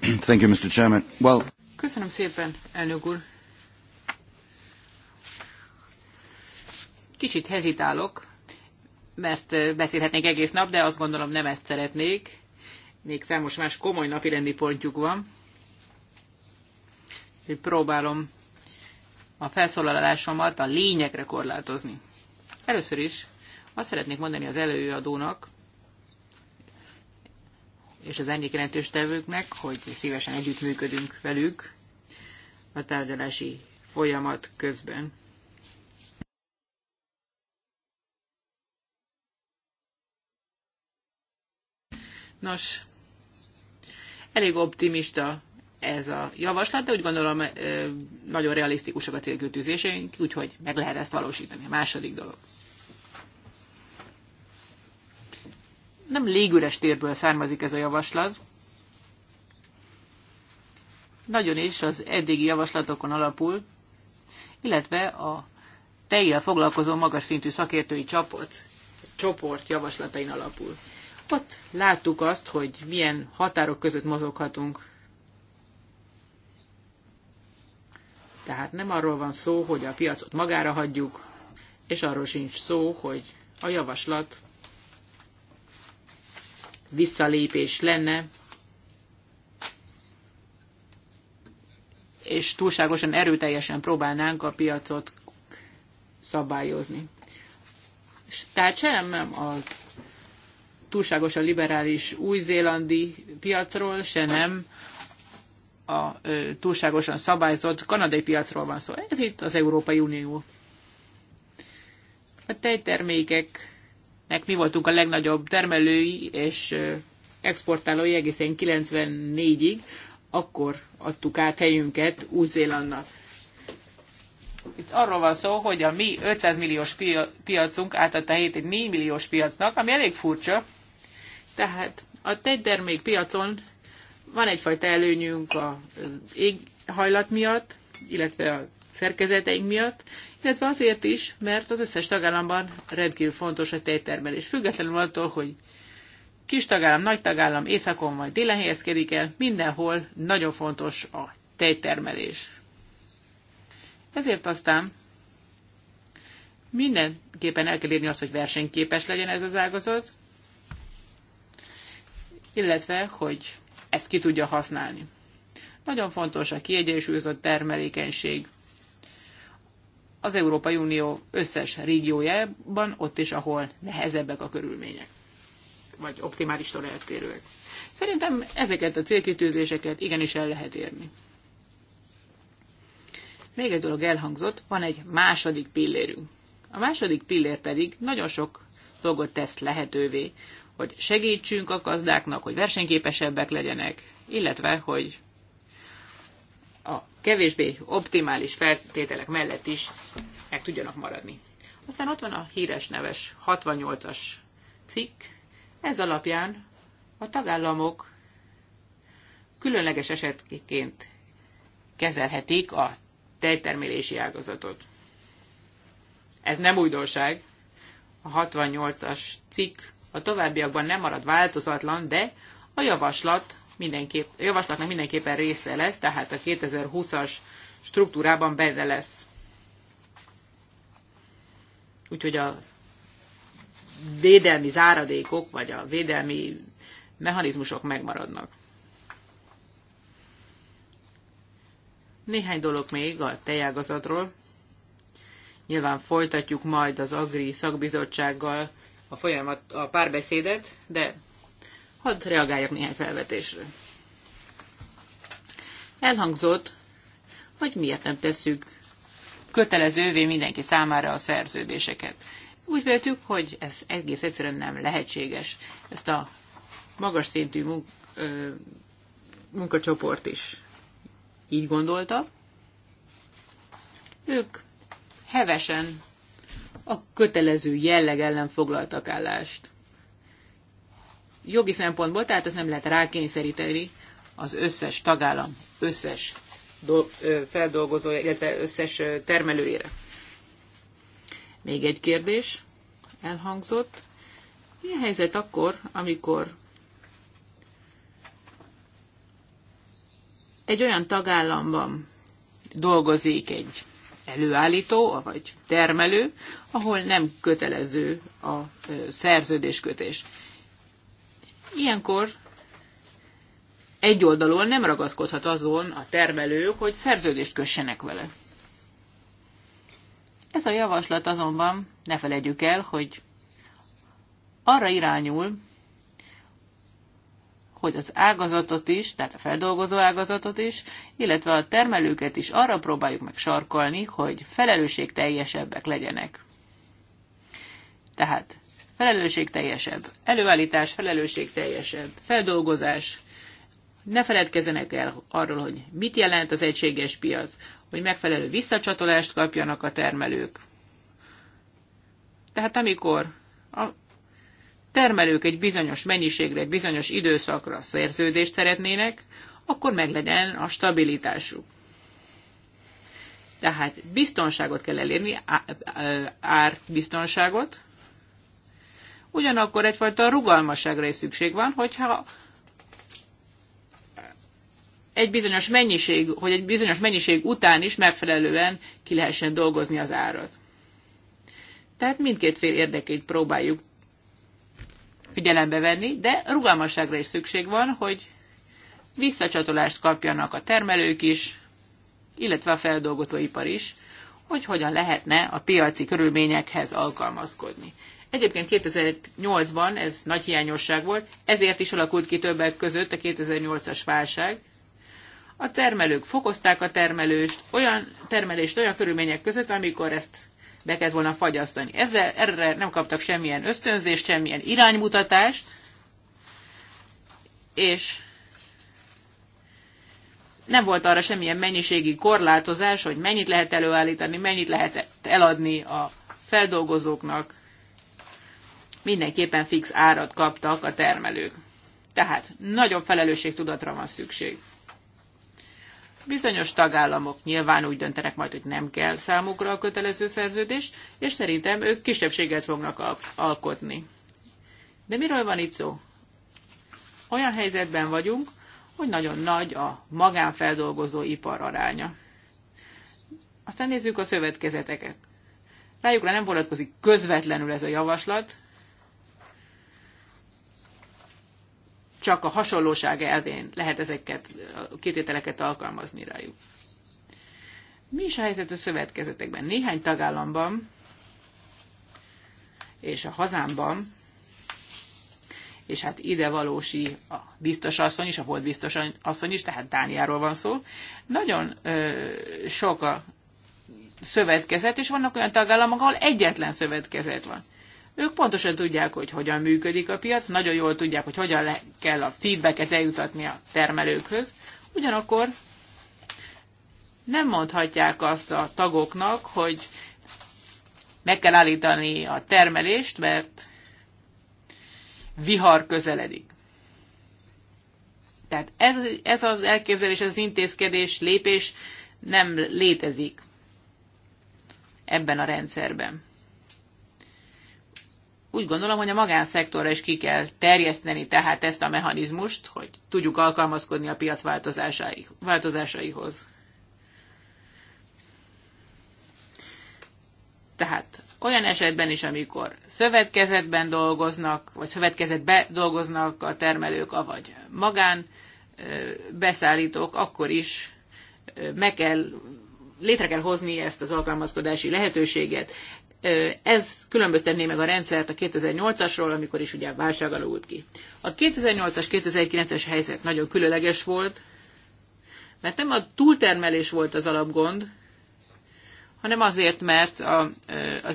Thank you, Mr. Chairman. Well... Köszönöm szépen, elnök úr. Kicsit hezitálok, mert eh, beszélhetnék egész nap, de azt gondolom nem ezt szeretnék. Még számos más komoly napi rendi pontjuk van. próbálom a felszólalásomat a lényegre korlátozni. Először is azt szeretnék mondani az előadónak, és az ennyi jelentős tevőknek, hogy szívesen együttműködünk velük a tárgyalási folyamat közben. Nos, elég optimista ez a javaslat, de úgy gondolom nagyon realisztikusak a célkültűzéseink, úgyhogy meg lehet ezt valósítani. A második dolog. Nem légüres térből származik ez a javaslat. Nagyon is az eddigi javaslatokon alapul, illetve a tejjel foglalkozó magas szintű szakértői csoport, csoport javaslatain alapul. Ott láttuk azt, hogy milyen határok között mozoghatunk Tehát nem arról van szó, hogy a piacot magára hagyjuk, és arról sincs szó, hogy a javaslat visszalépés lenne, és túlságosan erőteljesen próbálnánk a piacot szabályozni. És tehát sem nem a túlságosan liberális új-zélandi piacról, se nem a túlságosan szabályzott kanadai piacról van szó. Ez itt az Európai Unió. A tejtermékeknek mi voltunk a legnagyobb termelői és exportálói egészen 94-ig, akkor adtuk át helyünket Új-Zélandnak. Itt arról van szó, hogy a mi 500 milliós piacunk átadta helyét egy 4 milliós piacnak, ami elég furcsa. Tehát a tejtermék piacon van egyfajta előnyünk az éghajlat miatt, illetve a szerkezeteink miatt, illetve azért is, mert az összes tagállamban rendkívül fontos a tejtermelés. Függetlenül attól, hogy kis tagállam, nagy tagállam, északon vagy délen helyezkedik el, mindenhol nagyon fontos a tejtermelés. Ezért aztán mindenképpen el kell érni azt, hogy versenyképes legyen ez az ágazat, illetve, hogy ezt ki tudja használni. Nagyon fontos a kiegyensúlyozott termelékenység az Európai Unió összes régiójában, ott is, ahol nehezebbek a körülmények, vagy optimálistól eltérőek. Szerintem ezeket a célkitűzéseket igenis el lehet érni. Még egy dolog elhangzott, van egy második pillérünk. A második pillér pedig nagyon sok dolgot tesz lehetővé, hogy segítsünk a gazdáknak, hogy versenyképesebbek legyenek, illetve, hogy a kevésbé optimális feltételek mellett is meg tudjanak maradni. Aztán ott van a híres neves 68-as cikk. Ez alapján a tagállamok különleges esetként kezelhetik a tejtermelési ágazatot. Ez nem újdonság. A 68-as cikk a továbbiakban nem marad változatlan, de a javaslat mindenképp, a javaslatnak mindenképpen része lesz, tehát a 2020-as struktúrában benne lesz. Úgyhogy a védelmi záradékok, vagy a védelmi mechanizmusok megmaradnak. Néhány dolog még a tejágazatról. Nyilván folytatjuk majd az Agri szakbizottsággal a folyamat, a párbeszédet, de hadd reagáljak néhány felvetésre. Elhangzott, hogy miért nem tesszük kötelezővé mindenki számára a szerződéseket. Úgy véltük, hogy ez egész egyszerűen nem lehetséges. Ezt a magas szintű munk- ö, munkacsoport is így gondolta. Ők hevesen a kötelező jelleg ellen foglaltak állást. Jogi szempontból, tehát ez nem lehet rákényszeríteni az összes tagállam, összes do, feldolgozója, illetve összes termelőjére. Még egy kérdés elhangzott. Mi a helyzet akkor, amikor egy olyan tagállamban dolgozik egy előállító, vagy termelő, ahol nem kötelező a szerződéskötés. Ilyenkor egy oldalon nem ragaszkodhat azon a termelő, hogy szerződést kössenek vele. Ez a javaslat azonban, ne felejtjük el, hogy arra irányul, hogy az ágazatot is, tehát a feldolgozó ágazatot is, illetve a termelőket is arra próbáljuk meg sarkolni, hogy felelősségteljesebbek legyenek. Tehát felelősségteljesebb előállítás, felelősségteljesebb feldolgozás, ne feledkezzenek el arról, hogy mit jelent az egységes piac, hogy megfelelő visszacsatolást kapjanak a termelők. Tehát amikor termelők egy bizonyos mennyiségre, egy bizonyos időszakra szerződést szeretnének, akkor meglegyen a stabilitásuk. Tehát biztonságot kell elérni, árbiztonságot, ugyanakkor egyfajta rugalmasságra is szükség van, hogyha egy bizonyos mennyiség, hogy egy bizonyos mennyiség után is megfelelően ki lehessen dolgozni az árat. Tehát mindkét fél érdekét próbáljuk figyelembe venni, de rugalmasságra is szükség van, hogy visszacsatolást kapjanak a termelők is, illetve a feldolgozóipar is, hogy hogyan lehetne a piaci körülményekhez alkalmazkodni. Egyébként 2008-ban ez nagy hiányosság volt, ezért is alakult ki többek között a 2008-as válság. A termelők fokozták a termelést olyan termelést olyan körülmények között, amikor ezt be kellett volna fagyasztani. Ezzel, erre nem kaptak semmilyen ösztönzést, semmilyen iránymutatást, és nem volt arra semmilyen mennyiségi korlátozás, hogy mennyit lehet előállítani, mennyit lehet eladni a feldolgozóknak. Mindenképpen fix árat kaptak a termelők. Tehát nagyobb felelősségtudatra van szükség. Bizonyos tagállamok nyilván úgy döntenek majd, hogy nem kell számukra a kötelező szerződés, és szerintem ők kisebbséget fognak alkotni. De miről van itt szó? Olyan helyzetben vagyunk, hogy nagyon nagy a magánfeldolgozó ipar aránya. Aztán nézzük a szövetkezeteket. Rájukra nem vonatkozik közvetlenül ez a javaslat, csak a hasonlóság elvén lehet ezeket a kitételeket alkalmazni rájuk. Mi is a helyzet a szövetkezetekben? Néhány tagállamban és a hazámban, és hát ide valósi a biztos asszony is, a volt biztos asszony is, tehát Dániáról van szó. Nagyon ö, sok a szövetkezet, és vannak olyan tagállamok, ahol egyetlen szövetkezet van. Ők pontosan tudják, hogy hogyan működik a piac, nagyon jól tudják, hogy hogyan le- kell a feedbacket eljutatni a termelőkhöz. Ugyanakkor nem mondhatják azt a tagoknak, hogy meg kell állítani a termelést, mert vihar közeledik. Tehát ez, ez az elképzelés, ez az intézkedés, lépés nem létezik ebben a rendszerben. Úgy gondolom, hogy a magánszektorra is ki kell terjeszteni tehát ezt a mechanizmust, hogy tudjuk alkalmazkodni a piac változásaihoz. Tehát olyan esetben is, amikor szövetkezetben dolgoznak, vagy szövetkezetbe dolgoznak a termelők, avagy magán beszállítók, akkor is meg kell, létre kell hozni ezt az alkalmazkodási lehetőséget ez különböztetné meg a rendszert a 2008-asról, amikor is ugye válság alakult ki. A 2008-as, 2009-es helyzet nagyon különleges volt, mert nem a túltermelés volt az alapgond, hanem azért, mert a, a, a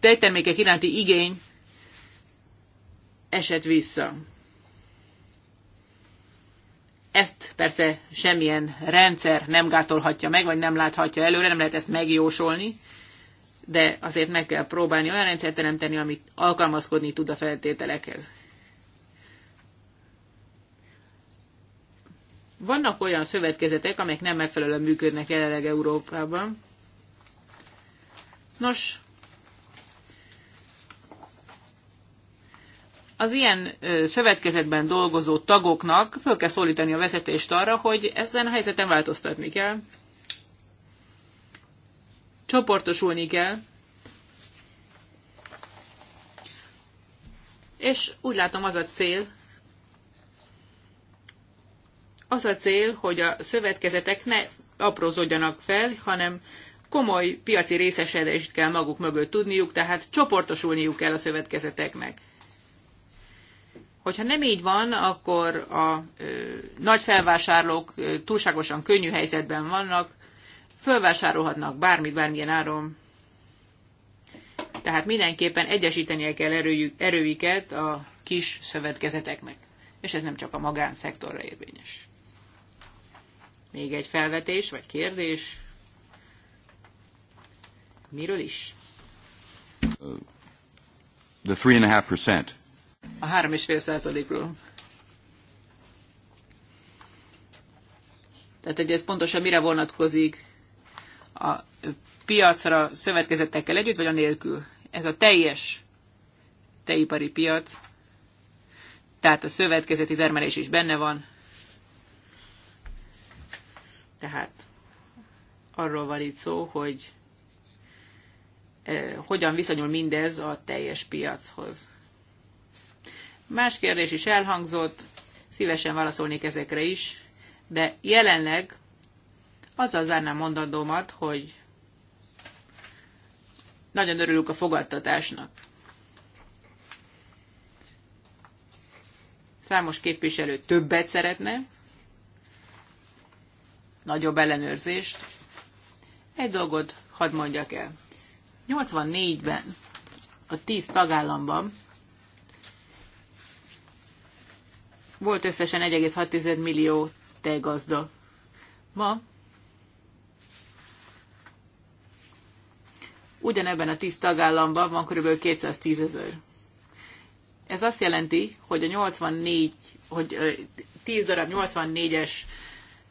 tejtermékek iránti igény esett vissza. Ezt persze semmilyen rendszer nem gátolhatja meg, vagy nem láthatja előre, nem lehet ezt megjósolni, de azért meg kell próbálni olyan rendszert teremteni, amit alkalmazkodni tud a feltételekhez. Vannak olyan szövetkezetek, amelyek nem megfelelően működnek jelenleg Európában. Nos, az ilyen szövetkezetben dolgozó tagoknak föl kell szólítani a vezetést arra, hogy ezen a helyzeten változtatni kell csoportosulni kell, és úgy látom az a cél, az a cél, hogy a szövetkezetek ne aprózódjanak fel, hanem komoly piaci részesedést kell maguk mögött tudniuk, tehát csoportosulniuk kell a szövetkezeteknek. Hogyha nem így van, akkor a ö, nagy felvásárlók ö, túlságosan könnyű helyzetben vannak, fölvásárolhatnak bármit, bármilyen áron. Tehát mindenképpen egyesítenie kell erőjük, erőiket a kis szövetkezeteknek. És ez nem csak a magánszektorra érvényes. Még egy felvetés vagy kérdés? Miről is? The and A fél százalékról. Tehát, hogy ez pontosan mire vonatkozik, a piacra szövetkezettekkel együtt, vagy a nélkül. Ez a teljes teipari piac, tehát a szövetkezeti termelés is benne van. Tehát arról van itt szó, hogy e, hogyan viszonyul mindez a teljes piachoz. Más kérdés is elhangzott, szívesen válaszolnék ezekre is, de jelenleg azzal zárnám mondandómat, hogy nagyon örülünk a fogadtatásnak. Számos képviselő többet szeretne, nagyobb ellenőrzést. Egy dolgot hadd mondjak el. 84-ben a 10 tagállamban volt összesen 1,6 millió tejgazda. Ma ugyanebben a tíz tagállamban van kb. 210 ezer. Ez azt jelenti, hogy a 84, hogy 10 darab 84-es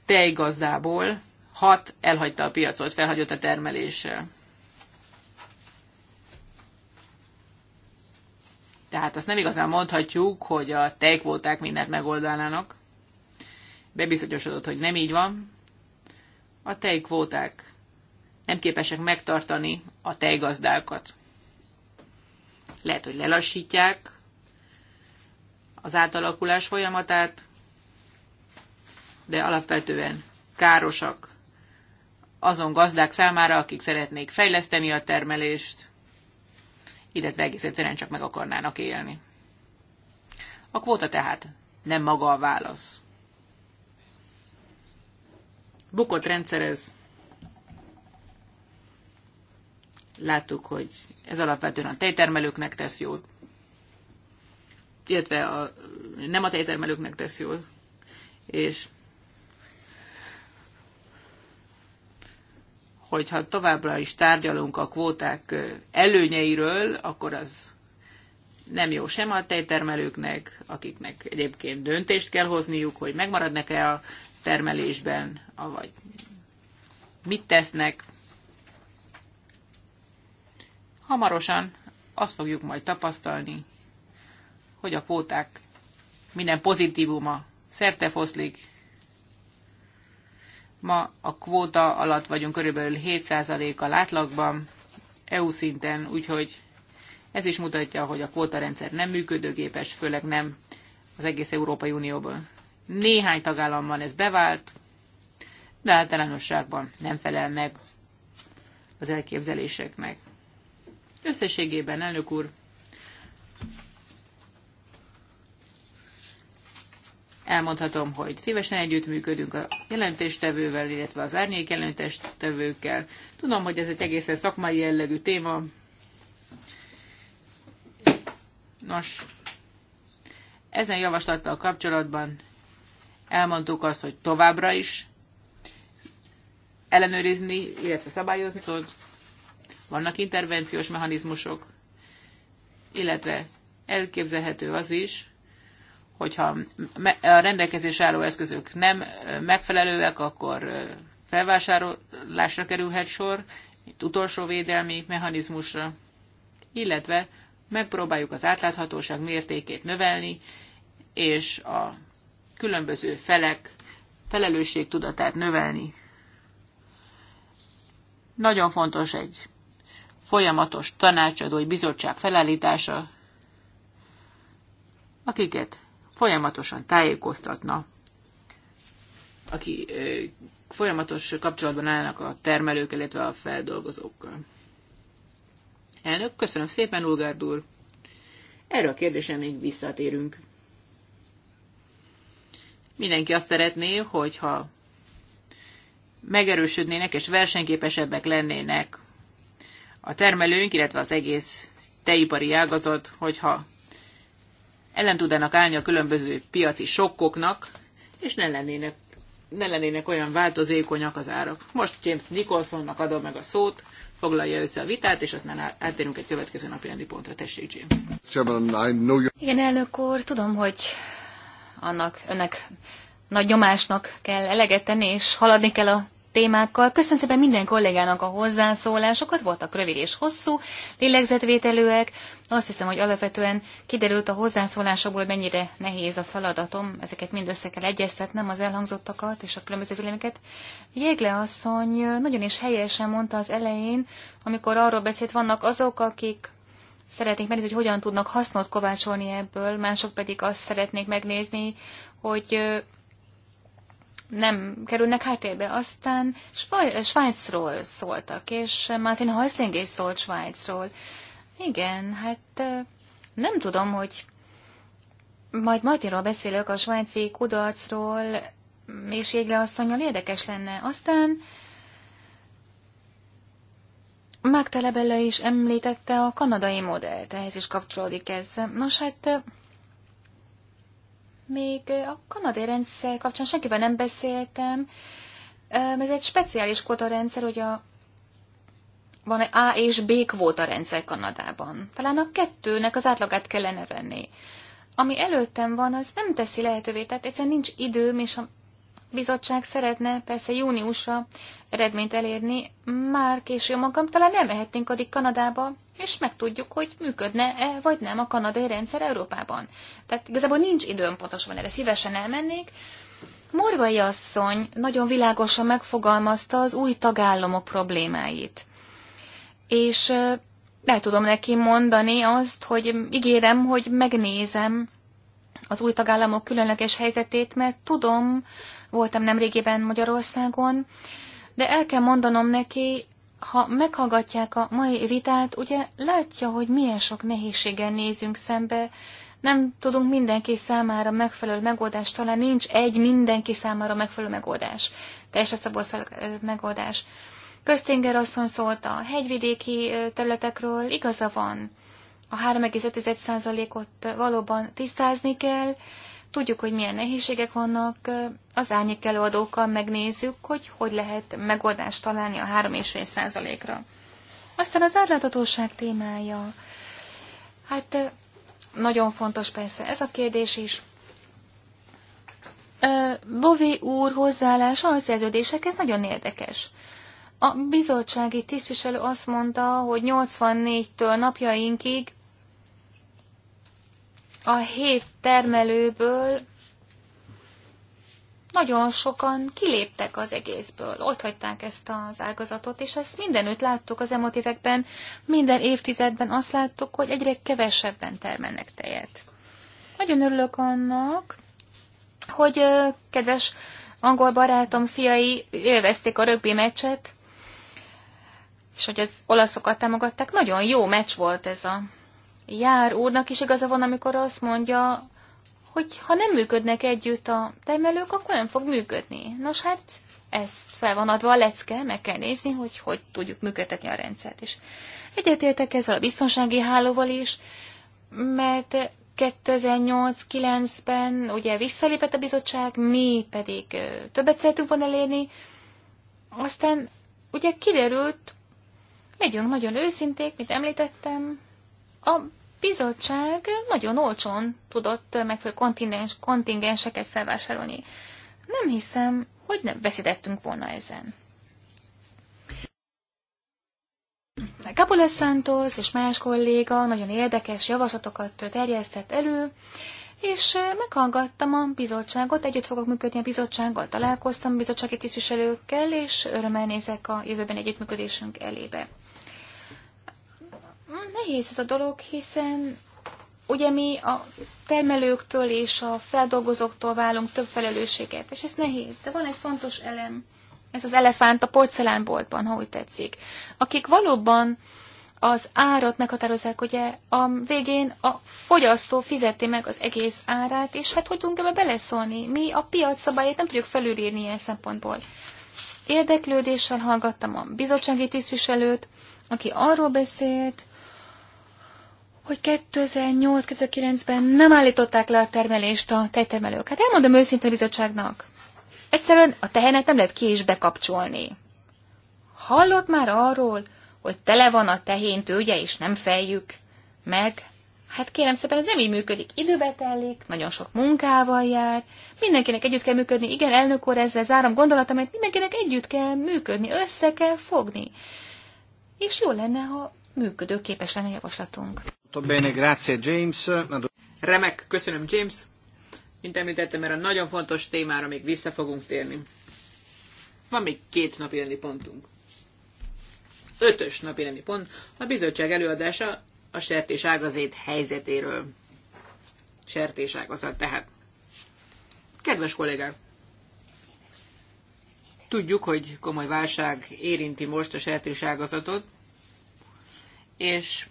tejgazdából 6 elhagyta a piacot, felhagyott a termeléssel. Tehát azt nem igazán mondhatjuk, hogy a tejkvóták mindent megoldanának. Bebizonyosodott, hogy nem így van. A tejkvóták nem képesek megtartani a tejgazdákat. Lehet, hogy lelassítják az átalakulás folyamatát, de alapvetően károsak azon gazdák számára, akik szeretnék fejleszteni a termelést, illetve egész egyszerűen csak meg akarnának élni. A kvóta tehát nem maga a válasz. Bukott rendszerez, Láttuk, hogy ez alapvetően a tejtermelőknek tesz jót, illetve a, nem a tejtermelőknek tesz jót, és hogyha továbbra is tárgyalunk a kvóták előnyeiről, akkor az nem jó sem a tejtermelőknek, akiknek egyébként döntést kell hozniuk, hogy megmaradnak-e a termelésben, vagy mit tesznek. Hamarosan azt fogjuk majd tapasztalni, hogy a póták minden pozitívuma szerte foszlik. Ma a kvóta alatt vagyunk körülbelül 7 a látlagban EU szinten, úgyhogy ez is mutatja, hogy a rendszer nem működőgépes, főleg nem az egész Európai Unióban. Néhány tagállamban ez bevált, de általánosságban nem felel meg az elképzeléseknek. Összességében, elnök úr, elmondhatom, hogy szívesen együttműködünk a jelentéstevővel, illetve az árnyék jelentéstevőkkel. Tudom, hogy ez egy egészen szakmai jellegű téma. Nos, ezen javaslattal kapcsolatban elmondtuk azt, hogy továbbra is ellenőrizni, illetve szabályozni, szóval vannak intervenciós mechanizmusok, illetve elképzelhető az is, hogyha a rendelkezés álló eszközök nem megfelelőek, akkor felvásárolásra kerülhet sor, itt utolsó védelmi mechanizmusra, illetve megpróbáljuk az átláthatóság mértékét növelni, és a különböző felek felelősségtudatát növelni. Nagyon fontos egy folyamatos tanácsadói bizottság felállítása, akiket folyamatosan tájékoztatna, aki folyamatos kapcsolatban állnak a termelők, illetve a feldolgozókkal. Elnök, köszönöm szépen, Ulgárd úr. Erre a kérdésre még visszatérünk. Mindenki azt szeretné, hogyha megerősödnének és versenyképesebbek lennének a termelőink, illetve az egész teipari ágazat, hogyha ellen tudnának állni a különböző piaci sokkoknak, és ne lennének, ne lennének olyan változékonyak az árak. Most James Nicholsonnak adom meg a szót, foglalja össze a vitát, és aztán áttérünk egy következő napi rendi pontra. Tessék, James. Igen, elnök úr, tudom, hogy annak önnek nagy nyomásnak kell eleget tenni, és haladni kell a témákkal. Köszönöm szépen minden kollégának a hozzászólásokat, voltak rövid és hosszú lélegzetvételőek. Azt hiszem, hogy alapvetően kiderült a hozzászólásokból, mennyire nehéz a feladatom. Ezeket mind össze kell egyeztetnem, az elhangzottakat és a különböző véleményeket. Jégle asszony nagyon is helyesen mondta az elején, amikor arról beszélt, vannak azok, akik szeretnék megnézni, hogy hogyan tudnak hasznot kovácsolni ebből, mások pedig azt szeretnék megnézni, hogy nem kerülnek háttérbe. Aztán Svájcról szóltak, és Martin Heusling is szólt Svájcról. Igen, hát nem tudom, hogy majd Martinról beszélök a svájci kudarcról, és Jégle asszonyal érdekes lenne. Aztán Magda is említette a kanadai modellt, ehhez is kapcsolódik ez. Nos, hát még a kanadai rendszer kapcsán senkivel nem beszéltem. Ez egy speciális rendszer, hogy a van egy A és B kvóta rendszer Kanadában. Talán a kettőnek az átlagát kellene venni. Ami előttem van, az nem teszi lehetővé, tehát egyszerűen nincs időm, és a bizottság szeretne persze júniusra eredményt elérni, már késő magam talán nem mehetnénk addig Kanadába, és megtudjuk, hogy működne-e vagy nem a kanadai rendszer Európában. Tehát igazából nincs időm pontosan erre, szívesen elmennék. Morvai asszony nagyon világosan megfogalmazta az új tagállamok problémáit. És el tudom neki mondani azt, hogy ígérem, hogy megnézem az új tagállamok különleges helyzetét, mert tudom, voltam nemrégiben Magyarországon, de el kell mondanom neki, ha meghallgatják a mai vitát, ugye látja, hogy milyen sok nehézséggel nézünk szembe, nem tudunk mindenki számára megfelelő megoldást, talán nincs egy mindenki számára megfelelő megoldás, teljesen szabott fel, megoldás. Köztinger asszony szólt a hegyvidéki területekről, igaza van a 3,5%-ot valóban tisztázni kell, tudjuk, hogy milyen nehézségek vannak, az árnyék előadókkal megnézzük, hogy hogy lehet megoldást találni a 3,5%-ra. Aztán az átláthatóság témája. Hát nagyon fontos persze ez a kérdés is. Bové úr hozzáállása a szerződésekhez nagyon érdekes. A bizottsági tisztviselő azt mondta, hogy 84-től napjainkig a hét termelőből nagyon sokan kiléptek az egészből, ott hagyták ezt az ágazatot, és ezt mindenütt láttuk az emotívekben, minden évtizedben azt láttuk, hogy egyre kevesebben termelnek tejet. Nagyon örülök annak, hogy kedves angol barátom fiai élvezték a rögbi meccset, és hogy az olaszokat támogatták. Nagyon jó meccs volt ez a Jár úrnak is igaza van, amikor azt mondja, hogy ha nem működnek együtt a termelők, akkor nem fog működni. Nos hát, ezt fel van adva a lecke, meg kell nézni, hogy hogy tudjuk működtetni a rendszert. És egyetértek ezzel a biztonsági hálóval is, mert 2008-9-ben ugye visszalépett a bizottság, mi pedig többet szeretünk volna elérni, aztán ugye kiderült, legyünk nagyon őszinték, mint említettem, a bizottság nagyon olcsón tudott megfelelő kontingens, kontingenseket felvásárolni. Nem hiszem, hogy nem veszítettünk volna ezen. Capoles Santos és más kolléga nagyon érdekes javaslatokat terjesztett elő, és eh, meghallgattam a bizottságot, együtt fogok működni a bizottsággal, találkoztam bizottsági tisztviselőkkel, és örömmel nézek a jövőben együttműködésünk elébe nehéz ez a dolog, hiszen ugye mi a termelőktől és a feldolgozóktól válunk több felelősséget, és ez nehéz. De van egy fontos elem, ez az elefánt a porcelánboltban, ha úgy tetszik, akik valóban az árat meghatározzák, ugye a végén a fogyasztó fizeti meg az egész árát, és hát hogy tudunk ebbe beleszólni? Mi a piac szabályait nem tudjuk felülírni ilyen szempontból. Érdeklődéssel hallgattam a bizottsági tisztviselőt, aki arról beszélt, hogy 2008-2009-ben nem állították le a termelést a tejtermelők. Hát elmondom őszintén a bizottságnak. Egyszerűen a tehenet nem lehet ki is bekapcsolni. Hallott már arról, hogy tele van a tehén tőgye, és nem fejjük meg? Hát kérem szépen, ez nem így működik. Időbe telik, nagyon sok munkával jár, mindenkinek együtt kell működni. Igen, elnök úr, ezzel zárom gondolatom, mert mindenkinek együtt kell működni, össze kell fogni. És jó lenne, ha működőképes lenne javaslatunk. grazie James. Remek, köszönöm James. Mint említettem, a nagyon fontos témára még vissza fogunk térni. Van még két napirendi pontunk. Ötös napirendi pont a bizottság előadása a sertés ágazét helyzetéről. Sertés ágazat tehát. Kedves kollégák! Tudjuk, hogy komoly válság érinti most a sertés ágazatot, és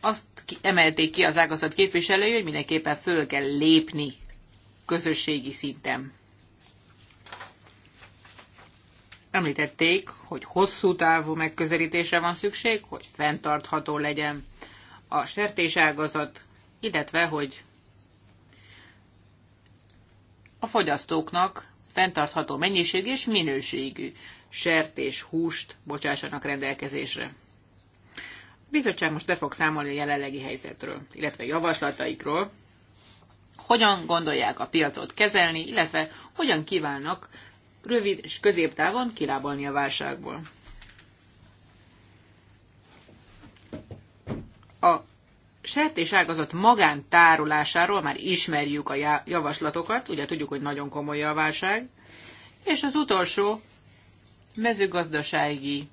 azt emelték ki az ágazat képviselői, hogy mindenképpen föl kell lépni közösségi szinten. Említették, hogy hosszú távú megközelítésre van szükség, hogy fenntartható legyen a sertéságazat, illetve, hogy a fogyasztóknak fenntartható mennyiség és minőségű és húst bocsássanak rendelkezésre. A bizottság most be fog számolni a jelenlegi helyzetről, illetve javaslataikról, hogyan gondolják a piacot kezelni, illetve hogyan kívánnak rövid és középtávon kilábalni a válságból. A sertés ágazat magántárolásáról már ismerjük a javaslatokat, ugye tudjuk, hogy nagyon komoly a válság, és az utolsó mezőgazdasági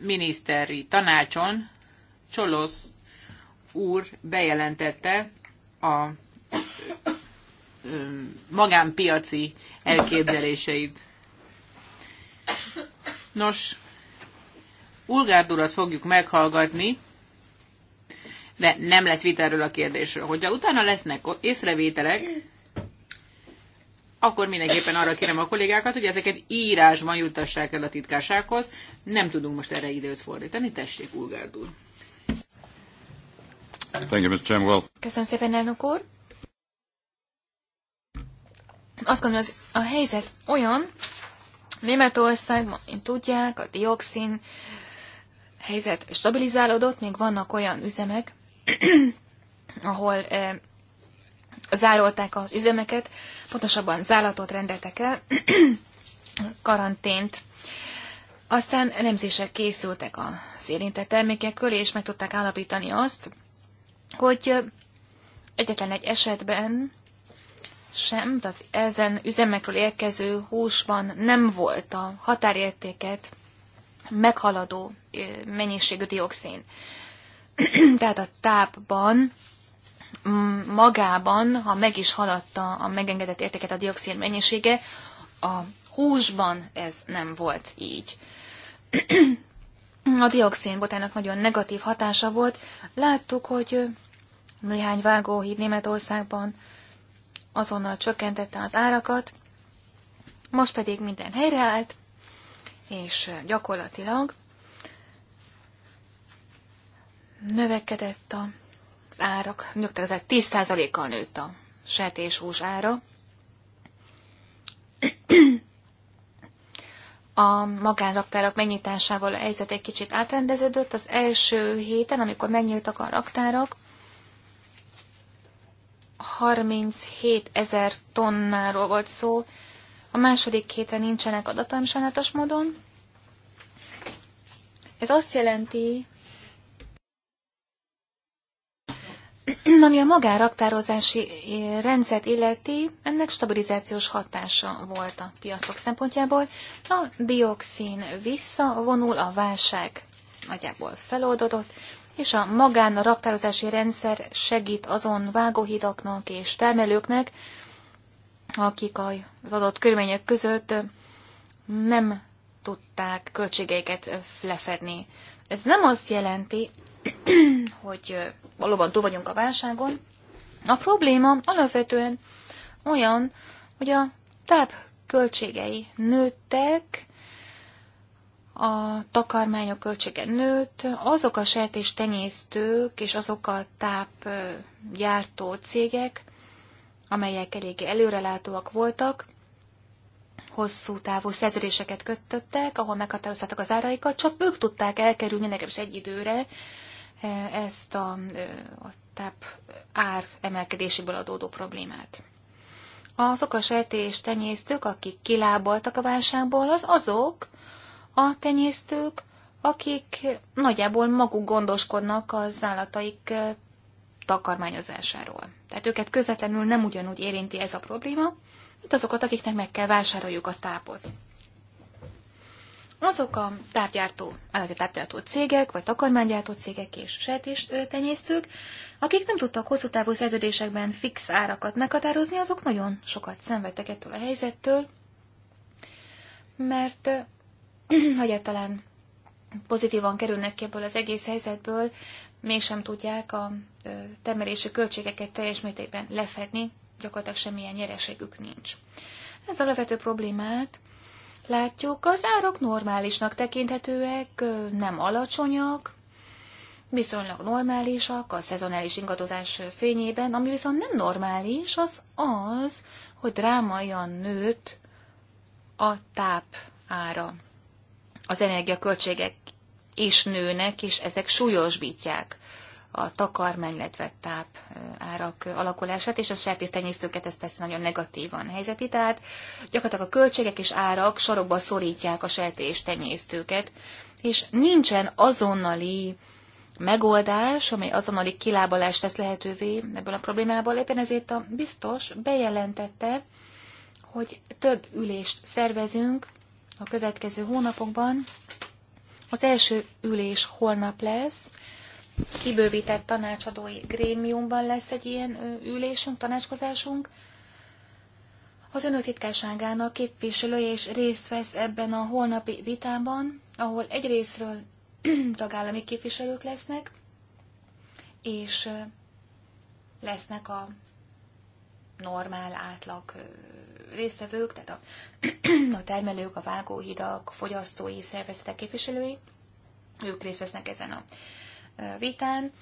miniszteri tanácson Csolosz úr bejelentette a magánpiaci elképzeléseit. Nos, Ulgárdurat fogjuk meghallgatni, de nem lesz vita erről a kérdésről. Hogyha utána lesznek észrevételek, akkor mindenképpen arra kérem a kollégákat, hogy ezeket írásban juttassák el a titkársághoz. Nem tudunk most erre időt fordítani. Tessék, Ulgárd úr. Thank you, Mr. Chairman. Köszönöm szépen, elnök úr. Azt gondolom, az a helyzet olyan, Németország, mint tudják, a dioxin helyzet stabilizálódott, még vannak olyan üzemek, ahol eh, zárolták az üzemeket, pontosabban zálatot rendeltek el, karantént. Aztán elemzések készültek a érintett termékekről, és meg tudták állapítani azt, hogy egyetlen egy esetben sem, de az ezen üzemekről érkező húsban nem volt a határértéket meghaladó eh, mennyiségű dioxin. Tehát a tápban magában, ha meg is haladta a megengedett értéket a dioxin mennyisége, a húsban ez nem volt így. A dioxin botának nagyon negatív hatása volt. Láttuk, hogy néhány vágóhíd Németországban azonnal csökkentette az árakat, most pedig minden helyreállt, és gyakorlatilag növekedett a az árak nőttek, ez 10%-kal nőtt a sertés hús ára. A magánraktárak megnyitásával a helyzet egy kicsit átrendeződött. Az első héten, amikor megnyíltak a raktárak, 37 ezer tonnáról volt szó. A második hétre nincsenek adataim sajnálatos módon. Ez azt jelenti, Ami a magáraktározási eh, rendszert illeti, ennek stabilizációs hatása volt a piacok szempontjából. A dioxin visszavonul, a válság nagyjából feloldódott, és a magán raktározási rendszer segít azon vágóhidaknak és termelőknek, akik az adott körülmények között nem tudták költségeiket lefedni. Ez nem azt jelenti, hogy valóban túl vagyunk a válságon. A probléma alapvetően olyan, hogy a táp költségei nőttek, a takarmányok költsége nőtt, azok a tenyésztők és azok a tápgyártó cégek, amelyek eléggé előrelátóak voltak, hosszú távú szerződéseket kötöttek, ahol meghatározták az áraikat, csak ők tudták elkerülni legalábbis egy időre E, ezt a, e, a táp ár emelkedéséből adódó problémát. A szokasejtés tenyésztők, akik kilábaltak a válságból, az azok a tenyésztők, akik nagyjából maguk gondoskodnak az állataik e, takarmányozásáról. Tehát őket közvetlenül nem ugyanúgy érinti ez a probléma, mint azokat, akiknek meg kell vásároljuk a tápot azok a tárgyártó, állati tárgyártó cégek, vagy takarmánygyártó cégek és tenyésztők, akik nem tudtak hosszú távú szerződésekben fix árakat meghatározni, azok nagyon sokat szenvedtek ettől a helyzettől, mert hogy talán pozitívan kerülnek ki ebből az egész helyzetből, mégsem tudják a termelési költségeket teljes mértékben lefedni, gyakorlatilag semmilyen nyereségük nincs. Ez a levető problémát látjuk, az árak normálisnak tekinthetőek, nem alacsonyak, viszonylag normálisak a szezonális ingadozás fényében, ami viszont nem normális, az az, hogy drámaian nőtt a táp ára. Az energiaköltségek is nőnek, és ezek súlyosbítják a takarmány, illetve táp árak alakulását, és a sertéstenyésztőket ez persze nagyon negatívan helyzeti, tehát gyakorlatilag a költségek és árak sarokba szorítják a sertéstenyésztőket, és nincsen azonnali megoldás, amely azonnali kilábalást tesz lehetővé ebből a problémából. Éppen ezért a biztos bejelentette, hogy több ülést szervezünk a következő hónapokban. Az első ülés holnap lesz, kibővített tanácsadói grémiumban lesz egy ilyen ülésünk, tanácskozásunk. Az önök titkárságának képviselője is részt vesz ebben a holnapi vitában, ahol egy részről tagállami képviselők lesznek, és lesznek a normál átlag résztvevők, tehát a, a termelők, a vágóhidak, fogyasztói szervezetek képviselői, ők részt vesznek ezen a vitán.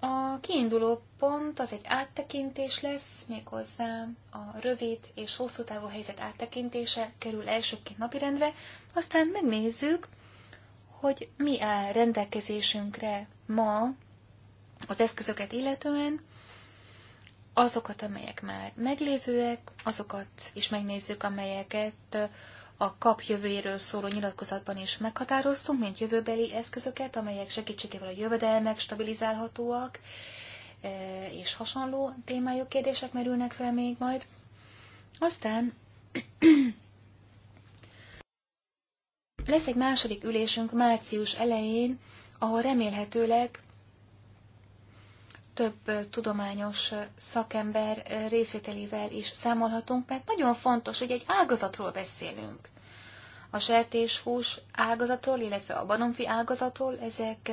A kiinduló pont az egy áttekintés lesz, méghozzá a rövid és hosszú távú helyzet áttekintése kerül elsőként napirendre, aztán megnézzük, hogy mi áll rendelkezésünkre ma az eszközöket illetően, azokat, amelyek már meglévőek, azokat is megnézzük, amelyeket a kap jövőjéről szóló nyilatkozatban is meghatároztunk, mint jövőbeli eszközöket, amelyek segítségével a jövedelmek stabilizálhatóak, e, és hasonló témájú kérdések merülnek fel még majd. Aztán lesz egy második ülésünk március elején, ahol remélhetőleg több tudományos szakember részvételével is számolhatunk, mert nagyon fontos, hogy egy ágazatról beszélünk. A sertéshús ágazatról, illetve a banomfi ágazatról, ezek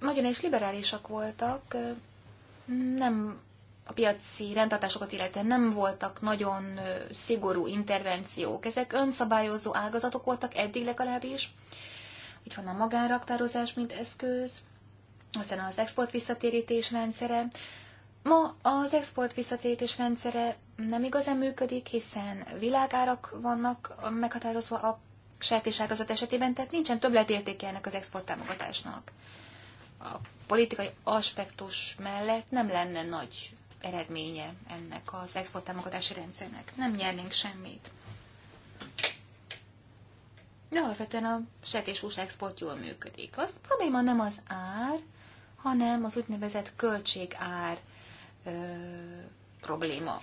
nagyon is liberálisak voltak, nem a piaci rendtartásokat illetően nem voltak nagyon szigorú intervenciók. Ezek önszabályozó ágazatok voltak eddig legalábbis. Itt van a magánraktározás, mint eszköz, aztán az export visszatérítés rendszere. Ma az export visszatérítés rendszere nem igazán működik, hiszen világárak vannak meghatározva a sertéságazat esetében, tehát nincsen többletértéke ennek az export támogatásnak. A politikai aspektus mellett nem lenne nagy eredménye ennek az export támogatási rendszernek. Nem nyernénk semmit. De alapvetően a sejtés export jól működik. Az probléma nem az ár, hanem az úgynevezett költségár ö, probléma.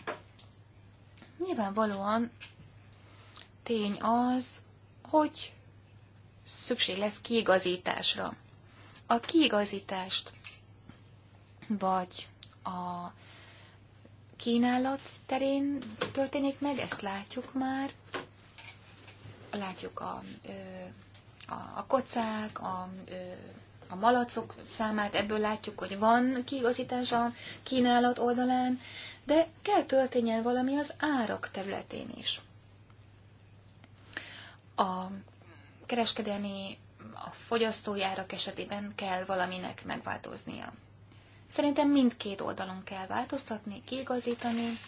Nyilvánvalóan tény az, hogy szükség lesz kiigazításra. A kiigazítást vagy a kínálat terén történik meg, ezt látjuk már. Látjuk a, a, a kocák, a, a a malacok számát, ebből látjuk, hogy van kiigazítás a kínálat oldalán, de kell történjen valami az árak területén is. A kereskedelmi, a fogyasztói árak esetében kell valaminek megváltoznia. Szerintem mindkét oldalon kell változtatni, kiigazítani.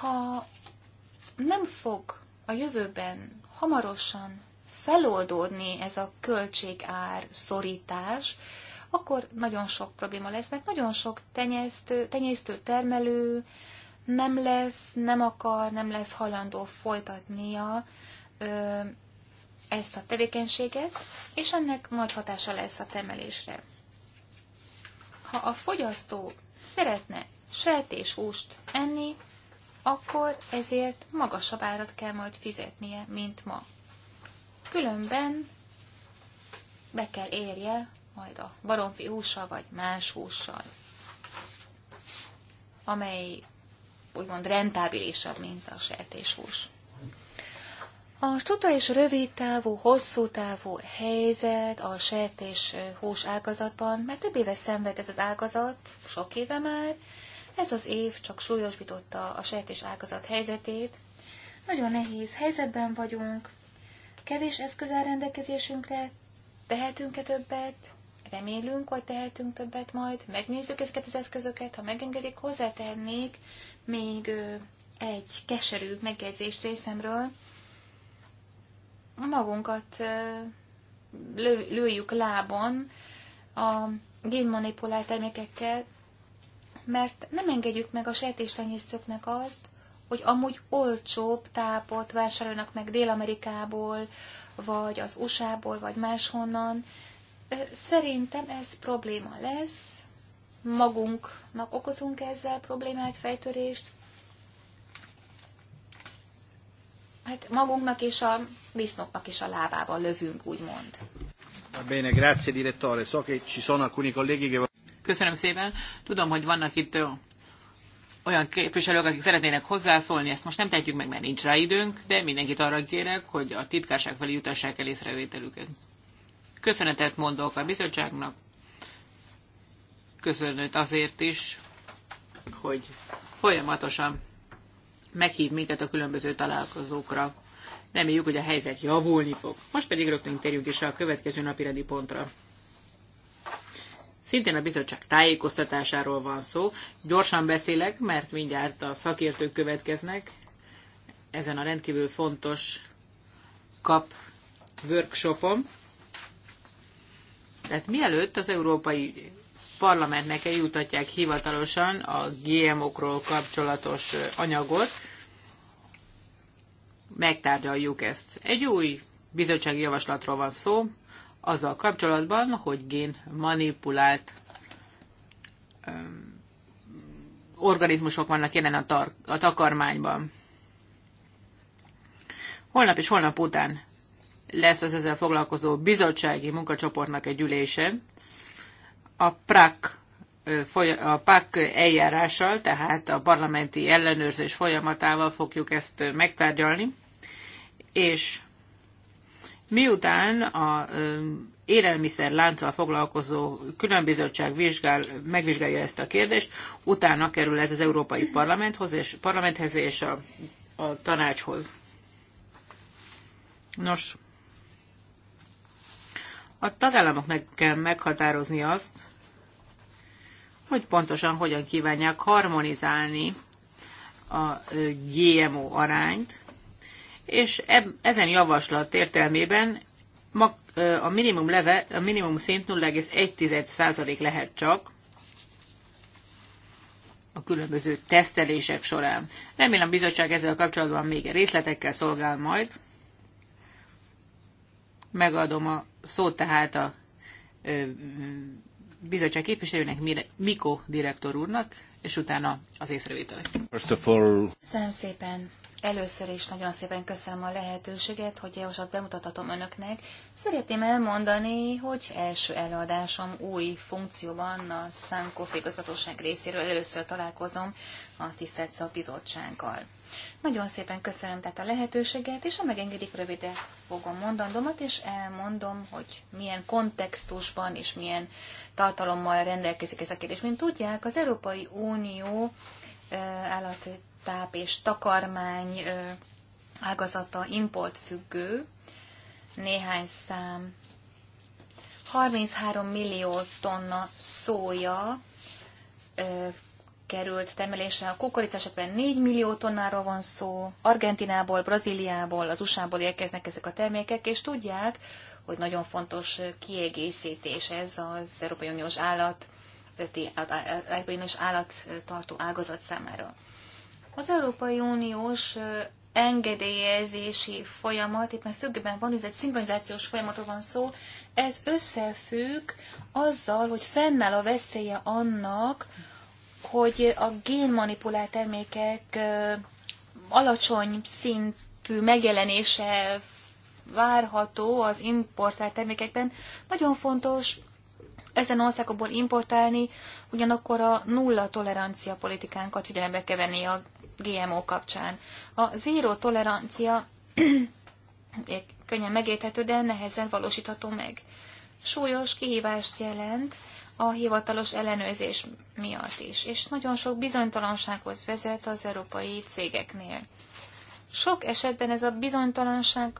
Ha nem fog a jövőben hamarosan feloldódni ez a költségár szorítás, akkor nagyon sok probléma lesz, mert nagyon sok tenyésztő, tenyésztő termelő nem lesz, nem akar, nem lesz hajlandó folytatnia ö, ezt a tevékenységet, és ennek nagy hatása lesz a termelésre. Ha a fogyasztó szeretne húst enni, akkor ezért magasabb árat kell majd fizetnie, mint ma. Különben be kell érje majd a baromfi hússal vagy más hússal, amely úgymond rentábilisabb, mint a sertéshús. A csuta és rövid távú, hosszú távú helyzet a sejt hús ágazatban, mert több éve szenved ez az ágazat, sok éve már, ez az év csak súlyosbította a sejtés ágazat helyzetét. Nagyon nehéz helyzetben vagyunk, Kevés eszköz áll rendelkezésünkre, tehetünk-e többet, remélünk, hogy tehetünk többet majd, megnézzük ezeket az eszközöket, ha megengedik, hozzátennék még egy keserű megjegyzést részemről. Magunkat lőjük lábon a génmanipulált termékekkel, mert nem engedjük meg a sejtéstenyésztőknek azt, hogy amúgy olcsóbb tápot vásárolnak meg Dél-Amerikából, vagy az USA-ból, vagy máshonnan. Szerintem ez probléma lesz, magunknak okozunk -e ezzel problémát, fejtörést. Hát magunknak és a disznóknak is a lábába lövünk, úgymond. Bene, grazie direttore. So che ci sono alcuni colleghi che... Köszönöm szépen. Tudom, hogy vannak itt olyan képviselők, akik szeretnének hozzászólni, ezt most nem tehetjük meg, mert nincs rá időnk, de mindenkit arra kérek, hogy a titkárság felé jutassák el észrevételüket. Köszönetet mondok a bizottságnak, köszönet azért is, hogy folyamatosan meghív minket a különböző találkozókra. Reméljük, hogy a helyzet javulni fog. Most pedig rögtön térjünk is a következő napi pontra. Szintén a bizottság tájékoztatásáról van szó. Gyorsan beszélek, mert mindjárt a szakértők következnek ezen a rendkívül fontos kap workshopon. Tehát mielőtt az Európai Parlamentnek eljutatják hivatalosan a GMO-król kapcsolatos anyagot, megtárgyaljuk ezt. Egy új bizottsági javaslatról van szó, azzal kapcsolatban, hogy gén manipulált organizmusok vannak jelen a, tar- a takarmányban. Holnap és holnap után lesz az ezzel foglalkozó bizottsági munkacsoportnak egy ülése. A PRAK a PAK eljárással, tehát a parlamenti ellenőrzés folyamatával fogjuk ezt megtárgyalni, és Miután a élelmiszer lánccal foglalkozó különbizottság vizsgál, megvizsgálja ezt a kérdést, utána kerül ez az Európai Parlamenthoz és, parlamenthez és a, a tanácshoz. Nos, a tagállamoknak kell meghatározni azt, hogy pontosan hogyan kívánják harmonizálni a GMO arányt, és ezen javaslat értelmében a minimum, leve, a minimum szint 0,1% lehet csak a különböző tesztelések során. Remélem a bizottság ezzel kapcsolatban még részletekkel szolgál majd. Megadom a szót tehát a bizottság képviselőnek, Miko direktor úrnak, és utána az észrevételek. Köszönöm all... szépen. Először is nagyon szépen köszönöm a lehetőséget, hogy javaslat bemutathatom önöknek. Szeretném elmondani, hogy első előadásom új funkcióban a Szánkó Főigazgatóság részéről először találkozom a tisztelt szakbizottsággal. Nagyon szépen köszönöm tehát a lehetőséget, és ha megengedik, röviden fogom mondandomat, és elmondom, hogy milyen kontextusban és milyen tartalommal rendelkezik ez a kérdés. Mint tudják, az Európai Unió eh, állat táp és takarmány ágazata importfüggő, néhány szám. 33 millió tonna szója ö, került temelésre, a kukorica esetben 4 millió tonnáról van szó, Argentinából, Brazíliából, az USA-ból érkeznek ezek a termékek, és tudják, hogy nagyon fontos kiegészítés ez az Európai Uniós állat, állat, állat tartó ágazat számára. Az Európai Uniós engedélyezési folyamat éppen függőben van, ez egy szinkronizációs folyamatról van szó, ez összefügg azzal, hogy fennáll a veszélye annak, hogy a génmanipulált termékek alacsony szintű megjelenése várható az importált termékekben. Nagyon fontos ezen országokból importálni, ugyanakkor a nulla tolerancia politikánkat figyelembe kell venni a GMO kapcsán. A zéró tolerancia könnyen megérthető, de nehezen valósítható meg. Súlyos kihívást jelent a hivatalos ellenőrzés miatt is, és nagyon sok bizonytalansághoz vezet az európai cégeknél. Sok esetben ez a bizonytalanság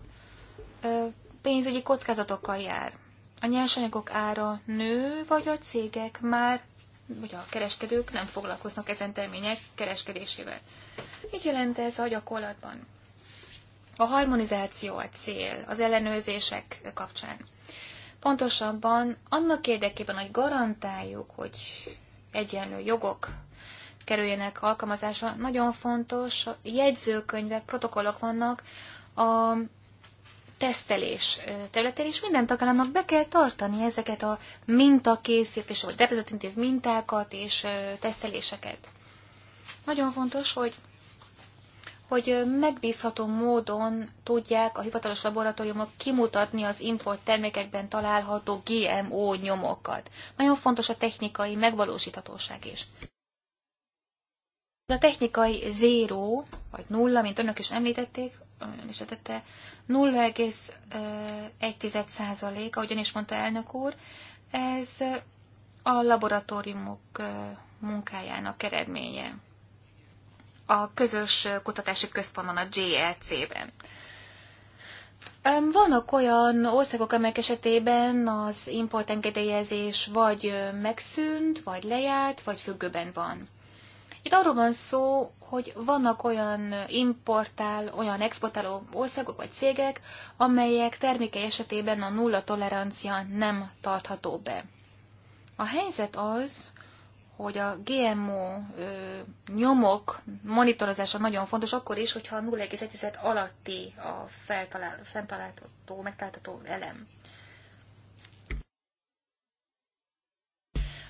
ö, pénzügyi kockázatokkal jár. A nyersanyagok ára nő, vagy a cégek már, vagy a kereskedők nem foglalkoznak ezen termények kereskedésével. Mit jelent ez a gyakorlatban? A harmonizáció a cél az ellenőrzések kapcsán. Pontosabban annak érdekében, hogy garantáljuk, hogy egyenlő jogok kerüljenek alkalmazásra, nagyon fontos, jegyzőkönyvek, protokollok vannak a tesztelés területén, és minden tagállamnak be kell tartani ezeket a mintakészítés, vagy reprezentatív mintákat és teszteléseket. Nagyon fontos, hogy hogy megbízható módon tudják a hivatalos laboratóriumok kimutatni az import termékekben található GMO nyomokat. Nagyon fontos a technikai megvalósíthatóság is. Ez a technikai zéró, vagy nulla, mint önök is említették, ön is tette, 0,1 százalék, ahogyan is mondta elnök úr, ez a laboratóriumok munkájának eredménye a közös kutatási központban, a JLC-ben. E vannak olyan országok, amelyek esetében az importengedélyezés vagy megszűnt, vagy lejárt, vagy függőben van. Itt arról van szó, hogy vannak olyan importál, olyan exportáló országok vagy cégek, amelyek terméke esetében a nulla tolerancia nem tartható be. A helyzet az, hogy a GMO ö, nyomok monitorozása nagyon fontos, akkor is, hogyha 0,1 alatti a fenntalálható, megtalálható elem.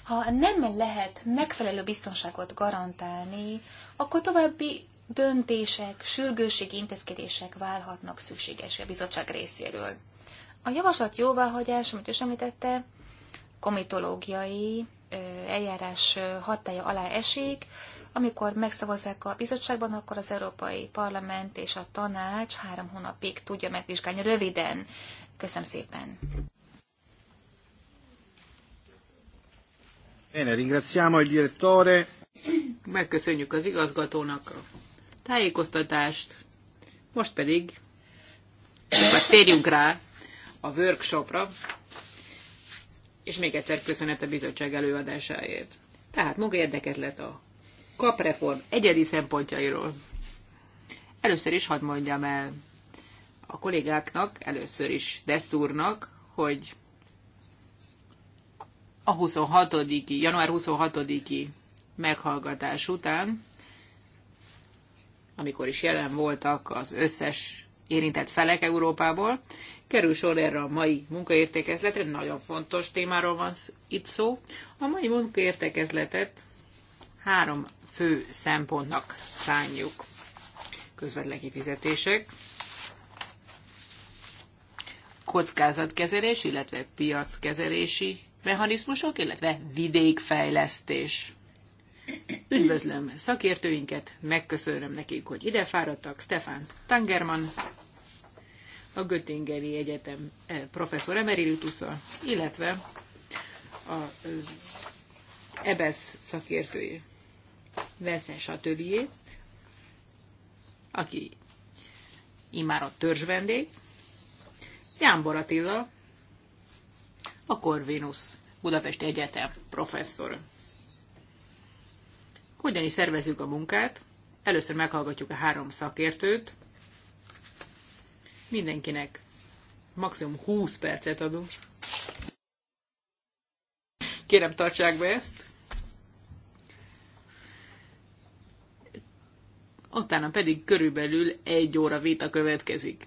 Ha nem lehet megfelelő biztonságot garantálni, akkor további döntések, sürgőségi intézkedések válhatnak szükséges a bizottság részéről. A javaslat jóváhagyás, amit ő említette, komitológiai eljárás hatája alá esik, amikor megszavazzák a bizottságban, akkor az Európai Parlament és a tanács három hónapig tudja megvizsgálni röviden. Köszönöm szépen! Megköszönjük az igazgatónak a tájékoztatást. Most pedig, térjünk rá a workshopra és még egyszer köszönet a bizottság előadásáért. Tehát maga érdeket lett a kapreform egyedi szempontjairól. Először is hadd mondjam el a kollégáknak, először is Desszúrnak, hogy a 26 január 26-i meghallgatás után, amikor is jelen voltak az összes érintett felek Európából, Kerül sor erre a mai munkaértékezletre, nagyon fontos témáról van itt szó. A mai munkaértékezletet három fő szempontnak szánjuk. Közvetlen kifizetések, kockázatkezelés, illetve piackezelési mechanizmusok, illetve vidékfejlesztés. Üdvözlöm szakértőinket, megköszönöm nekik, hogy ide fáradtak, Stefan Tangerman, a Göttingeni Egyetem eh, professzor emeritusa, illetve a EBESZ szakértője, Veszne Atölié, aki immár a törzs vendég, Jánbor Attila, a Corvinus Budapesti Egyetem professzor. Hogyan is szervezzük a munkát? Először meghallgatjuk a három szakértőt, Mindenkinek maximum 20 percet adunk. Kérem, tartsák be ezt. Utána pedig körülbelül egy óra vita következik.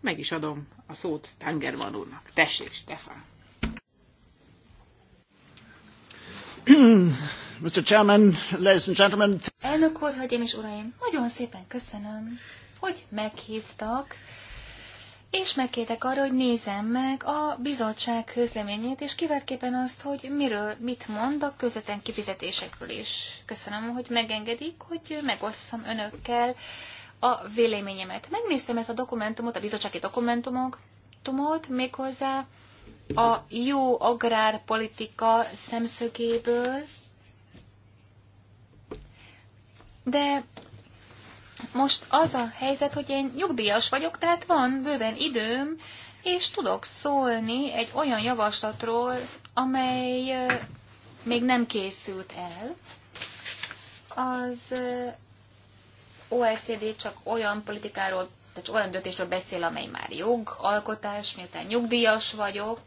Meg is adom a szót Tangerman úrnak. Tessék, Stefan! Mr. Chairman, ladies and gentlemen. Elnök úr, hölgyeim és uraim, nagyon szépen köszönöm, hogy meghívtak, és megkétek arra, hogy nézem meg a bizottság közleményét, és kiváltképpen azt, hogy miről, mit mond a közvetlen kifizetésekről is. Köszönöm, hogy megengedik, hogy megosszam önökkel a véleményemet. Megnéztem ezt a dokumentumot, a bizottsági dokumentumot, méghozzá a jó agrárpolitika szemszögéből, de most az a helyzet, hogy én nyugdíjas vagyok, tehát van bőven időm, és tudok szólni egy olyan javaslatról, amely még nem készült el. Az OECD csak olyan politikáról, tehát csak olyan döntésről beszél, amely már jogalkotás, miután nyugdíjas vagyok,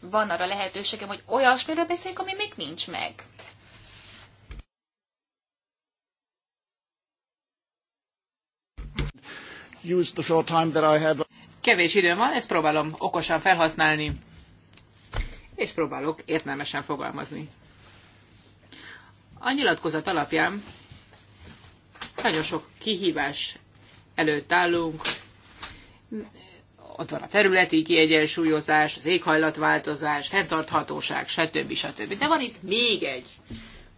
van arra lehetőségem, hogy olyasmiről beszéljek, ami még nincs meg. use the short time that I have. Kevés időm van, ezt próbálom okosan felhasználni, és próbálok értelmesen fogalmazni. A nyilatkozat alapján nagyon sok kihívás előtt állunk, ott van a területi kiegyensúlyozás, az éghajlatváltozás, fenntarthatóság, stb. stb. De van itt még egy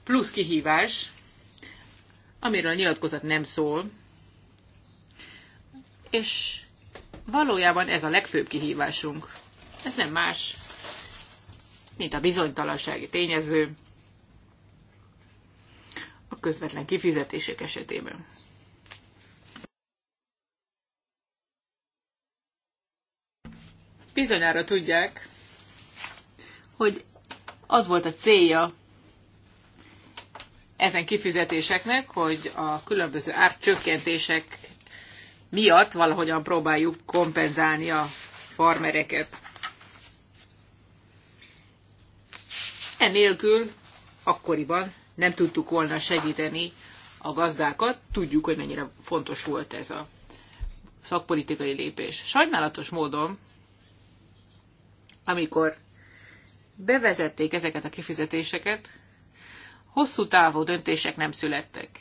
plusz kihívás, amiről a nyilatkozat nem szól, és valójában ez a legfőbb kihívásunk. Ez nem más, mint a bizonytalansági tényező a közvetlen kifizetések esetében. Bizonyára tudják, hogy az volt a célja ezen kifizetéseknek, hogy a különböző árcsökkentések miatt valahogyan próbáljuk kompenzálni a farmereket. Enélkül akkoriban nem tudtuk volna segíteni a gazdákat, tudjuk, hogy mennyire fontos volt ez a szakpolitikai lépés. Sajnálatos módon, amikor bevezették ezeket a kifizetéseket, hosszú távú döntések nem születtek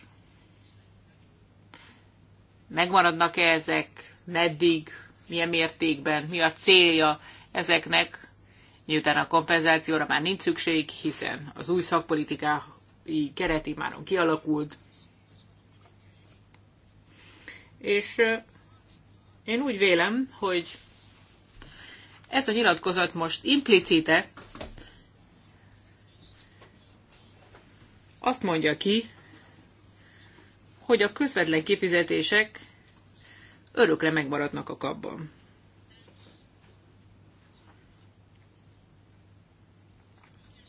megmaradnak-e ezek, meddig, milyen mértékben, mi a célja ezeknek, miután a kompenzációra már nincs szükség, hiszen az új szakpolitikai kereti már kialakult. És én úgy vélem, hogy ez a nyilatkozat most implicite azt mondja ki, hogy a közvetlen kifizetések örökre megmaradnak a kapban.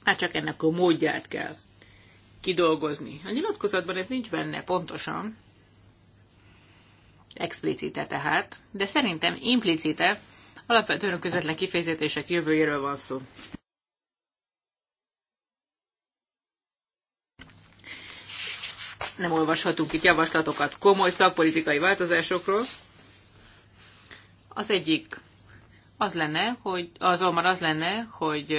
Hát csak ennek a módját kell kidolgozni. A nyilatkozatban ez nincs benne pontosan, explicite tehát, de szerintem implicite alapvetően a közvetlen kifejezések jövőjéről van szó. nem olvashatunk itt javaslatokat komoly szakpolitikai változásokról. Az egyik az lenne, hogy azonban az lenne, hogy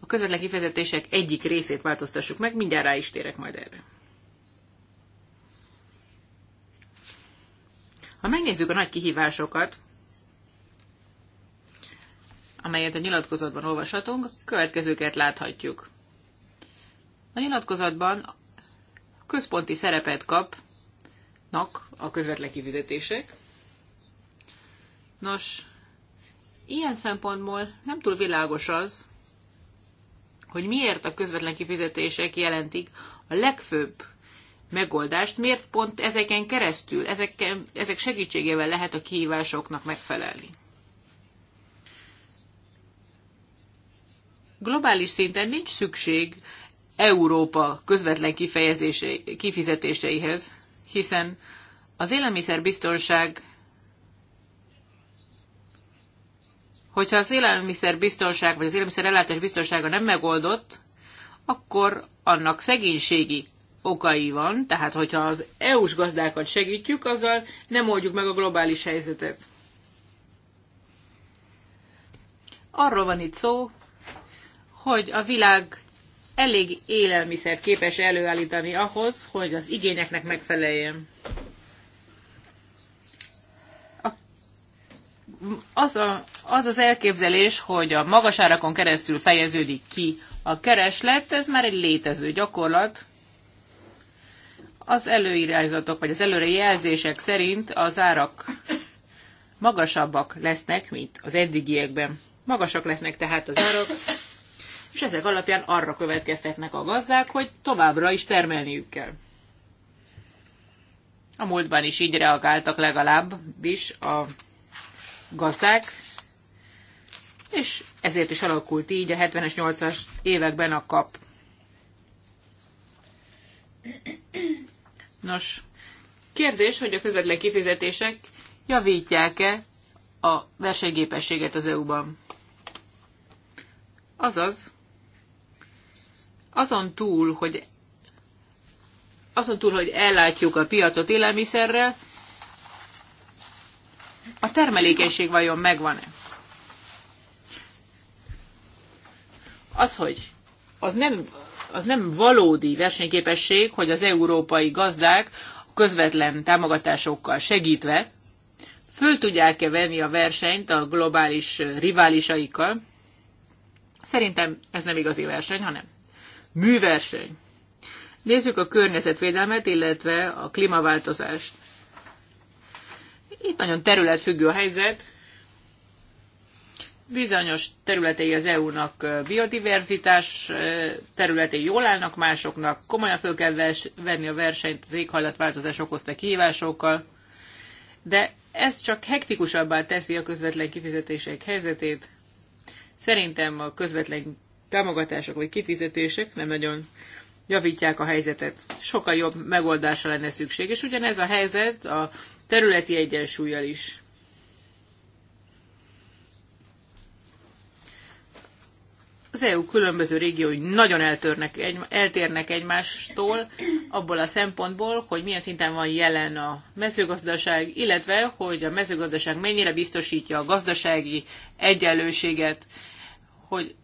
a közvetlen kifejezetések egyik részét változtassuk meg, mindjárt rá is térek majd erre. Ha megnézzük a nagy kihívásokat, amelyet a nyilatkozatban olvashatunk, következőket láthatjuk. A nyilatkozatban központi szerepet kapnak a közvetlen kifizetések. Nos, ilyen szempontból nem túl világos az, hogy miért a közvetlen kifizetések jelentik a legfőbb megoldást, miért pont ezeken keresztül, ezeken, ezek segítségével lehet a kihívásoknak megfelelni. Globális szinten nincs szükség Európa közvetlen kifizetéseihez, hiszen az élelmiszerbiztonság hogyha az élelmiszerbiztonság vagy az élelmiszerellátás biztonsága nem megoldott, akkor annak szegénységi okai van, tehát hogyha az EU-s gazdákat segítjük, azzal nem oldjuk meg a globális helyzetet. Arról van itt szó, hogy a világ elég élelmiszert képes előállítani ahhoz, hogy az igényeknek megfeleljen. az, a, az az elképzelés, hogy a magas árakon keresztül fejeződik ki a kereslet, ez már egy létező gyakorlat. Az előirányzatok, vagy az előrejelzések szerint az árak magasabbak lesznek, mint az eddigiekben. Magasak lesznek tehát az árak, és ezek alapján arra következtetnek a gazdák, hogy továbbra is termelniük kell. A múltban is így reagáltak legalább, is a gazdák, és ezért is alakult így a 70-es, 80-as években a kap. Nos, kérdés, hogy a közvetlen kifizetések javítják-e a versenyképességet az EU-ban? Azaz, azon túl, hogy azon túl, hogy ellátjuk a piacot élelmiszerrel, a termelékenység vajon megvan-e? Az, hogy az nem, az nem valódi versenyképesség, hogy az európai gazdák közvetlen támogatásokkal segítve föl tudják-e venni a versenyt a globális riválisaikkal. Szerintem ez nem igazi verseny, hanem műverseny. Nézzük a környezetvédelmet, illetve a klímaváltozást. Itt nagyon területfüggő a helyzet. Bizonyos területei az EU-nak biodiverzitás területei jól állnak másoknak, komolyan föl kell venni a versenyt az éghajlatváltozás okozta kihívásokkal, de ez csak hektikusabbá teszi a közvetlen kifizetések helyzetét. Szerintem a közvetlen támogatások vagy kifizetések nem nagyon javítják a helyzetet. Sokkal jobb megoldásra lenne szükség, és ugyanez a helyzet a területi egyensúlyjal is. Az EU különböző régiói nagyon eltörnek, egy, eltérnek egymástól abból a szempontból, hogy milyen szinten van jelen a mezőgazdaság, illetve hogy a mezőgazdaság mennyire biztosítja a gazdasági egyenlőséget, hogy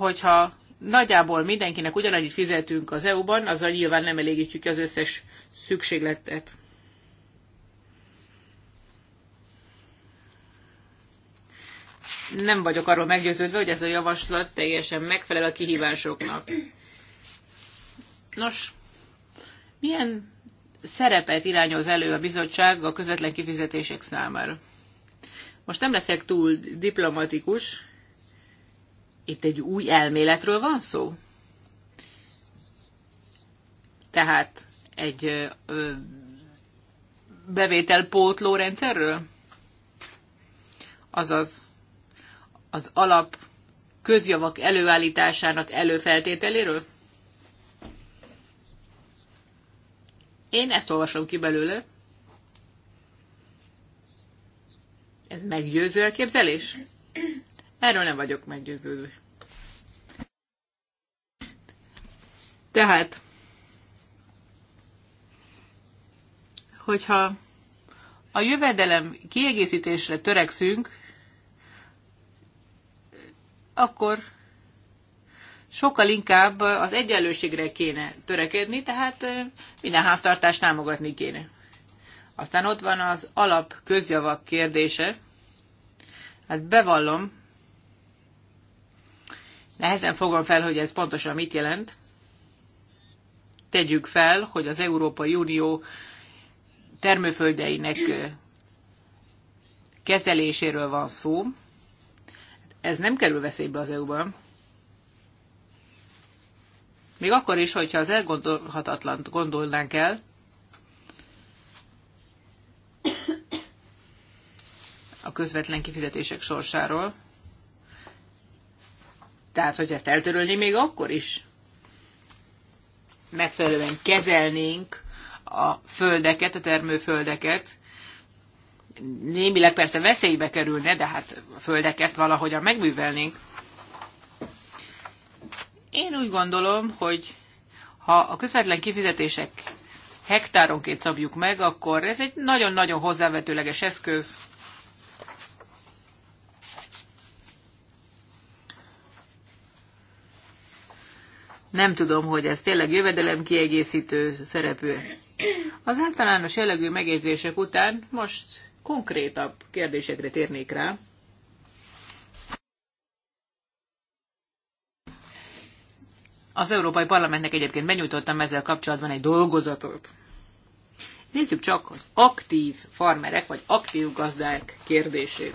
hogyha nagyjából mindenkinek ugyanannyit fizetünk az EU-ban, azzal nyilván nem elégítjük az összes szükségletet. Nem vagyok arról meggyőződve, hogy ez a javaslat teljesen megfelel a kihívásoknak. Nos, milyen szerepet irányoz elő a bizottság a közvetlen kifizetések számára? Most nem leszek túl diplomatikus, itt egy új elméletről van szó? Tehát egy bevételpótló rendszerről? Azaz az alap közjavak előállításának előfeltételéről? Én ezt olvasom ki belőle. Ez meggyőző elképzelés? Erről nem vagyok meggyőződve. Tehát, hogyha a jövedelem kiegészítésre törekszünk, akkor sokkal inkább az egyenlőségre kéne törekedni, tehát minden háztartást támogatni kéne. Aztán ott van az alap közjavak kérdése. Hát bevallom, Nehezen fogom fel, hogy ez pontosan mit jelent. Tegyük fel, hogy az Európai Unió termőföldeinek kezeléséről van szó. Ez nem kerül veszélybe az EU-ban. Még akkor is, hogyha az elgondolhatatlant gondolnánk el, a közvetlen kifizetések sorsáról. Tehát, hogy ezt eltörölni még akkor is megfelelően kezelnénk a földeket, a termőföldeket, némileg persze veszélybe kerülne, de hát a földeket valahogyan megművelnénk. Én úgy gondolom, hogy ha a közvetlen kifizetések hektáronként szabjuk meg, akkor ez egy nagyon-nagyon hozzávetőleges eszköz. Nem tudom, hogy ez tényleg jövedelem kiegészítő szerepű. Az általános jellegű megjegyzések után most konkrétabb kérdésekre térnék rá. Az Európai Parlamentnek egyébként benyújtottam ezzel kapcsolatban egy dolgozatot. Nézzük csak az aktív farmerek vagy aktív gazdák kérdését.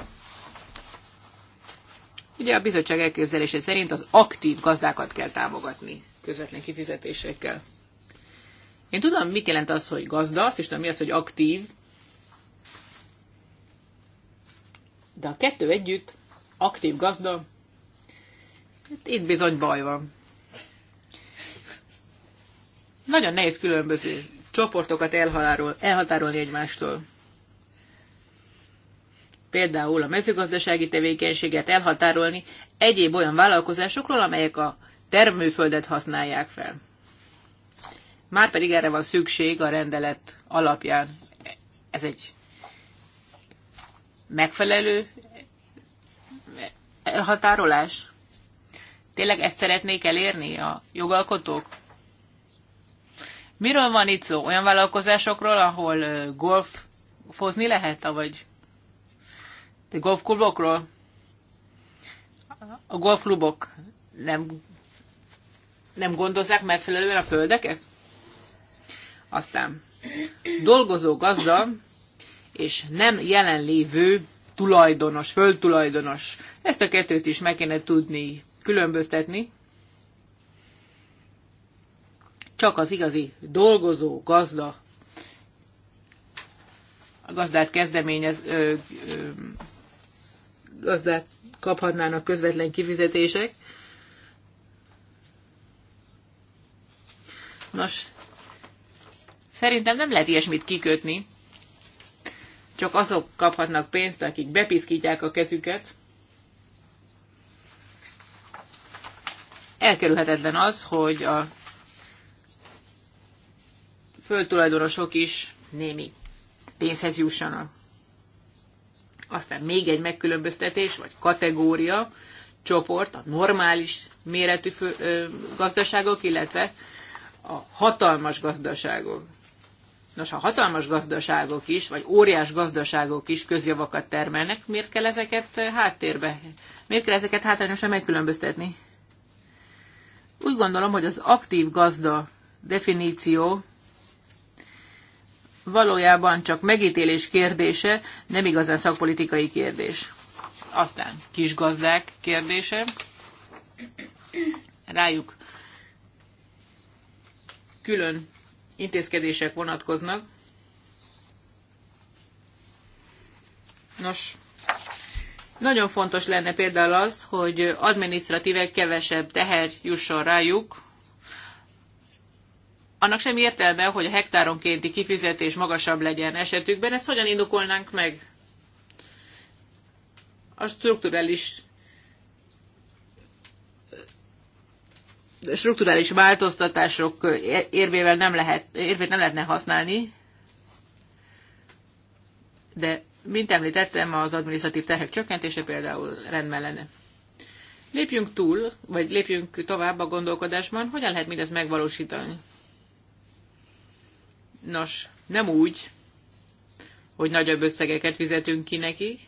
Ugye a bizottság elképzelése szerint az aktív gazdákat kell támogatni közvetlen kifizetésekkel. Én tudom, mit jelent az, hogy gazda, azt is tudom, mi az, hogy aktív, de a kettő együtt, aktív gazda, hát itt bizony baj van. Nagyon nehéz különböző csoportokat elhatárolni egymástól például a mezőgazdasági tevékenységet elhatárolni egyéb olyan vállalkozásokról, amelyek a termőföldet használják fel. Márpedig erre van szükség a rendelet alapján. Ez egy megfelelő elhatárolás? Tényleg ezt szeretnék elérni a jogalkotók? Miről van itt szó? Olyan vállalkozásokról, ahol golf fozni lehet, vagy golfklubokról? A golfklubok nem, nem gondozzák megfelelően a földeket? Aztán dolgozó gazda és nem jelenlévő tulajdonos, földtulajdonos. Ezt a kettőt is meg kéne tudni különböztetni. Csak az igazi dolgozó gazda a gazdát kezdeményez, ö, ö, gazdát kaphatnának közvetlen kifizetések. Nos, szerintem nem lehet ilyesmit kikötni. Csak azok kaphatnak pénzt, akik bepiszkítják a kezüket. Elkerülhetetlen az, hogy a földtulajdonosok is némi pénzhez jussanak. Aztán még egy megkülönböztetés, vagy kategória, csoport, a normális méretű fő, ö, gazdaságok, illetve a hatalmas gazdaságok. Nos, a hatalmas gazdaságok is, vagy óriás gazdaságok is közjavakat termelnek, miért kell ezeket háttérbe, miért kell ezeket hátrányosan megkülönböztetni? Úgy gondolom, hogy az aktív gazda definíció valójában csak megítélés kérdése, nem igazán szakpolitikai kérdés. Aztán kisgazdák kérdése. Rájuk külön intézkedések vonatkoznak. Nos, nagyon fontos lenne például az, hogy adminisztratívek kevesebb teher jusson rájuk, annak sem értelme, hogy a hektáronkénti kifizetés magasabb legyen esetükben. Ezt hogyan indokolnánk meg? A strukturális strukturális változtatások érvével nem lehet, érvét nem lehetne használni, de mint említettem, az adminisztratív terhek csökkentése például rendben lenne. Lépjünk túl, vagy lépjünk tovább a gondolkodásban, hogyan lehet mindezt megvalósítani. Nos, nem úgy, hogy nagyobb összegeket fizetünk ki neki.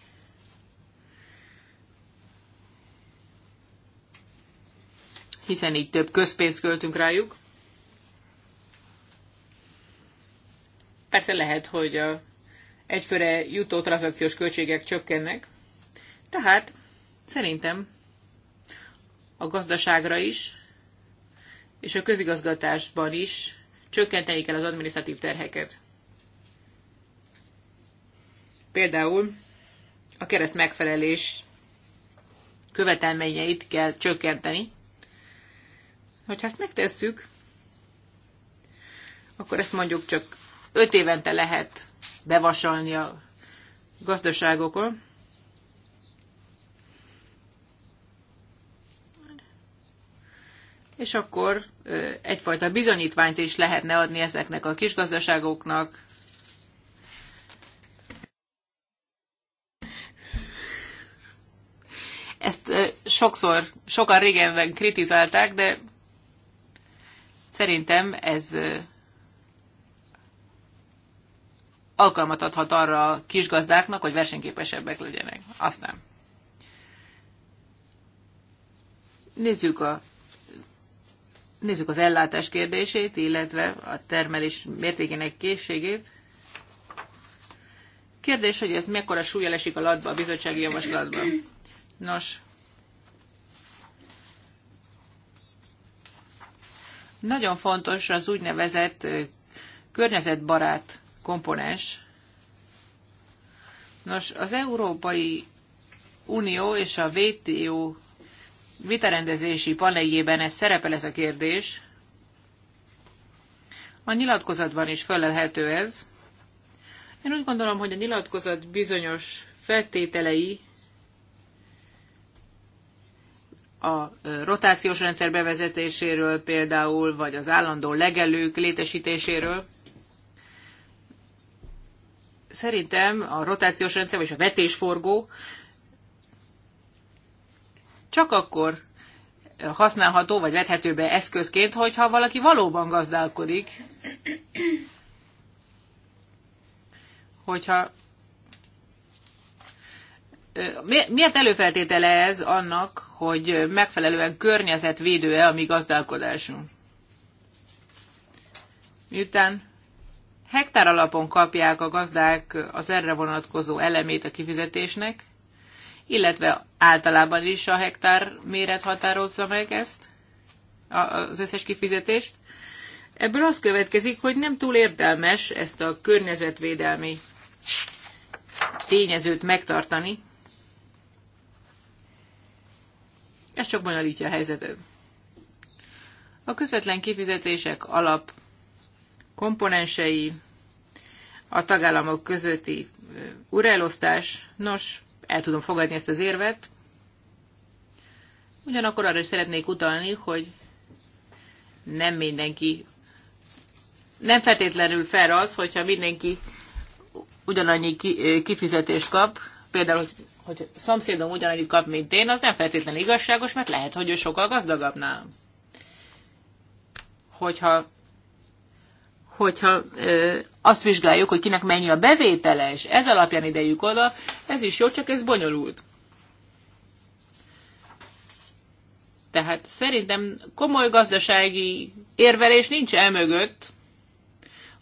hiszen így több közpénzt költünk rájuk. Persze lehet, hogy a egyfőre jutó tranzakciós költségek csökkennek, tehát szerintem a gazdaságra is, és a közigazgatásban is csökkenteni kell az adminisztratív terheket. Például a kereszt megfelelés követelményeit kell csökkenteni. Hogyha ezt megtesszük, akkor ezt mondjuk csak 5 évente lehet bevasalni a gazdaságokon, és akkor egyfajta bizonyítványt is lehetne adni ezeknek a kisgazdaságoknak. Ezt sokszor, sokan régenben kritizálták, de szerintem ez alkalmat adhat arra a kisgazdáknak, hogy versenyképesebbek legyenek. nem. Nézzük a Nézzük az ellátás kérdését, illetve a termelés mértékének készségét. Kérdés, hogy ez mekkora súlya esik a latba, a bizottsági javaslatban. Nos, nagyon fontos az úgynevezett környezetbarát komponens. Nos, az Európai Unió és a WTO vitarendezési paneljében ez szerepel ez a kérdés. A nyilatkozatban is felelhető ez. Én úgy gondolom, hogy a nyilatkozat bizonyos feltételei a rotációs rendszer bevezetéséről például, vagy az állandó legelők létesítéséről. Szerintem a rotációs rendszer, vagy a vetésforgó csak akkor használható vagy vethető be eszközként, hogyha valaki valóban gazdálkodik, hogyha Miért előfeltétele ez annak, hogy megfelelően környezetvédő-e a mi gazdálkodásunk? Miután hektár alapon kapják a gazdák az erre vonatkozó elemét a kifizetésnek, illetve általában is a hektár méret határozza meg ezt, az összes kifizetést. Ebből az következik, hogy nem túl értelmes ezt a környezetvédelmi tényezőt megtartani. Ez csak bonyolítja a helyzetet. A közvetlen kifizetések alap komponensei, a tagállamok közötti urelosztás, nos, el tudom fogadni ezt az érvet. Ugyanakkor arra is szeretnék utalni, hogy nem mindenki, nem feltétlenül fel az, hogyha mindenki ugyanannyi kifizetést kap, például, hogy, hogy szomszédom ugyanannyit kap, mint én, az nem feltétlenül igazságos, mert lehet, hogy ő sokkal gazdagabb nálam. Hogyha hogyha ö, azt vizsgáljuk, hogy kinek mennyi a bevétele, és ez alapján idejük oda, ez is jó, csak ez bonyolult. Tehát szerintem komoly gazdasági érvelés nincs el mögött,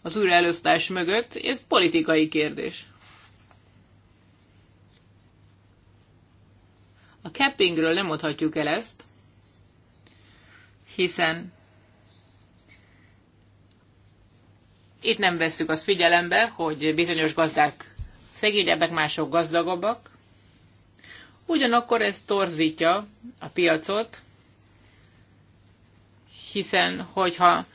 az újraelosztás mögött, ez politikai kérdés. A cappingről nem mondhatjuk el ezt, hiszen Itt nem vesszük azt figyelembe, hogy bizonyos gazdák szegényebbek, mások gazdagabbak. Ugyanakkor ez torzítja a piacot, hiszen hogyha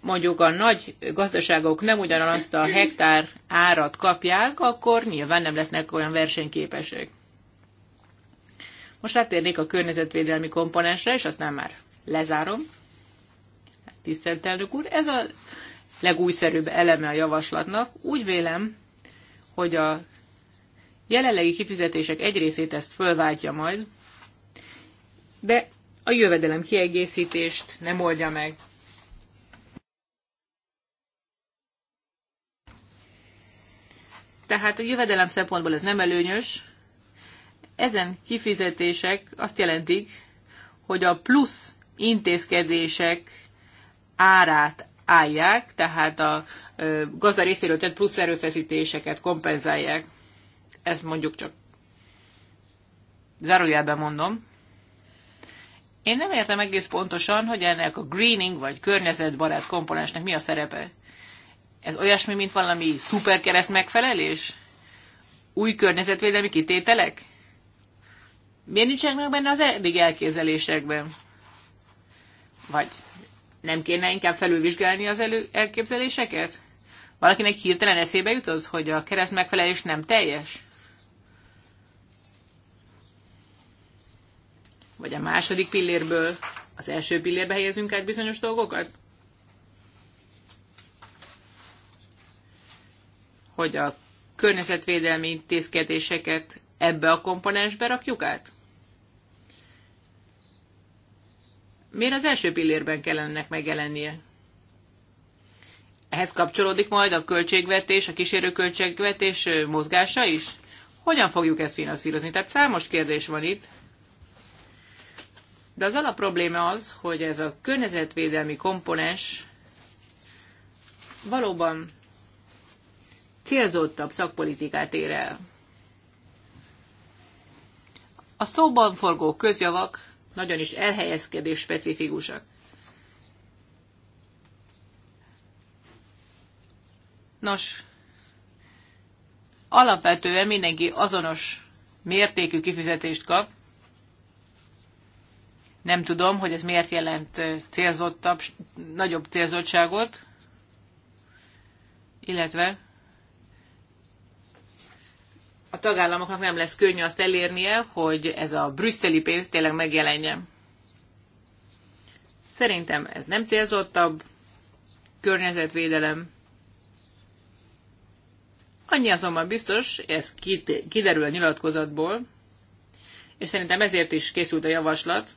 mondjuk a nagy gazdaságok nem ugyanazt a hektár árat kapják, akkor nyilván nem lesznek olyan versenyképesek. Most rátérnék a környezetvédelmi komponensre, és aztán már lezárom. Tisztelt elnök úr, ez a legújszerűbb eleme a javaslatnak. Úgy vélem, hogy a jelenlegi kifizetések egy részét ezt fölváltja majd, de a jövedelem kiegészítést nem oldja meg. Tehát a jövedelem szempontból ez nem előnyös. Ezen kifizetések azt jelentik, hogy a plusz intézkedések árát állják, tehát a gazda részéről tett plusz erőfeszítéseket kompenzálják. Ez mondjuk csak zárójelben mondom. Én nem értem egész pontosan, hogy ennek a greening vagy környezetbarát komponensnek mi a szerepe. Ez olyasmi, mint valami szuperkereszt megfelelés? Új környezetvédelmi kitételek? Miért nincsenek meg benne az eddig elképzelésekben? Vagy nem kéne inkább felülvizsgálni az elő elképzeléseket? Valakinek hirtelen eszébe jutott, hogy a kereszt megfelelés nem teljes? Vagy a második pillérből az első pillérbe helyezünk át bizonyos dolgokat? Hogy a környezetvédelmi intézkedéseket ebbe a komponensbe rakjuk át? miért az első pillérben kellene ennek megjelennie? Ehhez kapcsolódik majd a költségvetés, a kísérő költségvetés mozgása is? Hogyan fogjuk ezt finanszírozni? Tehát számos kérdés van itt. De az alapprobléma az, hogy ez a környezetvédelmi komponens valóban célzottabb szakpolitikát ér el. A szóban forgó közjavak nagyon is elhelyezkedés specifikusak. Nos, alapvetően mindenki azonos mértékű kifizetést kap. Nem tudom, hogy ez miért jelent célzottabb, nagyobb célzottságot, illetve a tagállamoknak nem lesz könnyű azt elérnie, hogy ez a brüsszeli pénz tényleg megjelenjen. Szerintem ez nem célzottabb környezetvédelem. Annyi azonban biztos, ez kiderül a nyilatkozatból, és szerintem ezért is készült a javaslat,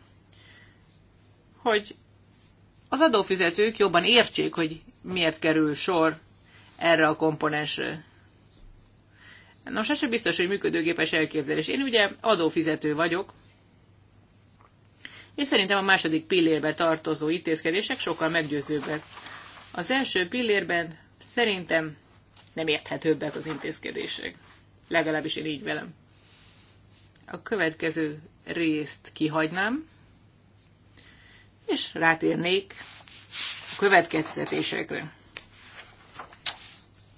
hogy az adófizetők jobban értsék, hogy miért kerül sor erre a komponensre. Nos, ez sem biztos, hogy működőgépes elképzelés. Én ugye adófizető vagyok, és szerintem a második pillérbe tartozó intézkedések sokkal meggyőzőbbek. Az első pillérben szerintem nem érthetőbbek az intézkedések. Legalábbis én így velem. A következő részt kihagynám, és rátérnék a következtetésekre.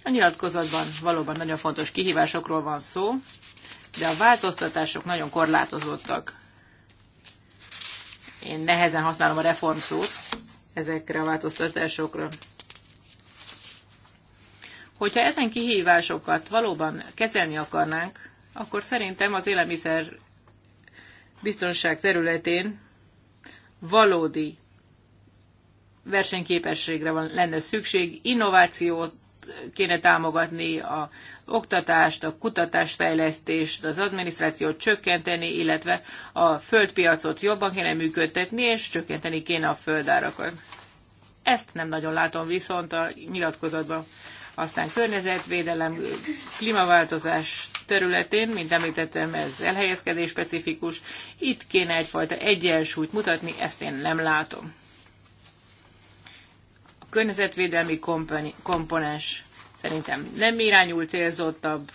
A nyilatkozatban valóban nagyon fontos kihívásokról van szó, de a változtatások nagyon korlátozottak. Én nehezen használom a reform szót ezekre a változtatásokra. Hogyha ezen kihívásokat valóban kezelni akarnánk, akkor szerintem az élelmiszer biztonság területén valódi versenyképességre van, lenne szükség, innovációt kéne támogatni a oktatást, a kutatást, fejlesztést, az adminisztrációt csökkenteni, illetve a földpiacot jobban kéne működtetni, és csökkenteni kéne a földárakat. Ezt nem nagyon látom viszont a nyilatkozatban. Aztán környezetvédelem, klímaváltozás területén, mint említettem, ez elhelyezkedés specifikus. Itt kéne egyfajta egyensúlyt mutatni, ezt én nem látom környezetvédelmi komponens szerintem nem irányul célzottabb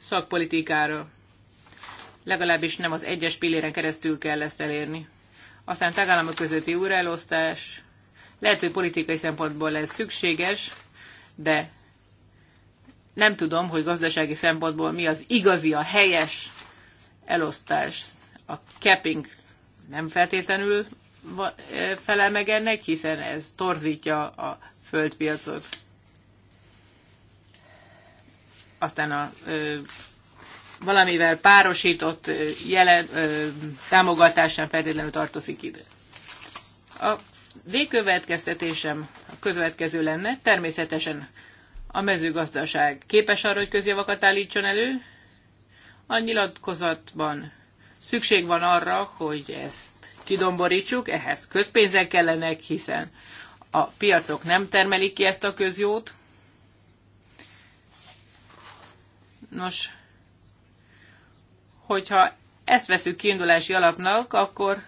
szakpolitikára. Legalábbis nem az egyes pilléren keresztül kell ezt elérni. Aztán tagállamok közötti újraelosztás. Lehet, hogy politikai szempontból ez szükséges, de nem tudom, hogy gazdasági szempontból mi az igazi, a helyes elosztás. A capping nem feltétlenül felel meg ennek, hiszen ez torzítja a földpiacot. Aztán a ö, valamivel párosított jelen, ö, támogatás sem feltétlenül tartozik ide. A végkövetkeztetésem a következő lenne, természetesen a mezőgazdaság képes arra, hogy közjavakat állítson elő, a nyilatkozatban szükség van arra, hogy ezt kidomborítsuk, ehhez közpénzek kellenek, hiszen a piacok nem termelik ki ezt a közjót. Nos, hogyha ezt veszük kiindulási alapnak, akkor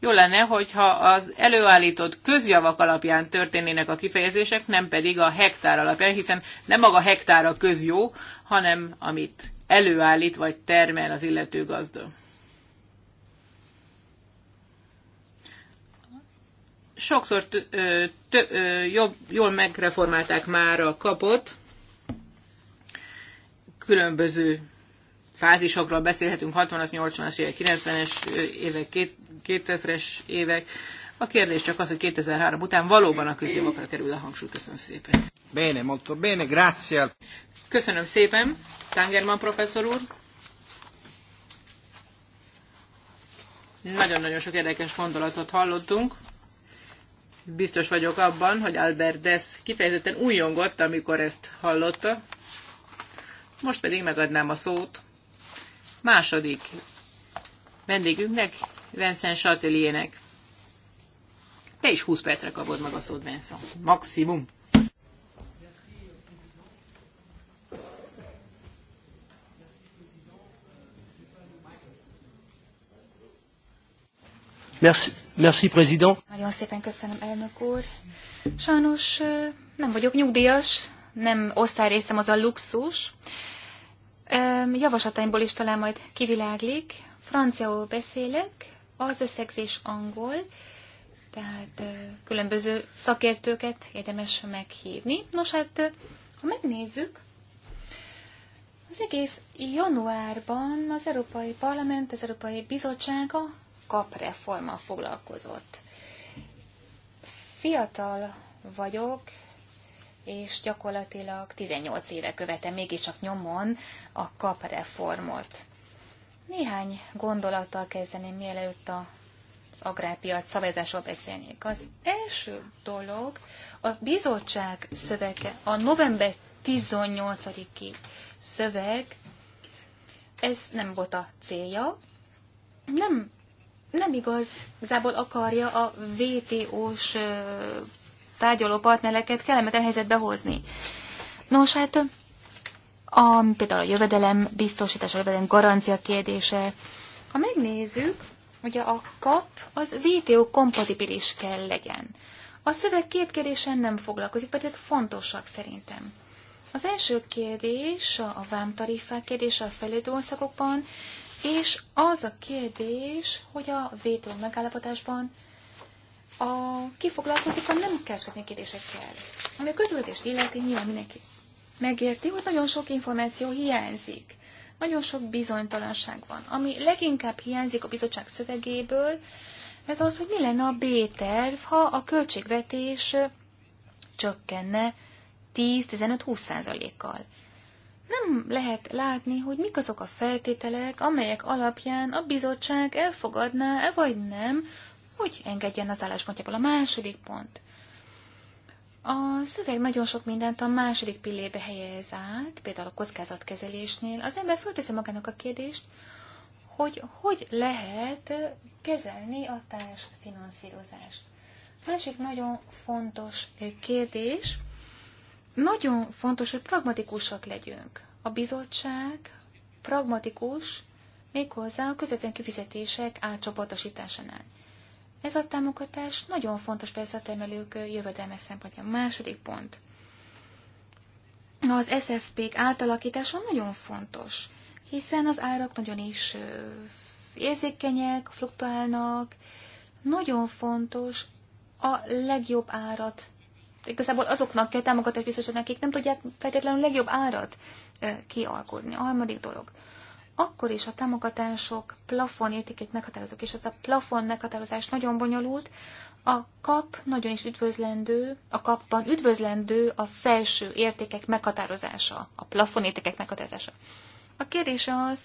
jó lenne, hogyha az előállított közjavak alapján történnének a kifejezések, nem pedig a hektár alapján, hiszen nem maga hektár a közjó, hanem amit előállít vagy termel az illető gazda. sokszor jobb, jól megreformálták már a kapot, különböző fázisokról beszélhetünk, 60-as, 80-as évek, 90-es évek, 2000-es évek. A kérdés csak az, hogy 2003 után valóban a közjogokra kerül a hangsúly. Köszönöm szépen. Bene, molto bene, grazie. Köszönöm szépen, Tangerman professzor úr. Nagyon-nagyon sok érdekes gondolatot hallottunk biztos vagyok abban, hogy Albert Dess kifejezetten újongott, amikor ezt hallotta. Most pedig megadnám a szót második vendégünknek, Vincent Chateliernek. Te is 20 percre kapod meg a szót, Vincent. Maximum. Merci. Merci, président. Nagyon szépen köszönöm, elnök úr. Sajnos nem vagyok nyugdíjas, nem osztályrészem az a luxus. Javaslataimból is talán majd kiviláglik. Franciául beszélek, az összegzés angol, tehát különböző szakértőket érdemes meghívni. Nos, hát ha megnézzük, az egész januárban az Európai Parlament, az Európai Bizottsága kapreforma foglalkozott. Fiatal vagyok, és gyakorlatilag 18 éve követem mégiscsak nyomon a kapreformot. Néhány gondolattal kezdeném, mielőtt a az agrárpiac szabályozásról beszélnék. Az első dolog a bizottság szövege, a november 18-i szöveg, ez nem volt a célja, nem nem igaz, igazából akarja a VTO-s tárgyaló partnereket kellemetlen helyzetbe hozni. Nos, hát a, például a jövedelem biztosítás, a jövedelem garancia kérdése. Ha megnézzük, ugye a kap az VTO kompatibilis kell legyen. A szöveg két kérdésen nem foglalkozik, pedig fontosak szerintem. Az első kérdés a vámtarifák kérdése a fejlődő országokban. És az a kérdés, hogy a vétó megállapodásban a, kifoglalkozik foglalkozik a nem kereskedelmi kérdésekkel. Ami a közületést illeti, nyilván mindenki megérti, hogy nagyon sok információ hiányzik. Nagyon sok bizonytalanság van. Ami leginkább hiányzik a bizottság szövegéből, ez az, hogy mi lenne a B-terv, ha a költségvetés csökkenne 10-15-20 százalékkal nem lehet látni, hogy mik azok a feltételek, amelyek alapján a bizottság elfogadná-e vagy nem, hogy engedjen az álláspontjából. A második pont. A szöveg nagyon sok mindent a második pillébe helyez át, például a kockázatkezelésnél. Az ember fölteszi magának a kérdést, hogy hogy lehet kezelni a társfinanszírozást. Másik nagyon fontos kérdés, nagyon fontos, hogy pragmatikusak legyünk. A bizottság pragmatikus, méghozzá a közvetlen kifizetések átcsoportosításánál. Ez a támogatás nagyon fontos persze a termelők jövedelme szempontja. Második pont. Az SFP-k átalakítása nagyon fontos, hiszen az árak nagyon is érzékenyek, fluktuálnak. Nagyon fontos a legjobb árat igazából azoknak kell támogatást biztosítani, akik nem tudják feltétlenül legjobb árat kialkodni. A harmadik dolog. Akkor is a támogatások plafon értékét meghatározók, és ez a plafon meghatározás nagyon bonyolult. A kap nagyon is üdvözlendő, a kapban üdvözlendő a felső értékek meghatározása, a plafon értékek meghatározása. A kérdése az,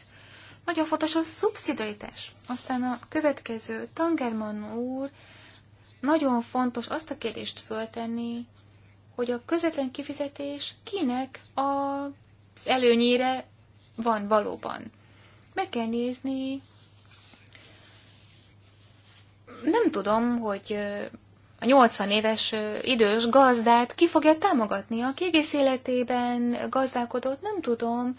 nagyon fontos a szubszidiaritás. Aztán a következő, Tangerman úr nagyon fontos azt a kérdést föltenni, hogy a közvetlen kifizetés kinek az előnyére van valóban. Meg kell nézni, nem tudom, hogy a 80 éves idős gazdát ki fogja támogatni, aki egész életében gazdálkodott, nem tudom,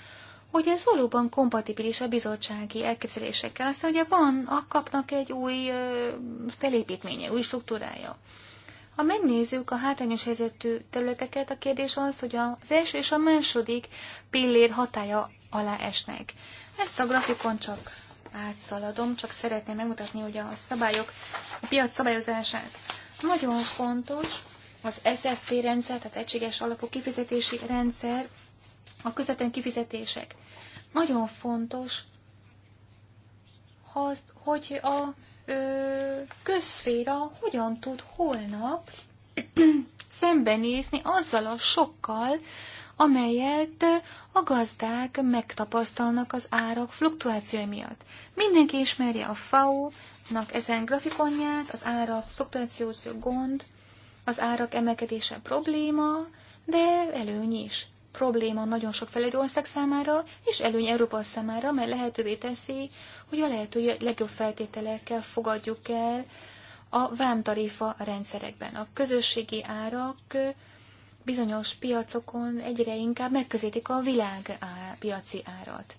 hogy ez valóban kompatibilis a bizottsági elképzelésekkel. Aztán ugye van, a kapnak egy új felépítménye, új struktúrája. Ha megnézzük a hátrányos helyzetű területeket, a kérdés az, hogy az első és a második pillér hatája alá esnek. Ezt a grafikon csak átszaladom, csak szeretném megmutatni hogy a szabályok, a piac szabályozását. Nagyon fontos az SFP rendszer, tehát egységes alapú kifizetési rendszer, a közvetlen kifizetések. Nagyon fontos az, hogy a ö, közszféra hogyan tud holnap szembenézni azzal a sokkal, amelyet a gazdák megtapasztalnak az árak fluktuáció miatt. Mindenki ismeri a FAO-nak ezen grafikonját, az árak fluktuációja gond, az árak emelkedése probléma, de előny is probléma nagyon sok fejlődő ország számára, és előny Európa számára, mert lehetővé teszi, hogy a lehető legjobb feltételekkel fogadjuk el a vámtarifa rendszerekben. A közösségi árak bizonyos piacokon egyre inkább megközítik a világ piaci árat.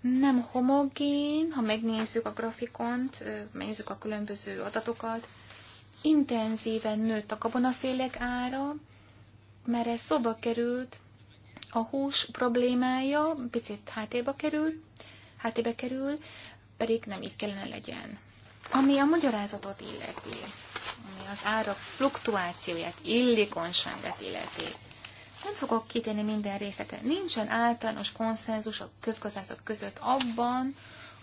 Nem homogén, ha megnézzük a grafikont, megnézzük a különböző adatokat, intenzíven nőtt a kabonafélek ára, mert ez szóba került, a hús problémája picit háttérbe kerül, háttérbe kerül, pedig nem így kellene legyen. Ami a magyarázatot illeti, ami az árak fluktuációját, illikonságát illeti, nem fogok kitérni minden részletet. Nincsen általános konszenzus a közgazdászok között abban,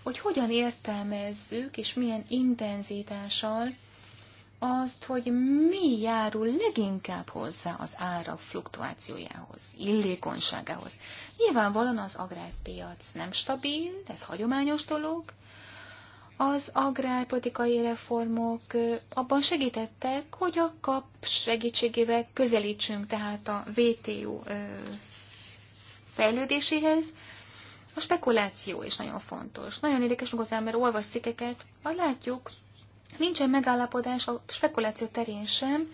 hogy hogyan értelmezzük és milyen intenzitással azt, hogy mi járul leginkább hozzá az árak fluktuációjához, illékonyságához. Nyilvánvalóan az agrárpiac nem stabil, ez hagyományos dolog. Az agrárpolitikai reformok abban segítettek, hogy a kap segítségével közelítsünk tehát a WTO fejlődéséhez, a spekuláció is nagyon fontos. Nagyon érdekes az mert olvas cikkeket, ha látjuk, Nincsen megállapodás a spekuláció terén sem,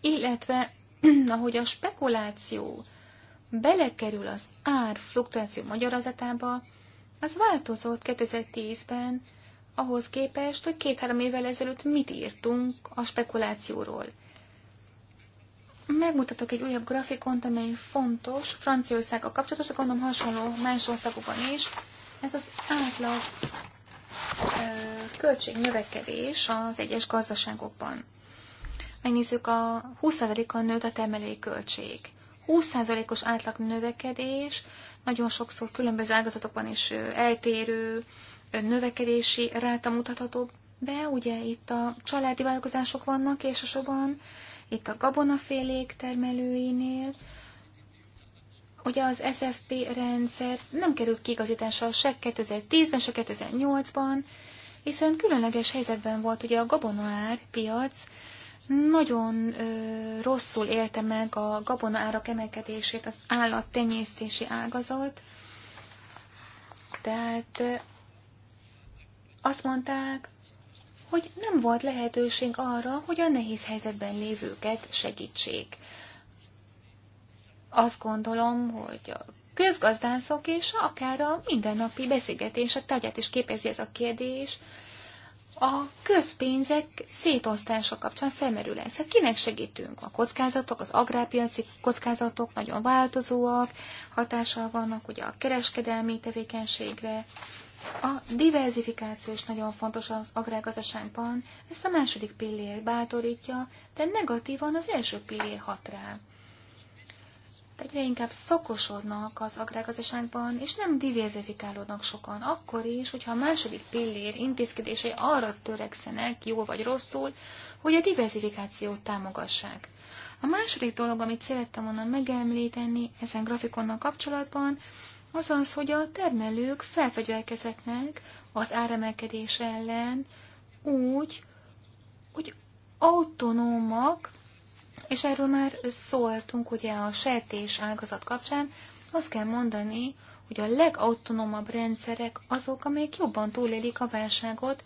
illetve ahogy a spekuláció belekerül az ár fluktuáció magyarázatába, az változott 2010-ben ahhoz képest, hogy két-három évvel ezelőtt mit írtunk a spekulációról. Megmutatok egy újabb grafikont, amely fontos, Franciaországgal kapcsolatos, de gondolom hasonló más országokban is. Ez az átlag költségnövekedés az egyes gazdaságokban. Megnézzük, a 20%-kal nőtt a termelői költség. 20%-os átlag növekedés, nagyon sokszor különböző ágazatokban is eltérő növekedési ráta mutatható be. Ugye itt a családi vállalkozások vannak, és soban, itt a gabonafélék termelőinél, Ugye az SFP rendszer nem került kiigazításra se 2010-ben, se 2008-ban, hiszen különleges helyzetben volt ugye a gabonaár piac, nagyon ö, rosszul élte meg a gabonaárak emelkedését az állattenyésztési ágazat. Tehát ö, azt mondták, hogy nem volt lehetőség arra, hogy a nehéz helyzetben lévőket segítsék. Azt gondolom, hogy a közgazdászok és akár a mindennapi beszélgetések a tárgyát is képezi ez a kérdés, a közpénzek szétosztása kapcsán felmerül ez. Hát kinek segítünk? A kockázatok, az agrárpiaci kockázatok nagyon változóak, hatással vannak ugye a kereskedelmi tevékenységre. A diversifikáció is nagyon fontos az agrárgazdaságban, ezt a második pillér bátorítja, de negatívan az első pillér hat rá egyre inkább szakosodnak az agrárgazdaságban, és nem diverzifikálódnak sokan. Akkor is, hogyha a második pillér intézkedései arra törekszenek, jól vagy rosszul, hogy a diversifikációt támogassák. A második dolog, amit szerettem volna megemlíteni ezen grafikonnal kapcsolatban, az az, hogy a termelők felfegyelkezetnek az áremelkedés ellen úgy, hogy autonómak, és erről már szóltunk ugye a sertés ágazat kapcsán, azt kell mondani, hogy a legautonómabb rendszerek azok, amelyek jobban túlélik a válságot.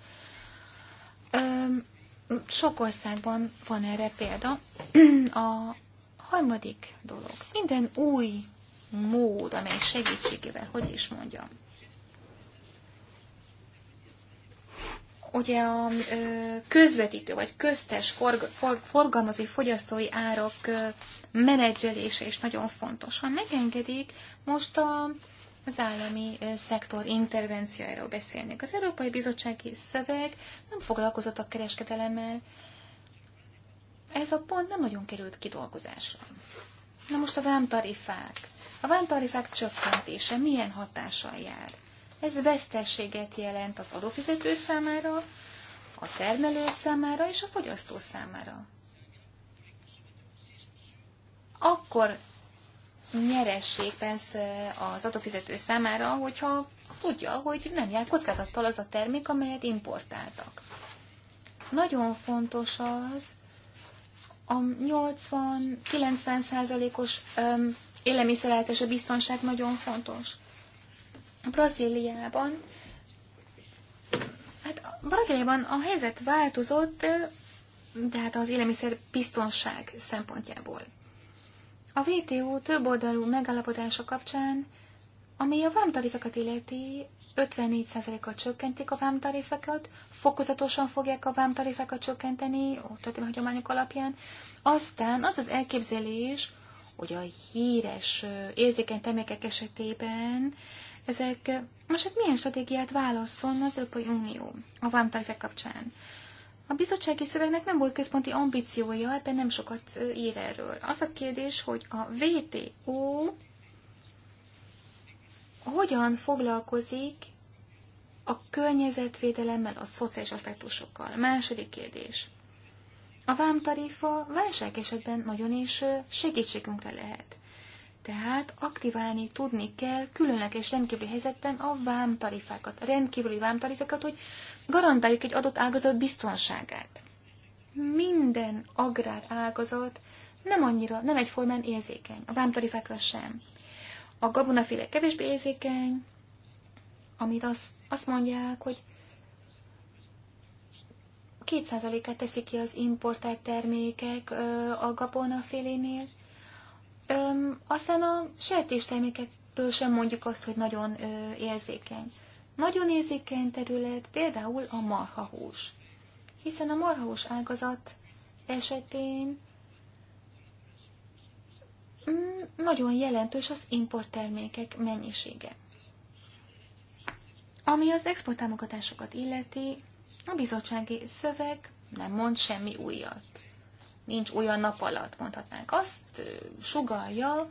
sok országban van erre példa. A harmadik dolog, minden új mód, amely segítségével, hogy is mondjam, Ugye a közvetítő vagy köztes forg, for, forgalmazói fogyasztói árak menedzselése is nagyon fontos. Ha megengedik, most a, az állami szektor intervenciájáról beszélnék. Az Európai Bizottsági Szöveg nem foglalkozott a kereskedelemmel. Ez a pont nem nagyon került kidolgozásra. Na most a vámtarifák. A vámtarifák csökkentése milyen hatással jár? Ez vesztességet jelent az adófizető számára, a termelő számára és a fogyasztó számára. Akkor nyeresség persze az adófizető számára, hogyha tudja, hogy nem jár kockázattal az a termék, amelyet importáltak. Nagyon fontos az a 80-90 százalékos élelmiszerellátás a biztonság nagyon fontos. Brazíliában, hát Brazíliában a helyzet változott, de hát az élelmiszer biztonság szempontjából. A WTO több oldalú megállapodása kapcsán, ami a vámtarifeket illeti, 54%-kal csökkentik a vámtarifeket, fokozatosan fogják a vámtarifeket csökkenteni, a történelmi hagyományok alapján. Aztán az az elképzelés, hogy a híres érzékeny termékek esetében ezek most hát milyen stratégiát válaszol az Európai Unió a vámtarifek kapcsán? A bizottsági szövegnek nem volt központi ambíciója, ebben nem sokat ír erről. Az a kérdés, hogy a VTO hogyan foglalkozik a környezetvédelemmel, a szociális aspektusokkal. Második kérdés. A vámtarifa válság esetben nagyon is segítségünkre lehet. Tehát aktiválni tudni kell különleges rendkívüli helyzetben a vámtarifákat, a rendkívüli vámtarifákat, hogy garantáljuk egy adott ágazat biztonságát. Minden agrár ágazat nem annyira, nem egyformán érzékeny, a vámtarifákra sem. A gabonaféle kevésbé érzékeny, amit azt, azt mondják, hogy 2%-át teszik ki az importált termékek a gabonafélénél, Öm, aztán a sejtéstermékekről sem mondjuk azt, hogy nagyon ö, érzékeny. Nagyon érzékeny terület például a marhahús, hiszen a marhahús ágazat esetén mm, nagyon jelentős az importtermékek mennyisége. Ami az exporttámogatásokat illeti, a bizottsági szöveg nem mond semmi újat nincs olyan nap alatt, mondhatnánk. Azt sugalja,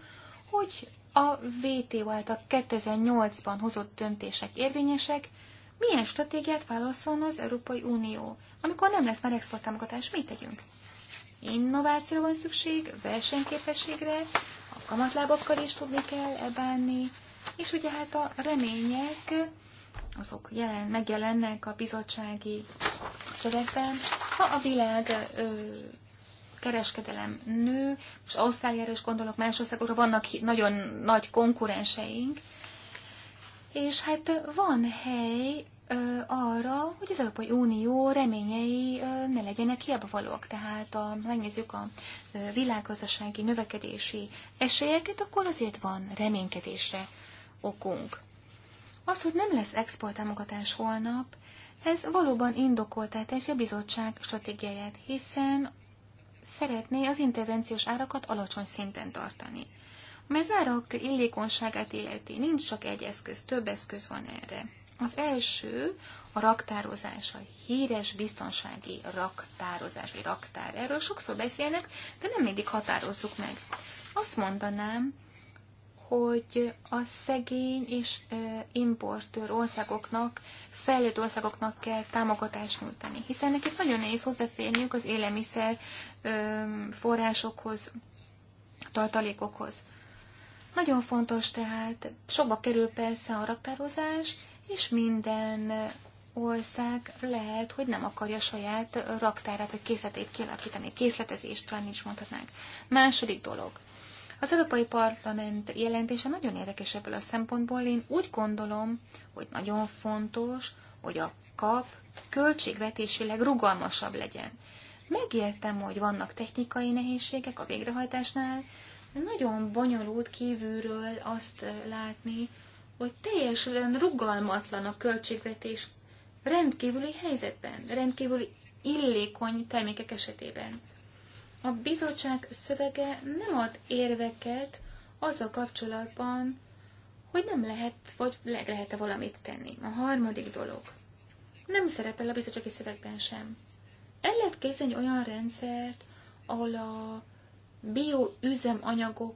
hogy a VTO által 2008-ban hozott döntések érvényesek, milyen stratégiát válaszol az Európai Unió? Amikor nem lesz már exporttámogatás, mit tegyünk? Innovációra van szükség, versenyképességre, a kamatlábakkal is tudni kell ebánni, és ugye hát a remények, azok jelen, megjelennek a bizottsági szövegben. Ha a világ ö, kereskedelem nő, most Ausztráliára is gondolok, más országokra vannak nagyon nagy konkurenseink, és hát van hely arra, hogy az Európai Unió reményei ne legyenek hiába valók. Tehát ha megnézzük a világgazdasági növekedési esélyeket, akkor azért van reménykedésre okunk. Az, hogy nem lesz exporttámogatás holnap, ez valóban indokolt, tehát ez a bizottság stratégiáját, hiszen szeretné az intervenciós árakat alacsony szinten tartani. Mert az árak illékonyságát illeti, nincs csak egy eszköz, több eszköz van erre. Az első a raktározás, a híres biztonsági raktározás, vagy raktár. Erről sokszor beszélnek, de nem mindig határozzuk meg. Azt mondanám, hogy a szegény és importőr országoknak fejlődő országoknak kell támogatást nyújtani, hiszen nekik nagyon nehéz hozzáférniük az élelmiszer forrásokhoz, tartalékokhoz. Nagyon fontos tehát, sokba kerül persze a raktározás, és minden ország lehet, hogy nem akarja saját raktárát vagy készletét kialakítani, készletezést talán is mondhatnánk. Második dolog. Az Európai Parlament jelentése nagyon érdekes ebből a szempontból. Én úgy gondolom, hogy nagyon fontos, hogy a kap költségvetésileg rugalmasabb legyen. Megértem, hogy vannak technikai nehézségek a végrehajtásnál, de nagyon bonyolult kívülről azt eh, látni, hogy teljesen rugalmatlan a költségvetés rendkívüli helyzetben, rendkívüli illékony termékek esetében. A bizottság szövege nem ad érveket azzal kapcsolatban, hogy nem lehet, vagy le lehet-e valamit tenni. A harmadik dolog. Nem szerepel a bizottsági szövegben sem. El lehet készíteni olyan rendszert, ahol a bioüzemanyagok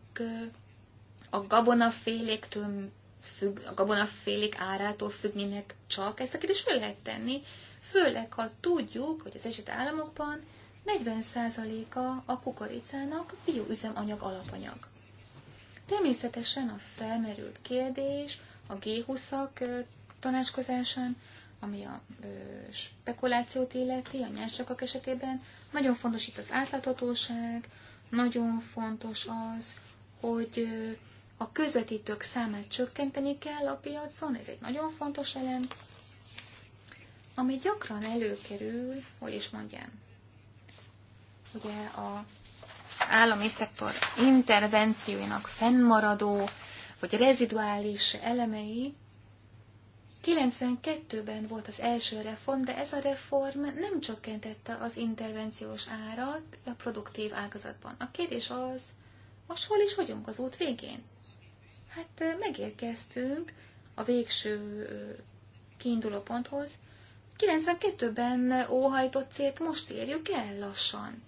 a gabonaféléktől függ, a gabonafélék árától függnének csak. Ezt a kérdést föl lehet tenni, főleg ha tudjuk, hogy az eset államokban 40%-a a kukoricának bioüzemanyag alapanyag. Természetesen a felmerült kérdés a G20-ak tanácskozásán, ami a ö, spekulációt illeti, a nyersakak esetében, nagyon fontos itt az átláthatóság, nagyon fontos az, hogy a közvetítők számát csökkenteni kell a piacon, ez egy nagyon fontos elem, ami gyakran előkerül, hogy is mondjam, ugye a állami szektor intervencióinak fennmaradó vagy reziduális elemei. 92-ben volt az első reform, de ez a reform nem csökkentette az intervenciós árat a produktív ágazatban. A kérdés az, most hol is vagyunk az út végén? Hát megérkeztünk a végső kiinduló ponthoz. 92-ben óhajtott célt most érjük el lassan.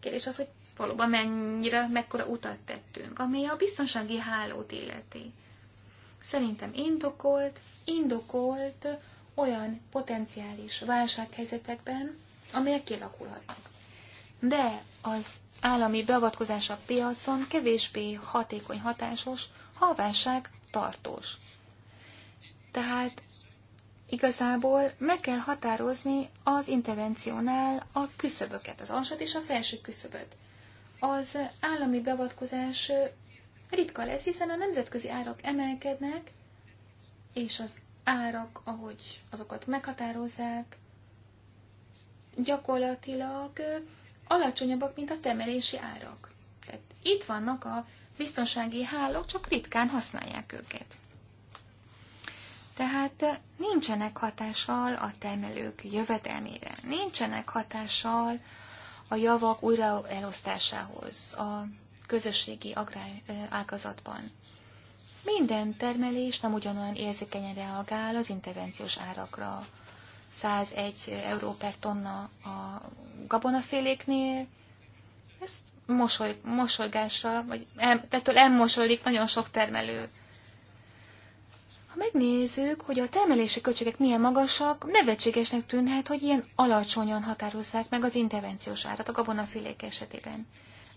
Kérdés az, hogy valóban mennyire, mekkora utat tettünk, ami a biztonsági hálót illeti. Szerintem indokolt, indokolt olyan potenciális válsághelyzetekben, amelyek kialakulhatnak. De az állami beavatkozás a piacon kevésbé hatékony hatásos, ha a válság tartós. Tehát Igazából meg kell határozni az intervenciónál a küszöböket, az alsót és a felső küszöböt. Az állami beavatkozás ritka lesz, hiszen a nemzetközi árak emelkednek, és az árak, ahogy azokat meghatározzák, gyakorlatilag alacsonyabbak, mint a temelési árak. Tehát itt vannak a biztonsági hálók, csak ritkán használják őket. Tehát nincsenek hatással a termelők jövedelmére, nincsenek hatással a javak újraelosztásához a közösségi agrárágazatban. Minden termelés nem ugyanolyan érzékenyen reagál az intervenciós árakra. 101 euró per tonna a gabonaféléknél, ez mosoly, mosolygásra, vagy ettől elmosolik nagyon sok termelő megnézzük, hogy a termelési költségek milyen magasak, nevetségesnek tűnhet, hogy ilyen alacsonyan határozzák meg az intervenciós árat a gabonafilék esetében.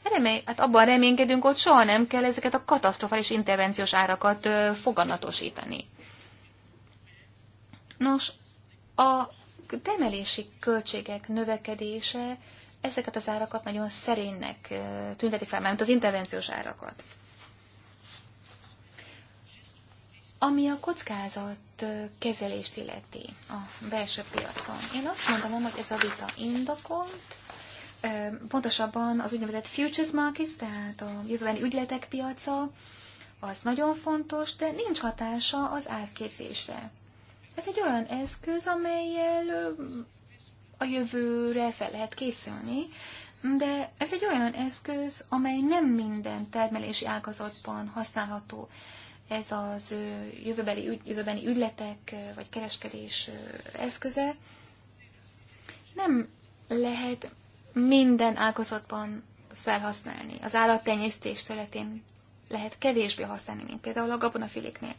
Remély, hát abban reménykedünk, hogy soha nem kell ezeket a katasztrofális intervenciós árakat ö, foganatosítani. Nos, a termelési költségek növekedése ezeket az árakat nagyon szerénynek tüntetik fel, mert az intervenciós árakat. Ami a kockázat kezelést illeti a belső piacon, én azt mondom, hogy ez a vita indokolt, pontosabban az úgynevezett futures markets, tehát a jövőbeni ügyletek piaca, az nagyon fontos, de nincs hatása az árképzésre. Ez egy olyan eszköz, amelyel a jövőre fel lehet készülni, de ez egy olyan eszköz, amely nem minden termelési ágazatban használható ez az jövőbeli, jövőbeni ügyletek vagy kereskedés eszköze. Nem lehet minden ágazatban felhasználni. Az állattenyésztés területén lehet kevésbé használni, mint például a gabonafiléknél.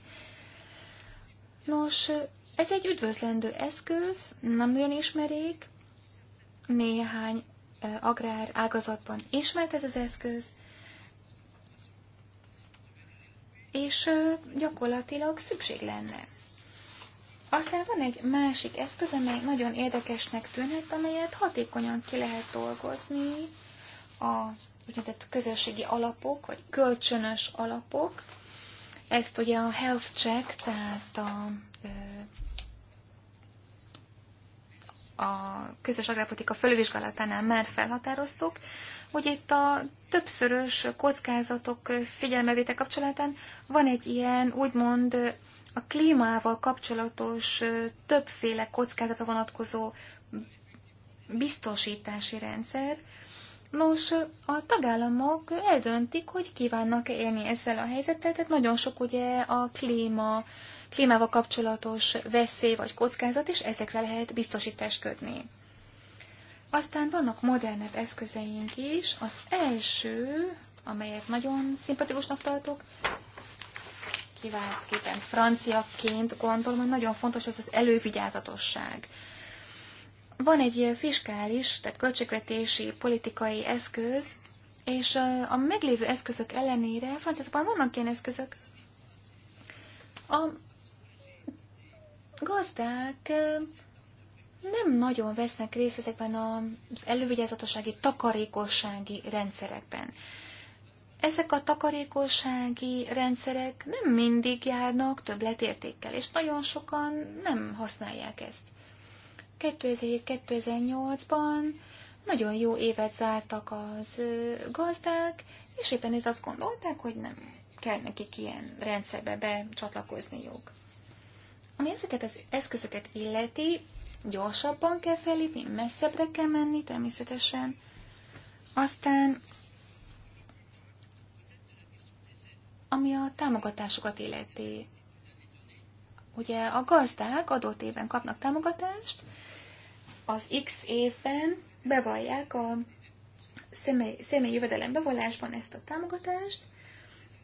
Nos, ez egy üdvözlendő eszköz, nem nagyon ismerik, néhány agrár ágazatban ismert ez az eszköz, és gyakorlatilag szükség lenne. Aztán van egy másik eszköz, amely nagyon érdekesnek tűnhet, amelyet hatékonyan ki lehet dolgozni, a úgynevezett közösségi alapok, vagy kölcsönös alapok. Ezt ugye a health check, tehát a, a közös agrárpolitika fölvizsgálatánál már felhatároztuk hogy itt a többszörös kockázatok figyelmevétel kapcsolatán van egy ilyen, úgymond a klímával kapcsolatos többféle kockázatra vonatkozó biztosítási rendszer. Nos, a tagállamok eldöntik, hogy kívánnak-e élni ezzel a helyzettel, tehát nagyon sok ugye a klíma, klímával kapcsolatos veszély vagy kockázat, és ezekre lehet biztosítást kötni. Aztán vannak modernebb eszközeink is. Az első, amelyet nagyon szimpatikusnak tartok, kiváltképpen franciaként gondolom, hogy nagyon fontos ez az elővigyázatosság. Van egy fiskális, tehát költségvetési, politikai eszköz, és a meglévő eszközök ellenére, Franciaországban vannak ilyen eszközök, a gazdák nem nagyon vesznek részt ezekben az elővigyázatossági, takarékossági rendszerekben. Ezek a takarékossági rendszerek nem mindig járnak többletértékkel, és nagyon sokan nem használják ezt. 2007-2008-ban nagyon jó évet zártak az gazdák, és éppen ez azt gondolták, hogy nem kell nekik ilyen rendszerbe becsatlakozniuk. Ami ezeket az eszközöket illeti, Gyorsabban kell felépni, messzebbre kell menni természetesen. Aztán, ami a támogatásokat illeti. Ugye a gazdák adott évben kapnak támogatást, az X évben bevallják a személy, személyi jövedelem bevallásban ezt a támogatást,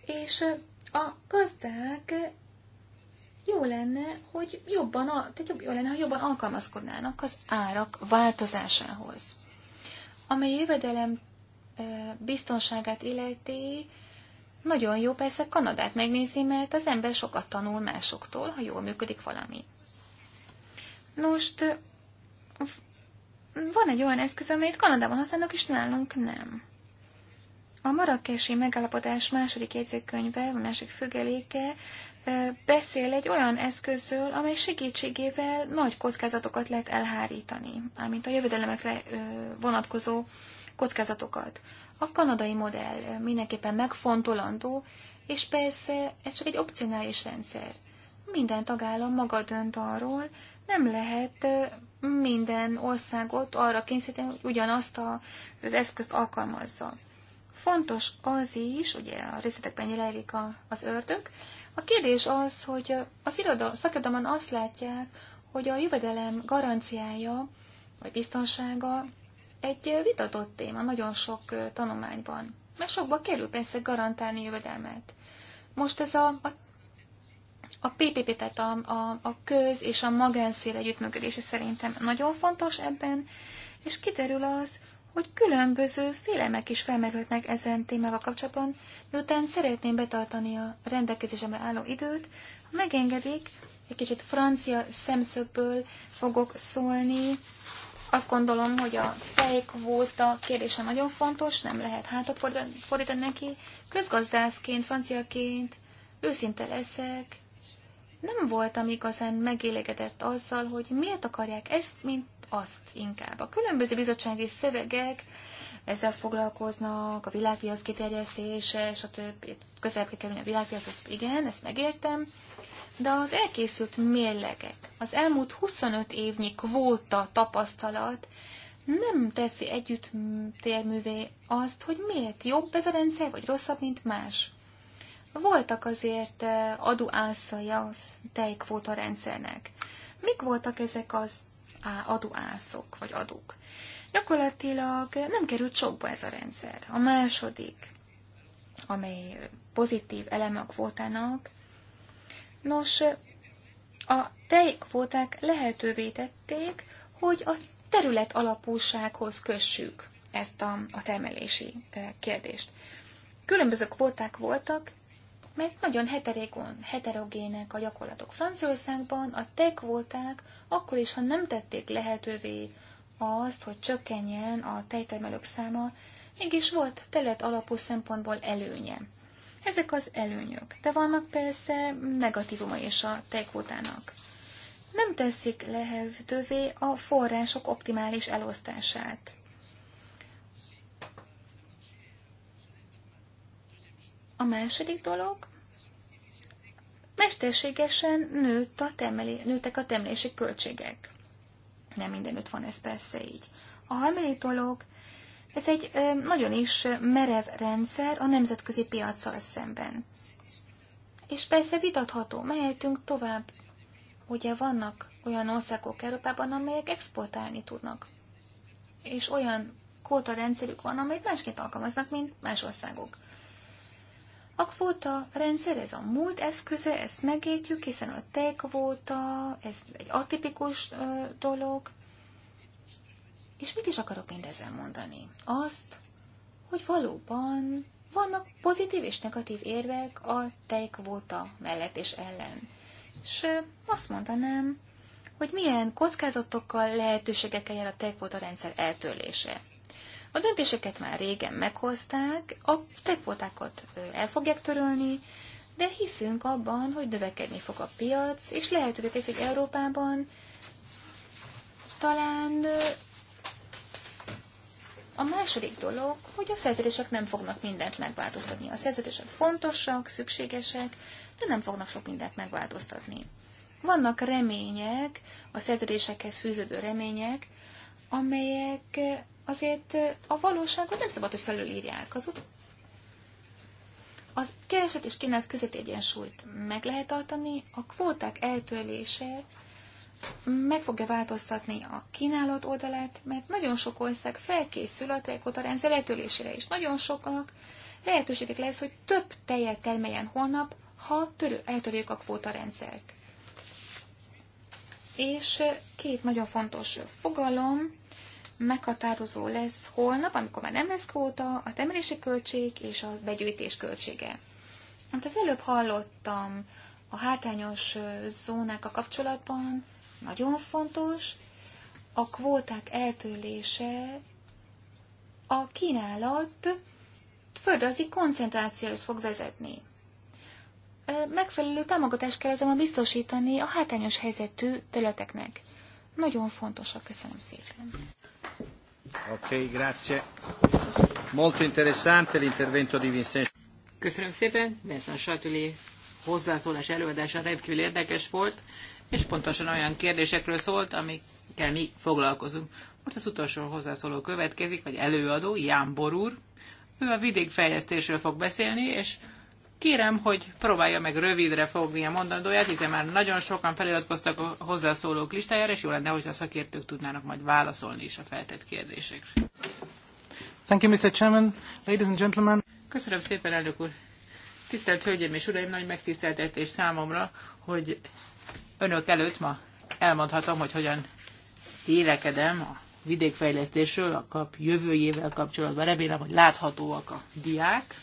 és a gazdák jó lenne, hogy jobban, tehát jó lenne, ha jobban alkalmazkodnának az árak változásához, amely jövedelem biztonságát illeti, nagyon jó persze Kanadát megnézni, mert az ember sokat tanul másoktól, ha jól működik valami. Most van egy olyan eszköz, amelyet Kanadában használnak, és nálunk nem. A marakesi megállapodás második jegyzőkönyve, a másik fügeléke beszél egy olyan eszközről, amely segítségével nagy kockázatokat lehet elhárítani, mint a jövedelemekre vonatkozó kockázatokat. A kanadai modell mindenképpen megfontolandó, és persze ez csak egy opcionális rendszer. Minden tagállam maga dönt arról, nem lehet minden országot arra kényszeríteni, hogy ugyanazt a, az eszközt alkalmazza. Fontos az is, ugye a részletekben rejlik az ördög, a kérdés az, hogy az iroda, azt látják, hogy a jövedelem garanciája, vagy biztonsága egy vitatott téma nagyon sok tanulmányban. Mert sokba kerül persze garantálni jövedelmet. Most ez a, a, a PPP, tehát a, a, a köz és a magánszféle együttműködése szerintem nagyon fontos ebben, és kiderül az, hogy különböző félelmek is felmerülhetnek ezen témával kapcsolatban, miután szeretném betartani a rendelkezésemre álló időt. Ha megengedik, egy kicsit francia szemszögből fogok szólni. Azt gondolom, hogy a volt a kérdése nagyon fontos, nem lehet hátat fordítani neki. Közgazdászként, franciaként őszinte leszek, nem voltam igazán megélegedett azzal, hogy miért akarják ezt, mint azt inkább. A különböző bizottsági szövegek ezzel foglalkoznak, a világpiac kiterjesztése, stb. Közel kell kerülni a világpiachoz, igen, ezt megértem. De az elkészült mérlegek, az elmúlt 25 évnyi kvóta tapasztalat nem teszi együtt térművé azt, hogy miért jobb ez a rendszer, vagy rosszabb, mint más. Voltak azért eh, adóászai a tejkvóta rendszernek. Mik voltak ezek az adóászok vagy adók. Gyakorlatilag nem került sokba ez a rendszer. A második, amely pozitív eleme a kvótának, nos, a tejkvóták lehetővé tették, hogy a terület alapúsághoz kössük ezt a, a termelési eh, kérdést. Különböző kvóták voltak, mert nagyon heterogén, heterogének a gyakorlatok. Franciaországban a tek volták, akkor is, ha nem tették lehetővé azt, hogy csökkenjen a tejtermelők száma, mégis volt telet alapú szempontból előnye. Ezek az előnyök, de vannak persze negatívuma is a tejkvótának. Nem teszik lehetővé a források optimális elosztását. A második dolog, mesterségesen nőtt a temeli, nőttek a temelési költségek. Nem mindenütt van ez persze így. A harmadik dolog, ez egy nagyon is merev rendszer a nemzetközi piacsal szemben. És persze vitatható, mehetünk tovább. Ugye vannak olyan országok Európában, amelyek exportálni tudnak. És olyan kóta rendszerük van, amelyet másként alkalmaznak, mint más országok. A kvóta rendszer, ez a múlt eszköze, ezt megértjük, hiszen a te kvóta, ez egy atipikus dolog. És mit is akarok én ezzel mondani? Azt, hogy valóban vannak pozitív és negatív érvek a kvóta mellett és ellen. És azt mondanám, hogy milyen kockázatokkal, lehetőségekkel jár a tejkvóta rendszer eltörlése. A döntéseket már régen meghozták, a tejkvótákat el fogják törölni, de hiszünk abban, hogy növekedni fog a piac, és lehetővé teszik Európában talán a második dolog, hogy a szerződések nem fognak mindent megváltoztatni. A szerződések fontosak, szükségesek, de nem fognak sok mindent megváltoztatni. Vannak remények, a szerződésekhez fűződő remények, amelyek azért a valóságot nem szabad, hogy felülírják. Az, az kereset és kínálat között egyensúlyt meg lehet tartani, a kvóták eltörlése meg fogja változtatni a kínálat oldalát, mert nagyon sok ország felkészül a tejkóta rendszer eltörlésére, és nagyon soknak lehetőségek lesz, hogy több tejet termeljen holnap, ha törő, eltörjük a kvóta rendszert. És két nagyon fontos fogalom, meghatározó lesz holnap, amikor már nem lesz kvóta, a temelési költség és a begyűjtés költsége. Amit hát az előbb hallottam a hátányos zónák a kapcsolatban, nagyon fontos, a kvóták eltőlése a kínálat földrajzi koncentrációhoz fog vezetni. Megfelelő támogatást kell azonban biztosítani a hátányos helyzetű területeknek. Nagyon fontosak, köszönöm szépen. Köszönöm szépen, Vincent Satüli hozzászólás előadása rendkívül érdekes volt, és pontosan olyan kérdésekről szólt, amikkel mi foglalkozunk. Most az utolsó hozzászóló következik, vagy előadó, Ján Borúr. Ő a vidékfejlesztésről fog beszélni, és Kérem, hogy próbálja meg rövidre fogni a mondandóját, hiszen már nagyon sokan feliratkoztak a hozzászólók listájára, és jó lenne, hogyha a szakértők tudnának majd válaszolni is a feltett kérdésekre. Thank you, Mr. Chairman. Ladies and gentlemen. Köszönöm szépen, elnök úr. Tisztelt Hölgyeim és Uraim, nagy megtiszteltetés számomra, hogy önök előtt ma elmondhatom, hogy hogyan vélekedem a vidékfejlesztésről, a kap jövőjével kapcsolatban. Remélem, hogy láthatóak a diák.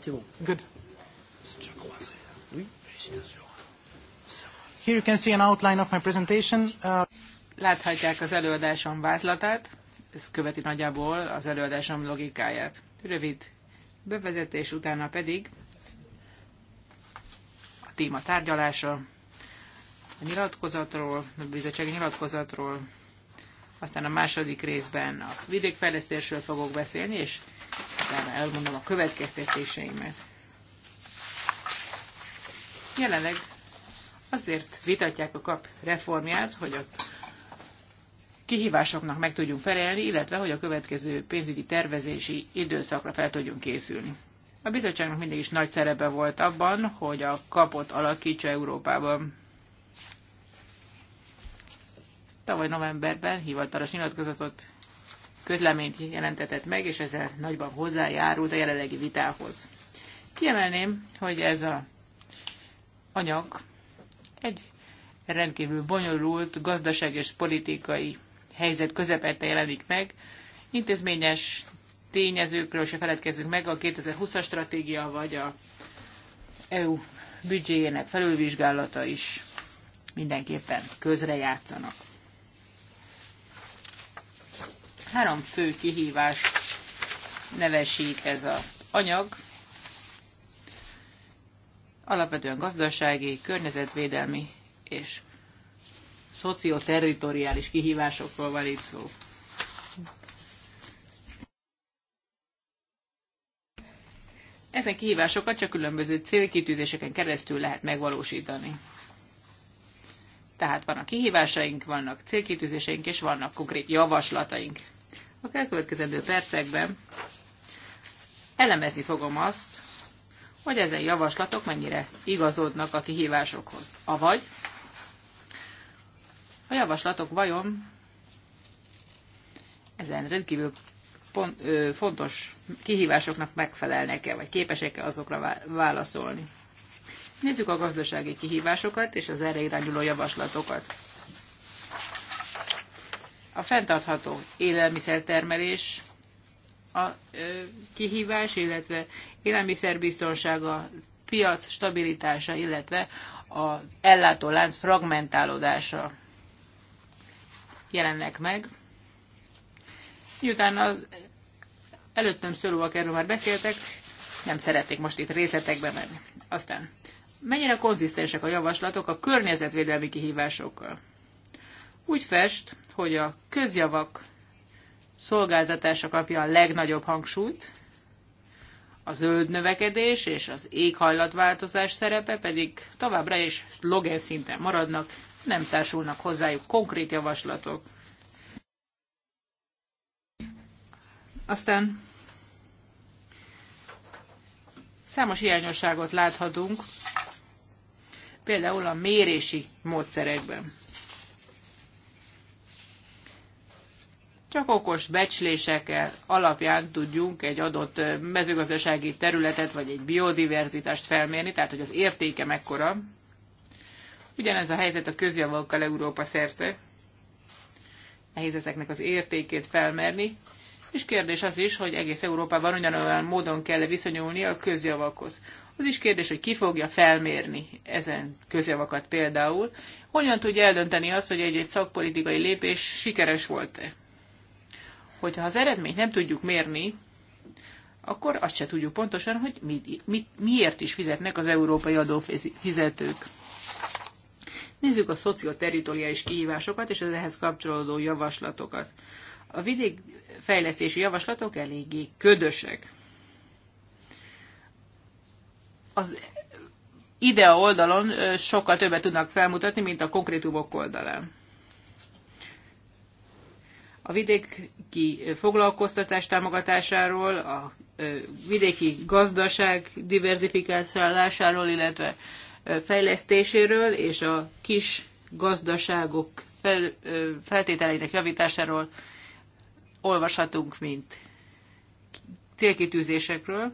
C'est bon. Good. Here you can see an outline of my presentation. Uh, Láthatják az előadásom vázlatát, ez követi nagyjából az előadásom logikáját. Rövid bevezetés utána pedig a téma tárgyalása, a nyilatkozatról, a bizottság nyilatkozatról, aztán a második részben a vidékfejlesztésről fogok beszélni, és utána elmondom a következtetéseimet. Jelenleg azért vitatják a kap reformját, hogy a kihívásoknak meg tudjunk felelni, illetve hogy a következő pénzügyi tervezési időszakra fel tudjunk készülni. A bizottságnak mindig is nagy szerepe volt abban, hogy a kapot alakítsa Európában. Tavaly novemberben hivatalos nyilatkozatot közleményt jelentetett meg, és ezzel nagyban hozzájárult a jelenlegi vitához. Kiemelném, hogy ez a anyag egy rendkívül bonyolult gazdaság és politikai helyzet közepette jelenik meg. Intézményes tényezőkről se feledkezzünk meg, a 2020-as stratégia vagy a EU büdzséjének felülvizsgálata is mindenképpen közrejátszanak. Három fő kihívás nevesít ez az anyag. Alapvetően gazdasági, környezetvédelmi és szocioterritoriális kihívásokról van itt szó. Ezen kihívásokat csak különböző célkitűzéseken keresztül lehet megvalósítani. Tehát vannak kihívásaink, vannak célkitűzéseink, és vannak konkrét javaslataink. A következő percekben elemezni fogom azt, hogy ezen javaslatok mennyire igazodnak a kihívásokhoz. Avagy a javaslatok vajon ezen rendkívül pont, ö, fontos kihívásoknak megfelelnek-e, vagy képesek-e azokra válaszolni. Nézzük a gazdasági kihívásokat és az erre irányuló javaslatokat. A fenntartható élelmiszertermelés a kihívás, illetve élelmiszerbiztonsága, piac stabilitása, illetve az ellátólánc fragmentálódása jelennek meg. Miután az előttem szólóak erről már beszéltek, nem szeretnék most itt részletekbe menni. Aztán, mennyire konzisztensek a javaslatok a környezetvédelmi kihívásokkal? úgy fest, hogy a közjavak szolgáltatása kapja a legnagyobb hangsúlyt, a zöld növekedés és az éghajlatváltozás szerepe pedig továbbra is szlogen szinten maradnak, nem társulnak hozzájuk konkrét javaslatok. Aztán számos hiányosságot láthatunk, például a mérési módszerekben. csak okos becslésekkel alapján tudjunk egy adott mezőgazdasági területet vagy egy biodiverzitást felmérni, tehát hogy az értéke mekkora. Ugyanez a helyzet a közjavokkal Európa szerte. Nehéz ezeknek az értékét felmérni, és kérdés az is, hogy egész Európában ugyanolyan módon kell viszonyulni a közjavakhoz. Az is kérdés, hogy ki fogja felmérni ezen közjavakat például, hogyan tudja eldönteni azt, hogy egy-egy szakpolitikai lépés sikeres volt-e hogyha az eredményt nem tudjuk mérni, akkor azt se tudjuk pontosan, hogy mi, mi, miért is fizetnek az európai adófizetők. Nézzük a szocioterritoriális kihívásokat és az ehhez kapcsolódó javaslatokat. A vidékfejlesztési javaslatok eléggé ködösek. Az ide oldalon sokkal többet tudnak felmutatni, mint a konkrétumok oldalán a vidéki foglalkoztatás támogatásáról, a vidéki gazdaság diverzifikálásáról, illetve fejlesztéséről és a kis gazdaságok fel, feltételeinek javításáról olvashatunk, mint célkitűzésekről.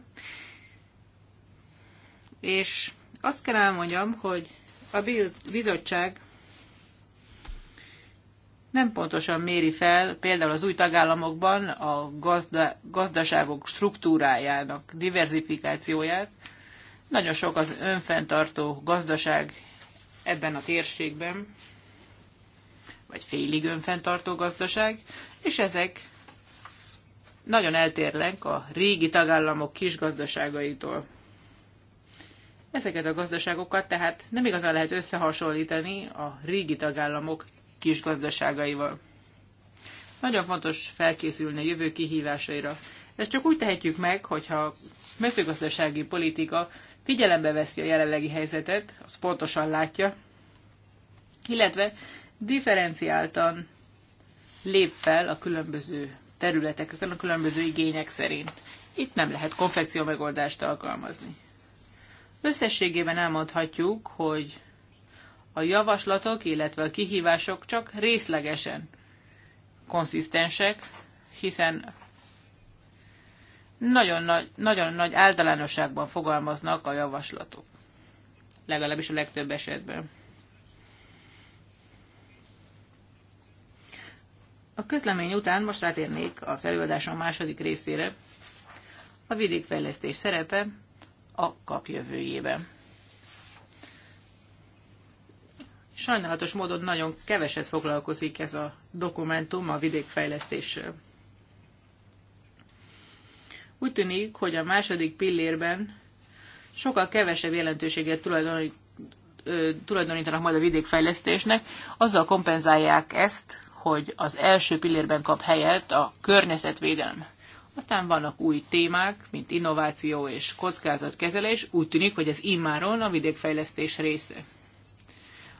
És azt kell elmondjam, hogy a bizottság nem pontosan méri fel például az új tagállamokban a gazda, gazdaságok struktúrájának diversifikációját. Nagyon sok az önfenntartó gazdaság ebben a térségben, vagy félig önfenntartó gazdaság, és ezek nagyon eltérnek a régi tagállamok kis gazdaságaitól. Ezeket a gazdaságokat tehát nem igazán lehet összehasonlítani a régi tagállamok kis gazdaságaival. Nagyon fontos felkészülni a jövő kihívásaira. Ezt csak úgy tehetjük meg, hogyha a mezőgazdasági politika figyelembe veszi a jelenlegi helyzetet, az pontosan látja, illetve differenciáltan lép fel a különböző területeken, a különböző igények szerint. Itt nem lehet konfekció megoldást alkalmazni. Összességében elmondhatjuk, hogy a javaslatok, illetve a kihívások csak részlegesen konszisztensek, hiszen nagyon nagy, nagyon nagy általánosságban fogalmaznak a javaslatok. Legalábbis a legtöbb esetben. A közlemény után most rátérnék az előadásom második részére, a vidékfejlesztés szerepe a kap jövőjében. Sajnálatos módon nagyon keveset foglalkozik ez a dokumentum a vidékfejlesztéssel. Úgy tűnik, hogy a második pillérben sokkal kevesebb jelentőséget tulajdonítanak majd a vidékfejlesztésnek, azzal kompenzálják ezt, hogy az első pillérben kap helyet a környezetvédelem. Aztán vannak új témák, mint innováció és kockázatkezelés, úgy tűnik, hogy ez immáron a vidékfejlesztés része.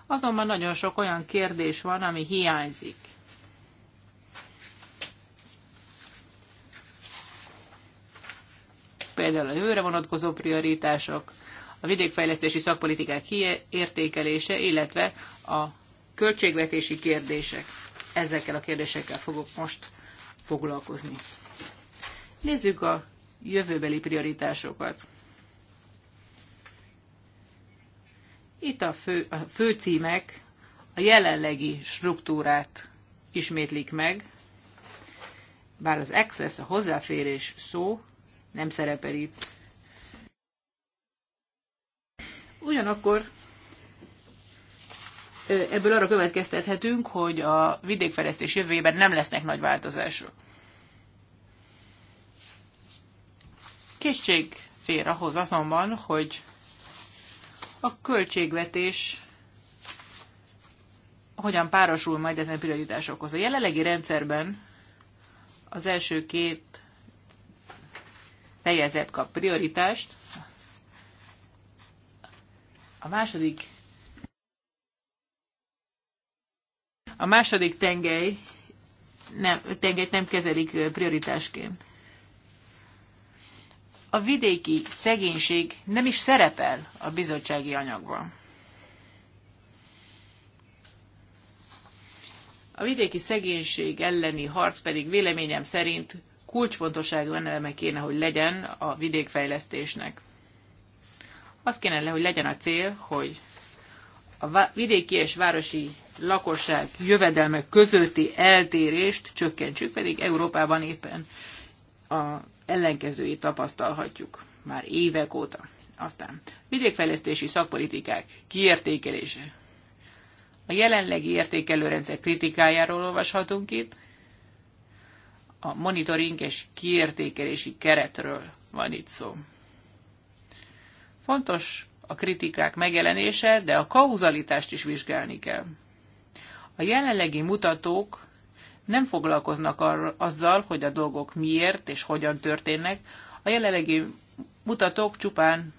Azonban nagyon sok olyan kérdés van, ami hiányzik. Például a jövőre vonatkozó prioritások, a vidékfejlesztési szakpolitikák kiértékelése, illetve a költségvetési kérdések. Ezekkel a kérdésekkel fogok most foglalkozni. Nézzük a jövőbeli prioritásokat. Itt a, fő, a főcímek a jelenlegi struktúrát ismétlik meg, bár az access, a hozzáférés szó nem szerepel itt. Ugyanakkor ebből arra következtethetünk, hogy a vidékfejlesztés jövőjében nem lesznek nagy változások. Kétség fér ahhoz azonban, hogy a költségvetés hogyan párosul majd ezen prioritásokhoz. A jelenlegi rendszerben az első két fejezet kap prioritást, a második a második tengely nem, tengelyt nem kezelik prioritásként a vidéki szegénység nem is szerepel a bizottsági anyagban. A vidéki szegénység elleni harc pedig véleményem szerint kulcsfontosságú eleme kéne, hogy legyen a vidékfejlesztésnek. Az kéne le, hogy legyen a cél, hogy a vidéki és városi lakosság jövedelme közötti eltérést csökkentsük, pedig Európában éppen a ellenkezőjét tapasztalhatjuk már évek óta. Aztán vidékfejlesztési szakpolitikák kiértékelése. A jelenlegi értékelőrendszer kritikájáról olvashatunk itt, a monitoring és kiértékelési keretről van itt szó. Fontos a kritikák megjelenése, de a kauzalitást is vizsgálni kell. A jelenlegi mutatók nem foglalkoznak ar- azzal, hogy a dolgok miért és hogyan történnek. A jelenlegi mutatók csupán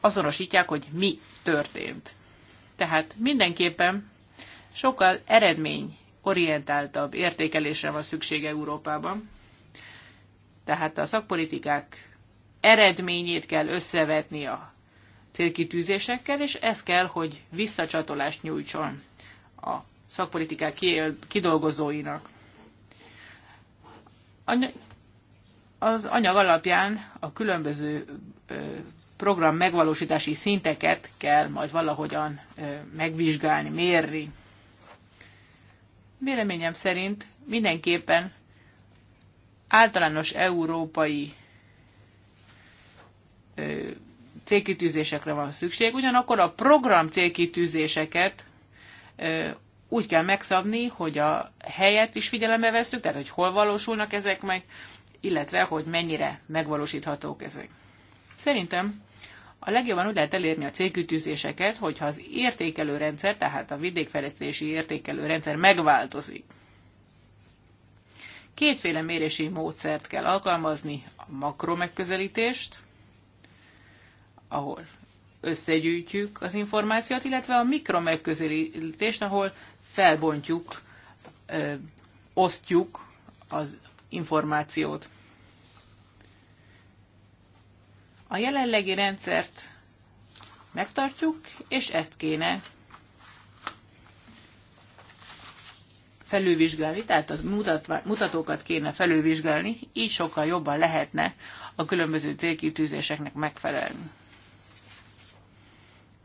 azonosítják, hogy mi történt. Tehát mindenképpen sokkal eredmény orientáltabb értékelésre van szüksége Európában. Tehát a szakpolitikák eredményét kell összevetni a célkitűzésekkel, és ez kell, hogy visszacsatolást nyújtson a szakpolitikák kidolgozóinak. Az anyag alapján a különböző program megvalósítási szinteket kell majd valahogyan megvizsgálni, mérni. Véleményem szerint mindenképpen általános európai célkitűzésekre van szükség, ugyanakkor a program célkitűzéseket úgy kell megszabni, hogy a helyet is figyelembe veszük, tehát hogy hol valósulnak ezek meg, illetve hogy mennyire megvalósíthatók ezek. Szerintem a legjobban úgy lehet elérni a célkütűzéseket, hogyha az értékelő rendszer, tehát a vidékfejlesztési értékelő rendszer megváltozik. Kétféle mérési módszert kell alkalmazni, a makro megközelítést, ahol összegyűjtjük az információt, illetve a mikromegközelítést, ahol felbontjuk, ö, osztjuk az információt. A jelenlegi rendszert megtartjuk, és ezt kéne felülvizsgálni, tehát az mutatva, mutatókat kéne felülvizsgálni, így sokkal jobban lehetne a különböző célkitűzéseknek megfelelni.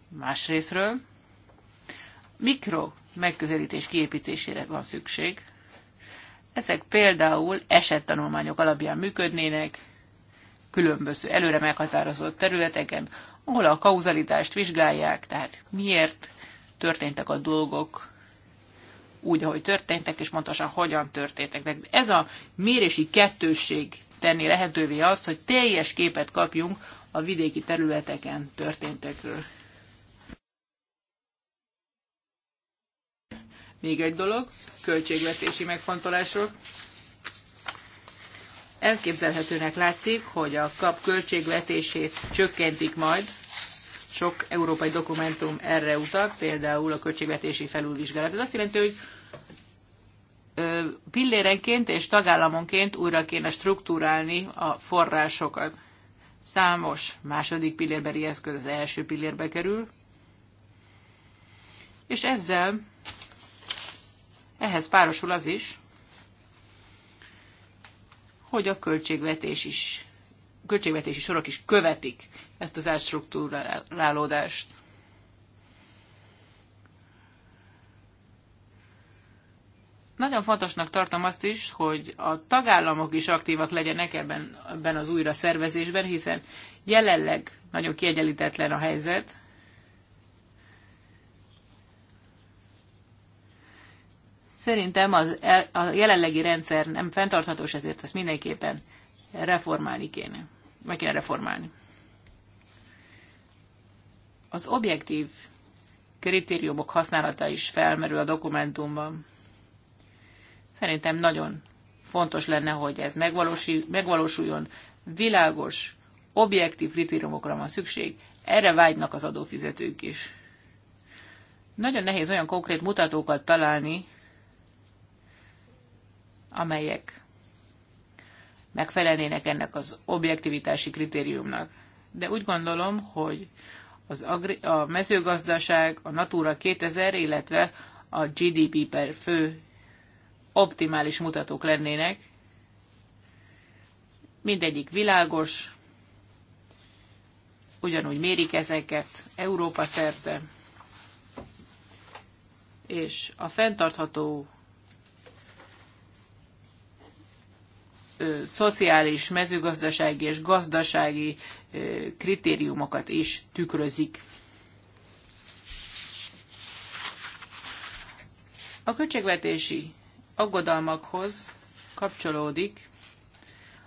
Másrésztről mikro megközelítés kiépítésére van szükség. Ezek például esettanulmányok alapján működnének különböző előre meghatározott területeken, ahol a kauzalitást vizsgálják, tehát miért történtek a dolgok úgy, ahogy történtek, és pontosan hogyan történtek. De ez a mérési kettősség tenni lehetővé azt, hogy teljes képet kapjunk a vidéki területeken történtekről. Még egy dolog, költségvetési megfontolások. Elképzelhetőnek látszik, hogy a kap költségvetését csökkentik majd. Sok európai dokumentum erre utal, például a költségvetési felülvizsgálat. Ez azt jelenti, hogy pillérenként és tagállamonként újra kéne struktúrálni a forrásokat. Számos második pillérbeli eszköz az első pillérbe kerül, és ezzel ehhez párosul az is, hogy a költségvetés is, költségvetési sorok is követik ezt az átstruktúrálódást. Nagyon fontosnak tartom azt is, hogy a tagállamok is aktívak legyenek ebben, ebben az újra szervezésben, hiszen jelenleg nagyon kiegyenlítetlen a helyzet. Szerintem az, e, a jelenlegi rendszer nem fenntartható, és ezért ezt mindenképpen reformálni kéne. Meg kéne reformálni. Az objektív kritériumok használata is felmerül a dokumentumban. Szerintem nagyon fontos lenne, hogy ez megvalósuljon. Világos, objektív kritériumokra van szükség, erre vágynak az adófizetők is. Nagyon nehéz olyan konkrét mutatókat találni, amelyek megfelelnének ennek az objektivitási kritériumnak. De úgy gondolom, hogy az agri- a mezőgazdaság, a Natura 2000, illetve a GDP per fő optimális mutatók lennének. Mindegyik világos, ugyanúgy mérik ezeket Európa szerte, és a fenntartható szociális, mezőgazdasági és gazdasági kritériumokat is tükrözik. A költségvetési aggodalmakhoz kapcsolódik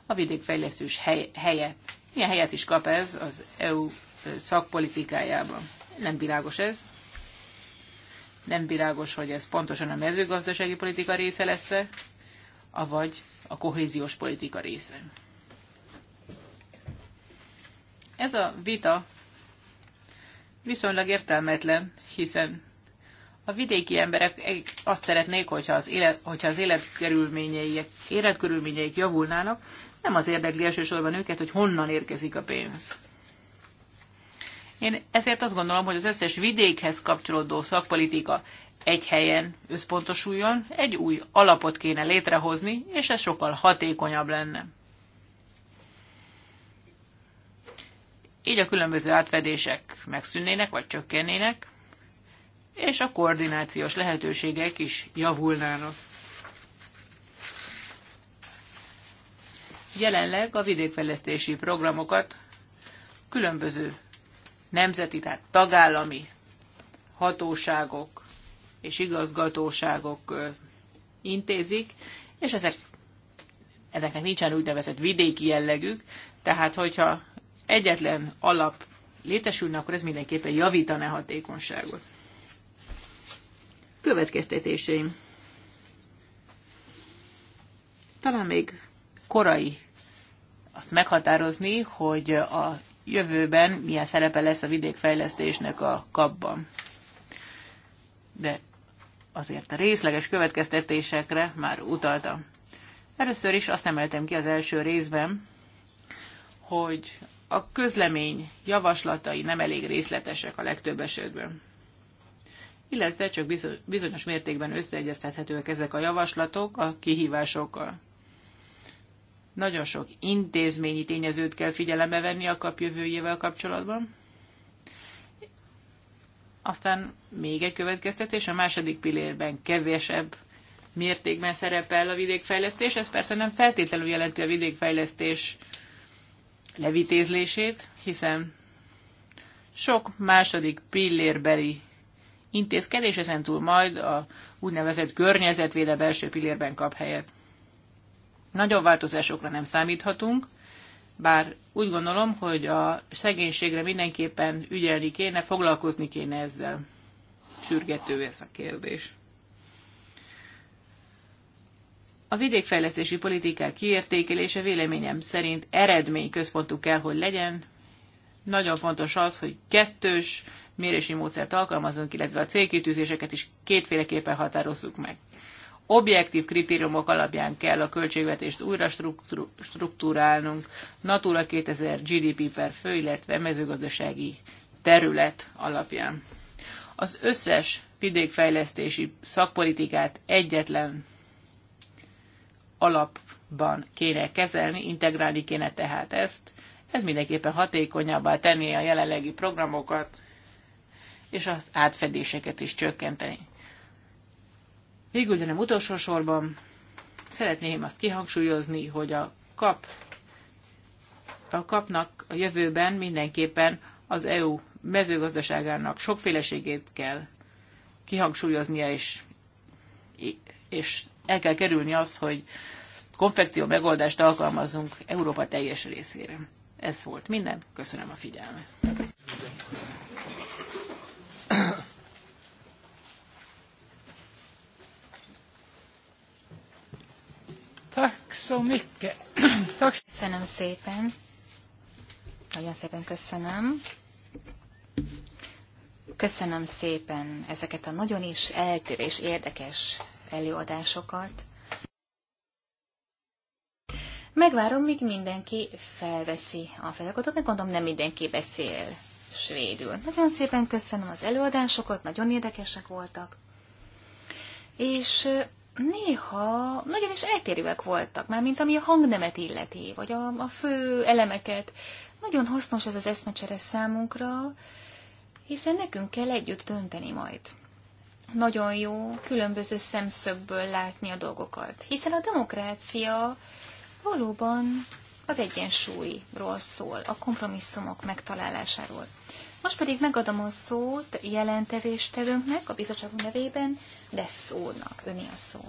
a vidékfejlesztős helye. Milyen helyet is kap ez az EU szakpolitikájában? Nem világos ez. Nem világos, hogy ez pontosan a mezőgazdasági politika része lesz-e, avagy a kohéziós politika része. Ez a vita viszonylag értelmetlen, hiszen a vidéki emberek azt szeretnék, hogyha az, élet, hogyha az életkörülményeik, életkörülményeik javulnának, nem az érdekli elsősorban őket, hogy honnan érkezik a pénz. Én ezért azt gondolom, hogy az összes vidékhez kapcsolódó szakpolitika egy helyen összpontosuljon, egy új alapot kéne létrehozni, és ez sokkal hatékonyabb lenne. Így a különböző átfedések megszűnnének, vagy csökkennének, és a koordinációs lehetőségek is javulnának. Jelenleg a vidékfejlesztési programokat különböző nemzeti, tehát tagállami hatóságok és igazgatóságok intézik, és ezek, ezeknek nincsen úgynevezett vidéki jellegük, tehát hogyha egyetlen alap létesülne, akkor ez mindenképpen javítaná hatékonyságot. Következtetéseim. Talán még korai azt meghatározni, hogy a jövőben milyen szerepe lesz a vidékfejlesztésnek a kapban. De azért a részleges következtetésekre már utaltam. Először is azt emeltem ki az első részben, hogy a közlemény javaslatai nem elég részletesek a legtöbb esetben. Illetve csak bizonyos mértékben összeegyeztethetőek ezek a javaslatok a kihívásokkal. Nagyon sok intézményi tényezőt kell figyelembe venni a kapjövőjével kapcsolatban, aztán még egy következtetés, a második pillérben kevesebb mértékben szerepel a vidékfejlesztés. Ez persze nem feltétlenül jelenti a vidékfejlesztés levitézlését, hiszen sok második pillérbeli intézkedés ezen túl majd a úgynevezett környezetvéde belső pillérben kap helyet. Nagyobb változásokra nem számíthatunk, bár úgy gondolom, hogy a szegénységre mindenképpen ügyelni kéne, foglalkozni kéne ezzel. Sürgető ez a kérdés. A vidékfejlesztési politikák kiértékelése véleményem szerint eredmény központú kell, hogy legyen. Nagyon fontos az, hogy kettős mérési módszert alkalmazunk, illetve a célkitűzéseket is kétféleképpen határozzuk meg objektív kritériumok alapján kell a költségvetést újra struktúrálnunk, Natura 2000 GDP per fő, illetve mezőgazdasági terület alapján. Az összes vidékfejlesztési szakpolitikát egyetlen alapban kéne kezelni, integrálni kéne tehát ezt. Ez mindenképpen hatékonyabbá tenni a jelenlegi programokat, és az átfedéseket is csökkenteni. Végül, de nem utolsó sorban, szeretném azt kihangsúlyozni, hogy a kap a kapnak a jövőben mindenképpen az EU mezőgazdaságának sokféleségét kell kihangsúlyoznia, és, és el kell kerülni azt, hogy konfekció megoldást alkalmazunk Európa teljes részére. Ez volt minden. Köszönöm a figyelmet. Tack så mycket. Tack. Köszönöm szépen. Nagyon szépen köszönöm. Köszönöm szépen ezeket a nagyon is eltérő és érdekes előadásokat. Megvárom, míg mindenki felveszi a feladatot, meg gondolom nem mindenki beszél svédül. Nagyon szépen köszönöm az előadásokat, nagyon érdekesek voltak. És néha nagyon is eltérőek voltak, már mint ami a hangnemet illeti, vagy a, a fő elemeket. Nagyon hasznos ez az eszmecsere számunkra, hiszen nekünk kell együtt dönteni majd. Nagyon jó különböző szemszögből látni a dolgokat, hiszen a demokrácia valóban az egyensúlyról szól, a kompromisszumok megtalálásáról. Most pedig megadom a szót jelentevéstevőnknek a bizottságunk nevében, de szónak öné a szó.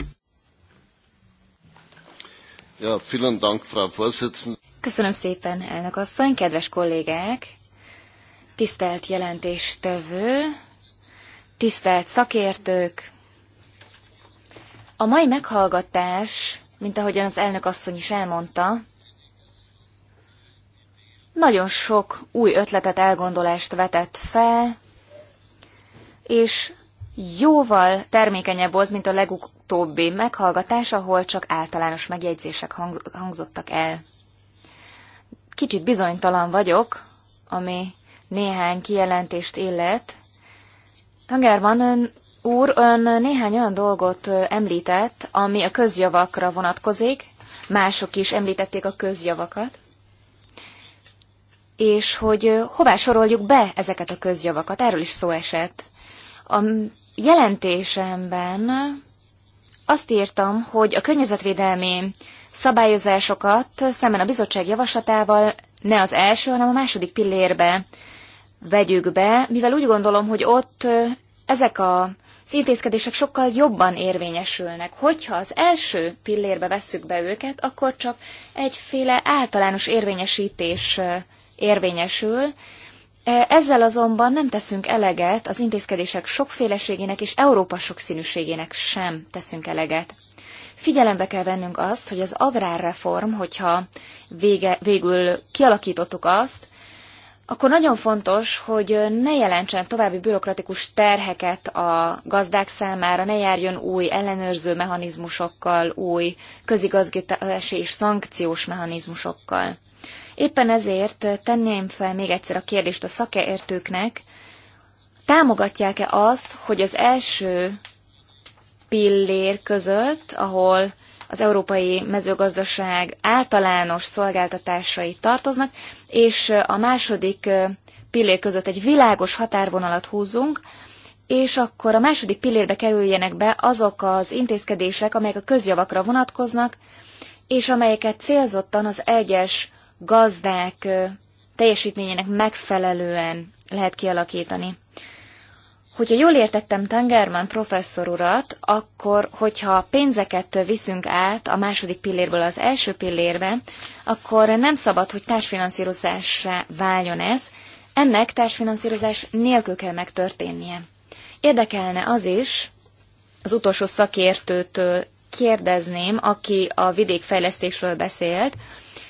Ja, vielen Dank, Frau Vorsitzende. Köszönöm szépen, elnök asszony, kedves kollégák, tisztelt jelentéstevő, tisztelt szakértők. A mai meghallgatás, mint ahogyan az elnök asszony is elmondta, nagyon sok új ötletet, elgondolást vetett fel, és jóval termékenyebb volt, mint a legutóbbi meghallgatás, ahol csak általános megjegyzések hangzottak el. Kicsit bizonytalan vagyok, ami néhány kijelentést illet. van ön, úr, ön néhány olyan dolgot említett, ami a közjavakra vonatkozik, mások is említették a közjavakat és hogy hová soroljuk be ezeket a közjavakat, erről is szó esett. A jelentésemben azt írtam, hogy a környezetvédelmi szabályozásokat szemben a bizottság javaslatával ne az első, hanem a második pillérbe vegyük be, mivel úgy gondolom, hogy ott ezek a az intézkedések sokkal jobban érvényesülnek. Hogyha az első pillérbe vesszük be őket, akkor csak egyféle általános érvényesítés érvényesül. E, ezzel azonban nem teszünk eleget, az intézkedések sokféleségének és Európa sokszínűségének sem teszünk eleget. Figyelembe kell vennünk azt, hogy az agrárreform, hogyha vége, végül kialakítottuk azt, akkor nagyon fontos, hogy ne jelentsen további bürokratikus terheket a gazdák számára, ne járjon új ellenőrző mechanizmusokkal, új közigazgatási és szankciós mechanizmusokkal. Éppen ezért tenném fel még egyszer a kérdést a szakértőknek, támogatják-e azt, hogy az első pillér között, ahol az európai mezőgazdaság általános szolgáltatásai tartoznak, és a második pillér között egy világos határvonalat húzunk, és akkor a második pillérbe kerüljenek be azok az intézkedések, amelyek a közjavakra vonatkoznak, és amelyeket célzottan az egyes gazdák teljesítményének megfelelően lehet kialakítani. Hogyha jól értettem Tangerman professzor urat, akkor hogyha pénzeket viszünk át a második pillérből az első pillérbe, akkor nem szabad, hogy társfinanszírozásra váljon ez, ennek társfinanszírozás nélkül kell megtörténnie. Érdekelne az is, az utolsó szakértőtől kérdezném, aki a vidékfejlesztésről beszélt,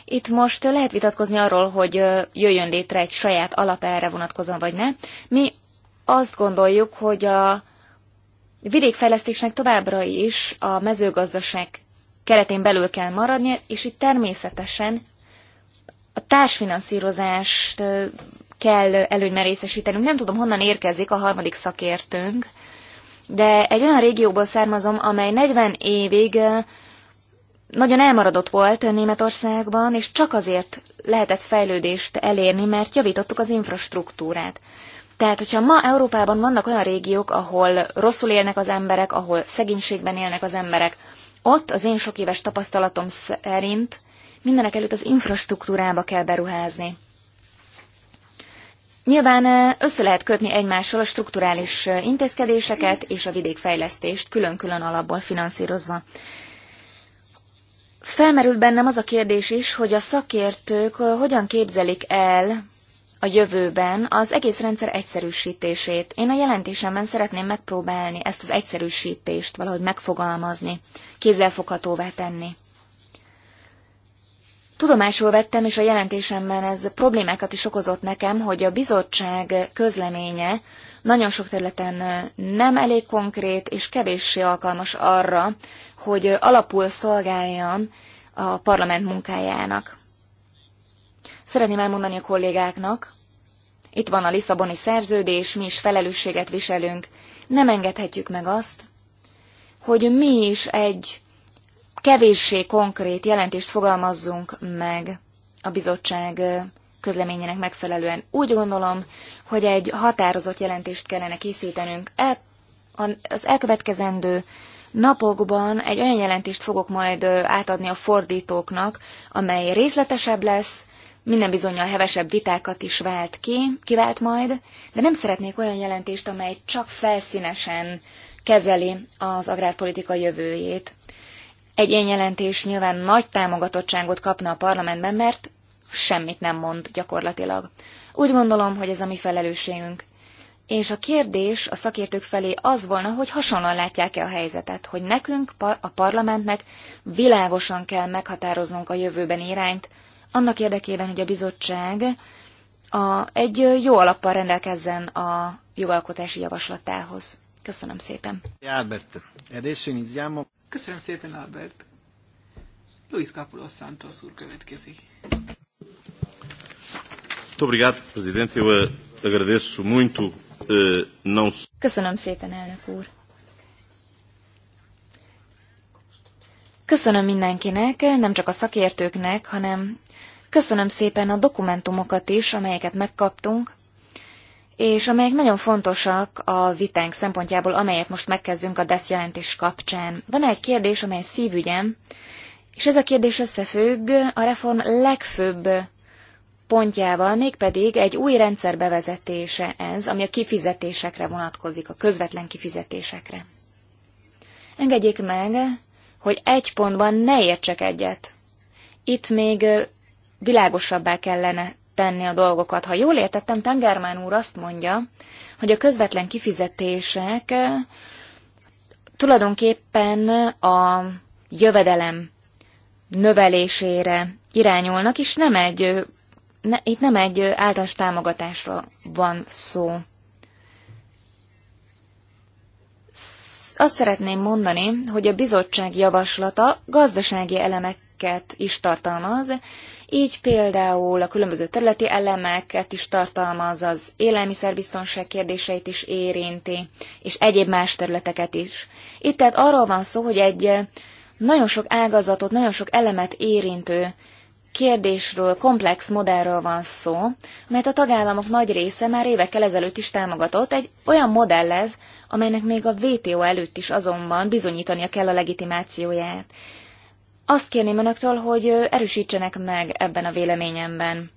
itt most lehet vitatkozni arról, hogy jöjjön létre egy saját alap erre vonatkozóan, vagy ne. Mi azt gondoljuk, hogy a vidékfejlesztésnek továbbra is a mezőgazdaság keretén belül kell maradnia, és itt természetesen a társfinanszírozást kell előnyben Nem tudom, honnan érkezik a harmadik szakértőnk, de egy olyan régióból származom, amely 40 évig nagyon elmaradott volt Németországban, és csak azért lehetett fejlődést elérni, mert javítottuk az infrastruktúrát. Tehát, hogyha ma Európában vannak olyan régiók, ahol rosszul élnek az emberek, ahol szegénységben élnek az emberek, ott az én sok éves tapasztalatom szerint mindenek előtt az infrastruktúrába kell beruházni. Nyilván össze lehet kötni egymással a strukturális intézkedéseket és a vidékfejlesztést külön-külön alapból finanszírozva. Felmerült bennem az a kérdés is, hogy a szakértők hogyan képzelik el a jövőben az egész rendszer egyszerűsítését. Én a jelentésemben szeretném megpróbálni ezt az egyszerűsítést valahogy megfogalmazni, kézzelfoghatóvá tenni. Tudomásul vettem, és a jelentésemben ez problémákat is okozott nekem, hogy a bizottság közleménye nagyon sok területen nem elég konkrét, és kevéssé alkalmas arra, hogy alapul szolgáljon a parlament munkájának. Szeretném elmondani a kollégáknak, itt van a Lisszaboni szerződés, mi is felelősséget viselünk, nem engedhetjük meg azt, hogy mi is egy kevéssé konkrét jelentést fogalmazzunk meg a bizottság közleményének megfelelően. Úgy gondolom, hogy egy határozott jelentést kellene készítenünk. E, az elkövetkezendő napokban egy olyan jelentést fogok majd átadni a fordítóknak, amely részletesebb lesz, minden bizonyal hevesebb vitákat is vált ki, kivált majd, de nem szeretnék olyan jelentést, amely csak felszínesen kezeli az agrárpolitika jövőjét. Egy ilyen jelentés nyilván nagy támogatottságot kapna a parlamentben, mert semmit nem mond gyakorlatilag. Úgy gondolom, hogy ez a mi felelősségünk. És a kérdés a szakértők felé az volna, hogy hasonlóan látják-e a helyzetet, hogy nekünk, a parlamentnek világosan kell meghatároznunk a jövőben irányt, annak érdekében, hogy a bizottság a, egy jó alappal rendelkezzen a jogalkotási javaslatához. Köszönöm szépen. Albert, Köszönöm szépen, Albert. Luis Capulos Santos úr következik. Muito obrigado, Presidente. Eu eh, agradeço muito. Eh, não... Köszönöm szépen, elnök úr. Köszönöm mindenkinek, nem csak a szakértőknek, hanem köszönöm szépen a dokumentumokat is, amelyeket megkaptunk, és amelyek nagyon fontosak a vitánk szempontjából, amelyet most megkezdünk a DESZ jelentés kapcsán. Van egy kérdés, amely szívügyem, és ez a kérdés összefügg a reform legfőbb pontjával, mégpedig egy új rendszer bevezetése ez, ami a kifizetésekre vonatkozik, a közvetlen kifizetésekre. Engedjék meg, hogy egy pontban ne értsek egyet. Itt még világosabbá kellene tenni a dolgokat. Ha jól értettem, Tengermán úr azt mondja, hogy a közvetlen kifizetések tulajdonképpen a jövedelem növelésére irányulnak, és nem egy ne, itt nem egy általános támogatásra van szó. Azt szeretném mondani, hogy a bizottság javaslata gazdasági elemeket is tartalmaz, így például a különböző területi elemeket is tartalmaz, az élelmiszerbiztonság kérdéseit is érinti, és egyéb más területeket is. Itt tehát arról van szó, hogy egy nagyon sok ágazatot, nagyon sok elemet érintő kérdésről, komplex modellről van szó, mert a tagállamok nagy része már évekkel ezelőtt is támogatott. Egy olyan modell ez, amelynek még a VTO előtt is azonban bizonyítania kell a legitimációját. Azt kérném önöktől, hogy erősítsenek meg ebben a véleményemben.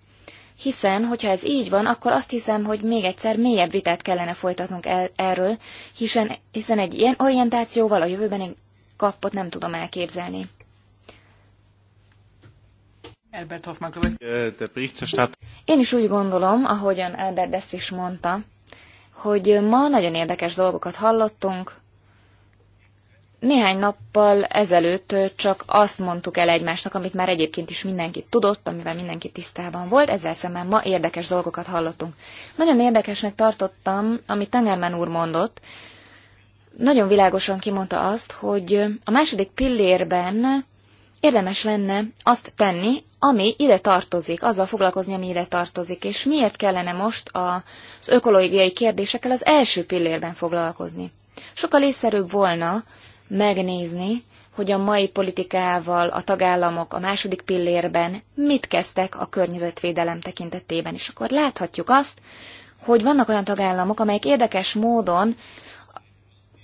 Hiszen, hogyha ez így van, akkor azt hiszem, hogy még egyszer mélyebb vitát kellene folytatnunk el, erről, hiszen, hiszen egy ilyen orientációval a jövőben egy kapot nem tudom elképzelni. Herbert Hoffman következik. Én is úgy gondolom, ahogyan Albert Dess is mondta, hogy ma nagyon érdekes dolgokat hallottunk. Néhány nappal ezelőtt csak azt mondtuk el egymásnak, amit már egyébként is mindenki tudott, amivel mindenki tisztában volt, ezzel szemben ma érdekes dolgokat hallottunk. Nagyon érdekesnek tartottam, amit Tengermen úr mondott. Nagyon világosan kimondta azt, hogy a második pillérben érdemes lenne azt tenni, ami ide tartozik, azzal foglalkozni, ami ide tartozik, és miért kellene most az ökológiai kérdésekkel az első pillérben foglalkozni. Sokkal észszerűbb volna megnézni, hogy a mai politikával a tagállamok a második pillérben mit kezdtek a környezetvédelem tekintetében, és akkor láthatjuk azt, hogy vannak olyan tagállamok, amelyek érdekes módon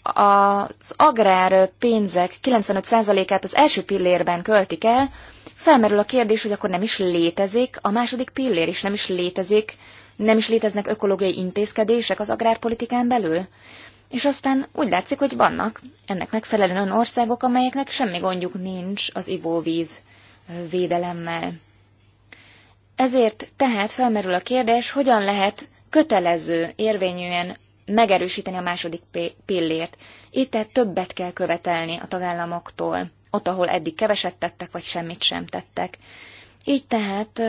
az agrár pénzek 95%-át az első pillérben költik el, felmerül a kérdés, hogy akkor nem is létezik, a második pillér is nem is létezik, nem is léteznek ökológiai intézkedések az agrárpolitikán belül. És aztán úgy látszik, hogy vannak ennek megfelelően olyan országok, amelyeknek semmi gondjuk nincs az ivóvíz védelemmel. Ezért tehát felmerül a kérdés, hogyan lehet kötelező érvényűen megerősíteni a második pillért. Itt tehát többet kell követelni a tagállamoktól, ott, ahol eddig keveset tettek, vagy semmit sem tettek. Így tehát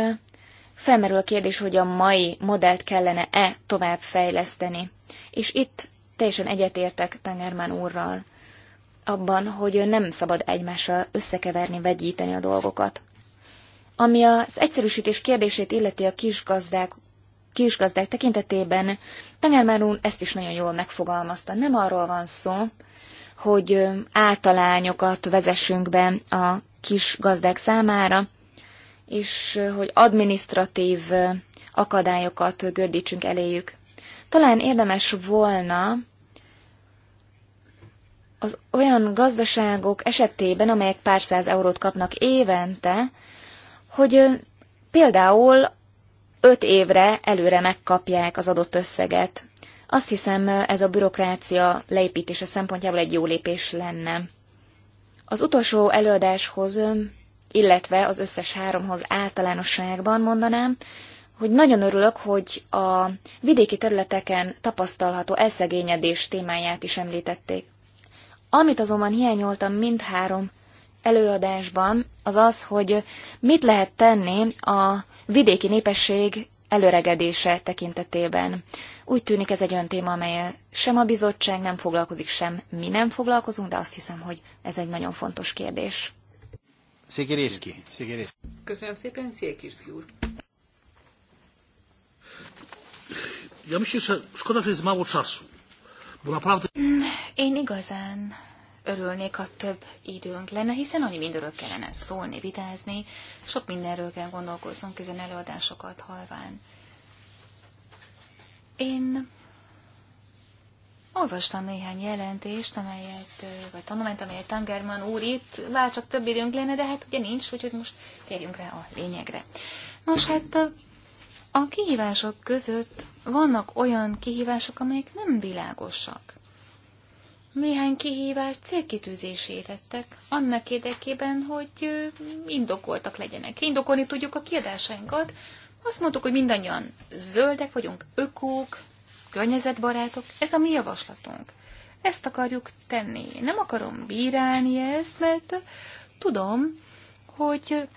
felmerül a kérdés, hogy a mai modellt kellene-e tovább fejleszteni. És itt teljesen egyetértek Tangerman úrral abban, hogy nem szabad egymással összekeverni, vegyíteni a dolgokat. Ami az egyszerűsítés kérdését illeti a kis gazdák kisgazdák tekintetében Tangermár úr ezt is nagyon jól megfogalmazta. Nem arról van szó, hogy általányokat vezessünk be a kis gazdák számára, és hogy administratív akadályokat gördítsünk eléjük. Talán érdemes volna az olyan gazdaságok esetében, amelyek pár száz eurót kapnak évente, hogy például öt évre előre megkapják az adott összeget. Azt hiszem, ez a bürokrácia leépítése szempontjából egy jó lépés lenne. Az utolsó előadáshoz, illetve az összes háromhoz általánosságban mondanám, hogy nagyon örülök, hogy a vidéki területeken tapasztalható elszegényedés témáját is említették. Amit azonban hiányoltam mindhárom előadásban, az az, hogy mit lehet tenni a vidéki népesség előregedése tekintetében. Úgy tűnik ez egy olyan téma, amelyel sem a bizottság nem foglalkozik, sem mi nem foglalkozunk, de azt hiszem, hogy ez egy nagyon fontos kérdés. Szigirészki. Szigirészki. Köszönöm szépen, Szigirészki úr. Ja myślę, że szkoda, że jest mało czasu, bo naprawdę... Mm, én igazán örülnék, ha több időnk lenne, hiszen annyi mindenről kellene szólni, vitázni, sok mindenről kell gondolkozzon, közön előadásokat halván. Én olvastam néhány jelentést, amelyet, vagy tanulmányt, amelyet Tangerman úr itt, bár csak több időnk lenne, de hát ugye nincs, úgyhogy most térjünk rá a lényegre. Nos, hát a kihívások között vannak olyan kihívások, amelyek nem világosak néhány kihívást célkitűzésé tettek, annak érdekében, hogy indokoltak legyenek. Indokolni tudjuk a kiadásainkat. Azt mondtuk, hogy mindannyian zöldek vagyunk, ökók, környezetbarátok. Ez a mi javaslatunk. Ezt akarjuk tenni. Nem akarom bírálni ezt, mert tudom, hogy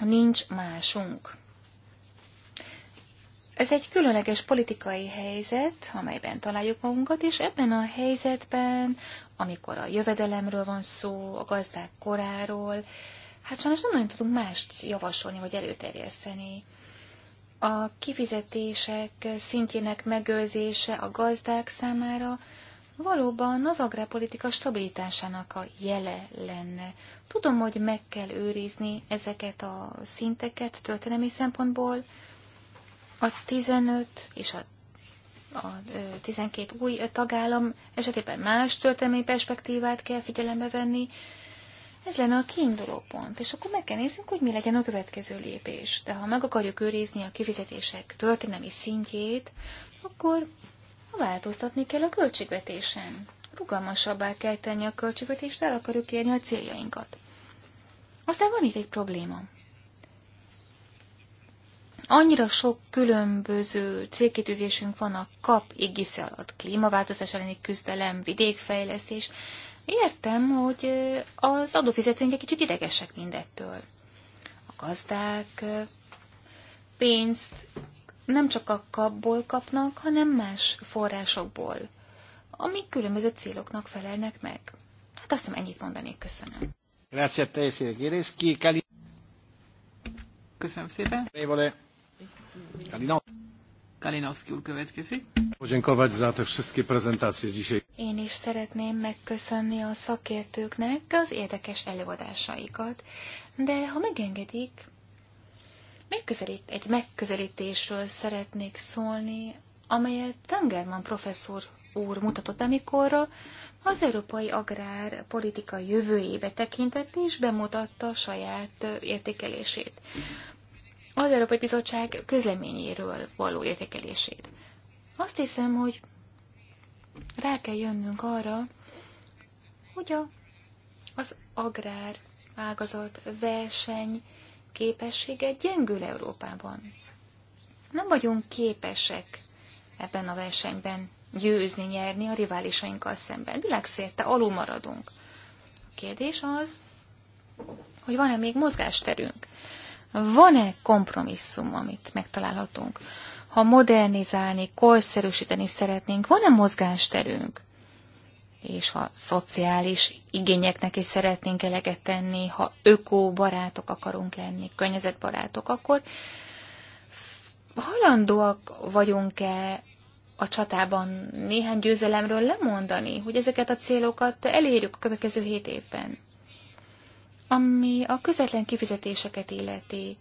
nincs másunk. Ez egy különleges politikai helyzet, amelyben találjuk magunkat, és ebben a helyzetben, amikor a jövedelemről van szó, a gazdák koráról, hát sajnos nem nagyon tudunk mást javasolni vagy előterjeszteni. A kifizetések szintjének megőrzése a gazdák számára valóban az agrárpolitika stabilitásának a jele lenne. Tudom, hogy meg kell őrizni ezeket a szinteket történelmi szempontból, a 15 és a, a 12 új tagállam esetében más történelmi perspektívát kell figyelembe venni. Ez lenne a kiinduló pont, és akkor meg kell néznünk, hogy mi legyen a következő lépés. De ha meg akarjuk őrizni a kifizetések történelmi szintjét, akkor változtatni kell a költségvetésen. Rugalmasabbá kell tenni a költségvetést, el akarjuk érni a céljainkat. Aztán van itt egy probléma. Annyira sok különböző célkitűzésünk van a kap égisze alatt, klímaváltozás elleni küzdelem, vidékfejlesztés. Értem, hogy az adófizetőink egy kicsit idegesek mindettől. A gazdák pénzt nem csak a kapból kapnak, hanem más forrásokból, amik különböző céloknak felelnek meg. Hát azt hiszem ennyit mondanék, köszönöm. Grazie a te, Köszönöm szépen. Kalinowski úr következik. Podziękować za te wszystkie prezentacje dzisiaj. Én is szeretném megköszönni a szakértőknek az érdekes előadásaikat, de ha megengedik, megközelít, egy megközelítésről szeretnék szólni, amelyet Tangerman professzor úr mutatott be, az európai agrár politika jövőjébe tekintett és bemutatta saját értékelését az Európai Bizottság közleményéről való értékelését. Azt hiszem, hogy rá kell jönnünk arra, hogy a, az agrár ágazat verseny képessége gyengül Európában. Nem vagyunk képesek ebben a versenyben győzni, nyerni a riválisainkkal szemben. Világszerte alul maradunk. A kérdés az, hogy van-e még mozgásterünk van-e kompromisszum, amit megtalálhatunk? Ha modernizálni, korszerűsíteni szeretnénk, van-e mozgásterünk? És ha szociális igényeknek is szeretnénk eleget tenni, ha ökóbarátok akarunk lenni, környezetbarátok, akkor halandóak vagyunk-e a csatában néhány győzelemről lemondani, hogy ezeket a célokat elérjük a következő hét évben ami a közvetlen kifizetéseket illeti.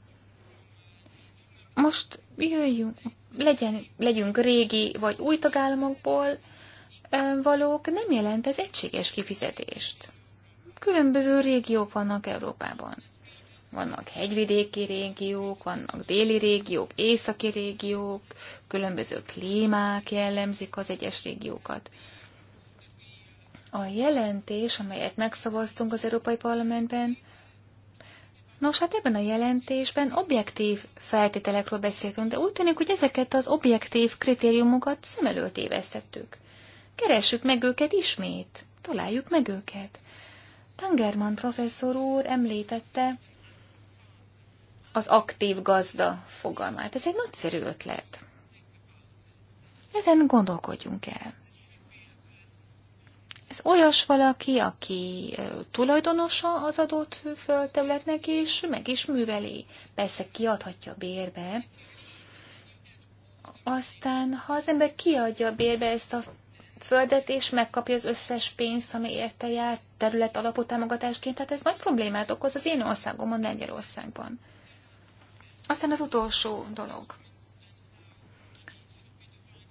Most jöjjünk, legyen, legyünk régi vagy új tagállamokból valók, nem jelent ez egységes kifizetést. Különböző régiók vannak Európában. Vannak hegyvidéki régiók, vannak déli régiók, északi régiók, különböző klímák jellemzik az egyes régiókat. A jelentés, amelyet megszavaztunk az Európai Parlamentben, Nos, hát ebben a jelentésben objektív feltételekről beszéltünk, de úgy tűnik, hogy ezeket az objektív kritériumokat szem előtt évesztettük. Keressük meg őket ismét, találjuk meg őket. Tangerman professzor úr említette az aktív gazda fogalmát. Ez egy nagyszerű ötlet. Ezen gondolkodjunk el. Ez olyas valaki, aki tulajdonosa az adott földterületnek, és meg is műveli. Persze kiadhatja bérbe. Aztán, ha az ember kiadja a bérbe ezt a földet, és megkapja az összes pénzt, ami érte jár terület alapú támogatásként, tehát ez nagy problémát okoz az én országomon, Lengyelországban. Aztán az utolsó dolog.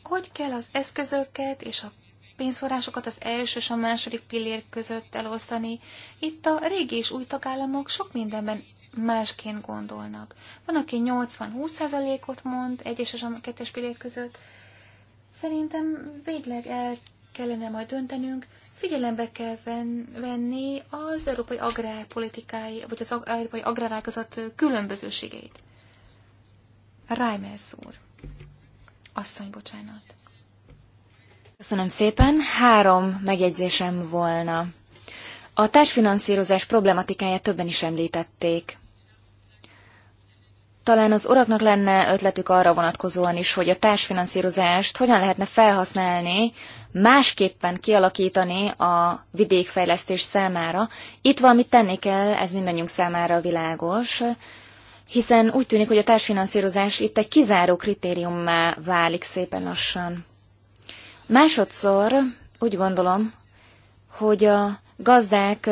Hogy kell az eszközöket és a pénzforrásokat az első és a második pillér között elosztani. Itt a régi és új tagállamok sok mindenben másként gondolnak. Van, aki 80-20%-ot mond egyes és a kettes pillér között. Szerintem végleg el kellene majd döntenünk, figyelembe kell venni az európai agrárpolitikai, vagy az európai agrárágazat különbözőségeit. Reimers úr. Asszony, bocsánat. Köszönöm szépen. Három megjegyzésem volna. A társfinanszírozás problematikáját többen is említették. Talán az uraknak lenne ötletük arra vonatkozóan is, hogy a társfinanszírozást hogyan lehetne felhasználni, másképpen kialakítani a vidékfejlesztés számára. Itt valamit tenni kell, ez mindannyiunk számára világos, hiszen úgy tűnik, hogy a társfinanszírozás itt egy kizáró kritériummá válik szépen lassan. Másodszor úgy gondolom, hogy a gazdák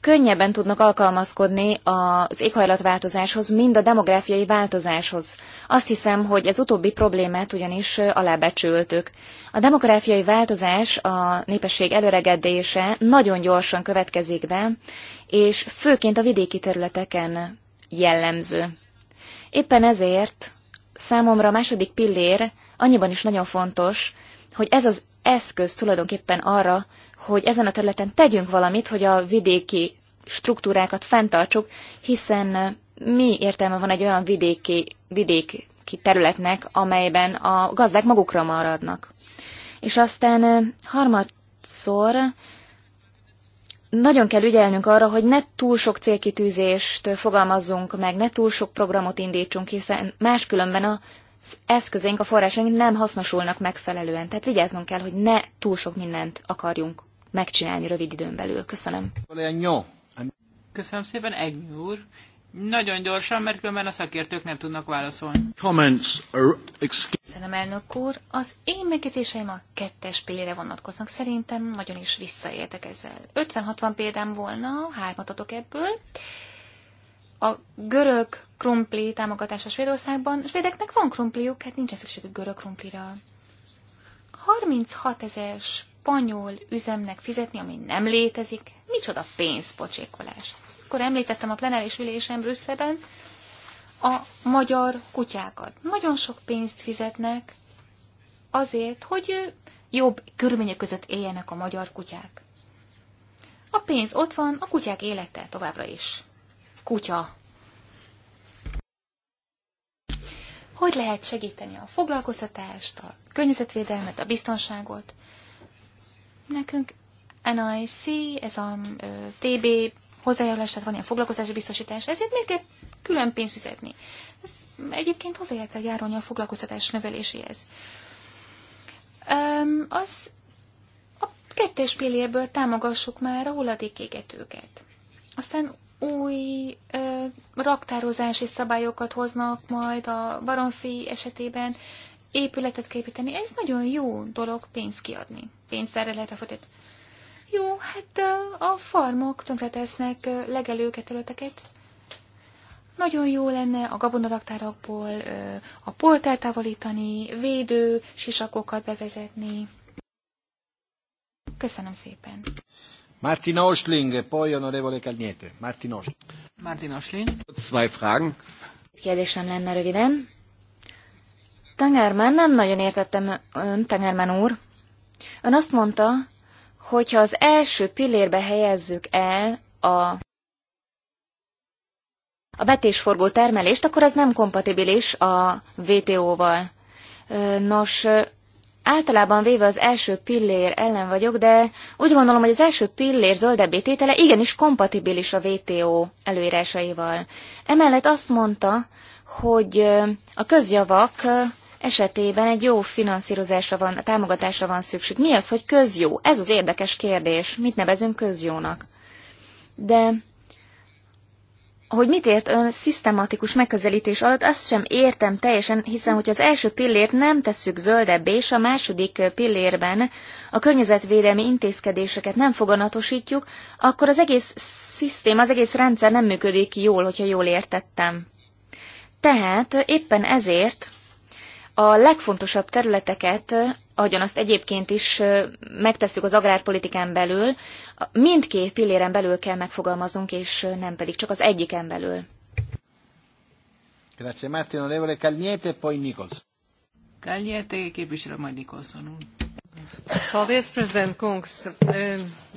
könnyebben tudnak alkalmazkodni az éghajlatváltozáshoz, mind a demográfiai változáshoz. Azt hiszem, hogy ez utóbbi problémát ugyanis alábecsültük. A demográfiai változás, a népesség előregedése nagyon gyorsan következik be, és főként a vidéki területeken jellemző. Éppen ezért számomra a második pillér annyiban is nagyon fontos, hogy ez az eszköz tulajdonképpen arra, hogy ezen a területen tegyünk valamit, hogy a vidéki struktúrákat fenntartsuk, hiszen mi értelme van egy olyan vidéki, vidéki területnek, amelyben a gazdák magukra maradnak. És aztán harmadszor nagyon kell ügyelnünk arra, hogy ne túl sok célkitűzést fogalmazzunk meg, ne túl sok programot indítsunk, hiszen máskülönben az eszközénk, a forrásaink nem hasznosulnak megfelelően. Tehát vigyáznunk kell, hogy ne túl sok mindent akarjunk megcsinálni rövid időn belül. Köszönöm. Köszönöm szépen, egy úr. Nagyon gyorsan, mert különben a szakértők nem tudnak válaszolni. Köszönöm, elnök úr, az én megjegyzéseim a kettes pére vonatkoznak. Szerintem nagyon is visszaértek ezzel. 50-60 példám volna, hármat adok ebből. A görög krumpli támogatása Svédországban. svédeknek van krumpliuk, hát nincs szükségük görög krumplira. 36 ezer spanyol üzemnek fizetni, ami nem létezik. Micsoda pénzpocsékolás múltkor említettem a plenáris ülésen Brüsszelben a magyar kutyákat. Nagyon sok pénzt fizetnek azért, hogy jobb körülmények között éljenek a magyar kutyák. A pénz ott van, a kutyák élete továbbra is. Kutya. Hogy lehet segíteni a foglalkoztatást, a környezetvédelmet, a biztonságot? Nekünk NIC, ez a ö, TB hozzájárulás, tehát van ilyen foglalkozási biztosítás, ezért még kell külön pénzt fizetni? Ez egyébként hozzájárul járulni a foglalkoztatás növeléséhez. Um, az a kettes pillérből támogassuk már a hulladékégetőket. Aztán új ö, raktározási szabályokat hoznak majd a baromfi esetében, épületet képíteni. Ez nagyon jó dolog pénzt kiadni. Pénzt erre lehet a fotót. Jó, hát a farmok tönkretesznek legelőkerületeket. Nagyon jó lenne a gabonaraktárakból a polt eltávolítani, védő sisakokat bevezetni. Köszönöm szépen. Martin Osling, poi onorevole Calniete. Martin Osling. Martin Osling. Zwei Fragen. Kérdésem lenne röviden. Tangerman, nem nagyon értettem ön, Tangerman úr. Ön azt mondta, hogyha az első pillérbe helyezzük el a a betésforgó termelést, akkor az nem kompatibilis a VTO-val. Nos, általában véve az első pillér ellen vagyok, de úgy gondolom, hogy az első pillér zöldebb tétele igenis kompatibilis a VTO előírásaival. Emellett azt mondta, hogy a közjavak esetében egy jó finanszírozásra van, támogatásra van szükség. Mi az, hogy közjó? Ez az érdekes kérdés. Mit nevezünk közjónak? De hogy mit ért ön szisztematikus megközelítés alatt, azt sem értem teljesen, hiszen hogy az első pillért nem tesszük zöldebbé, és a második pillérben a környezetvédelmi intézkedéseket nem foganatosítjuk, akkor az egész szisztéma, az egész rendszer nem működik jól, hogyha jól értettem. Tehát éppen ezért a legfontosabb területeket, ahogyan azt egyébként is megtesszük az agrárpolitikán belül, mindkét pilléren belül kell megfogalmaznunk, és nem pedig csak az egyiken belül. Grazie Martino onorevole Calniete, poi Nikolson. Calniete, képviselő majd Nikolson úr. Paldies, prezident Kungs.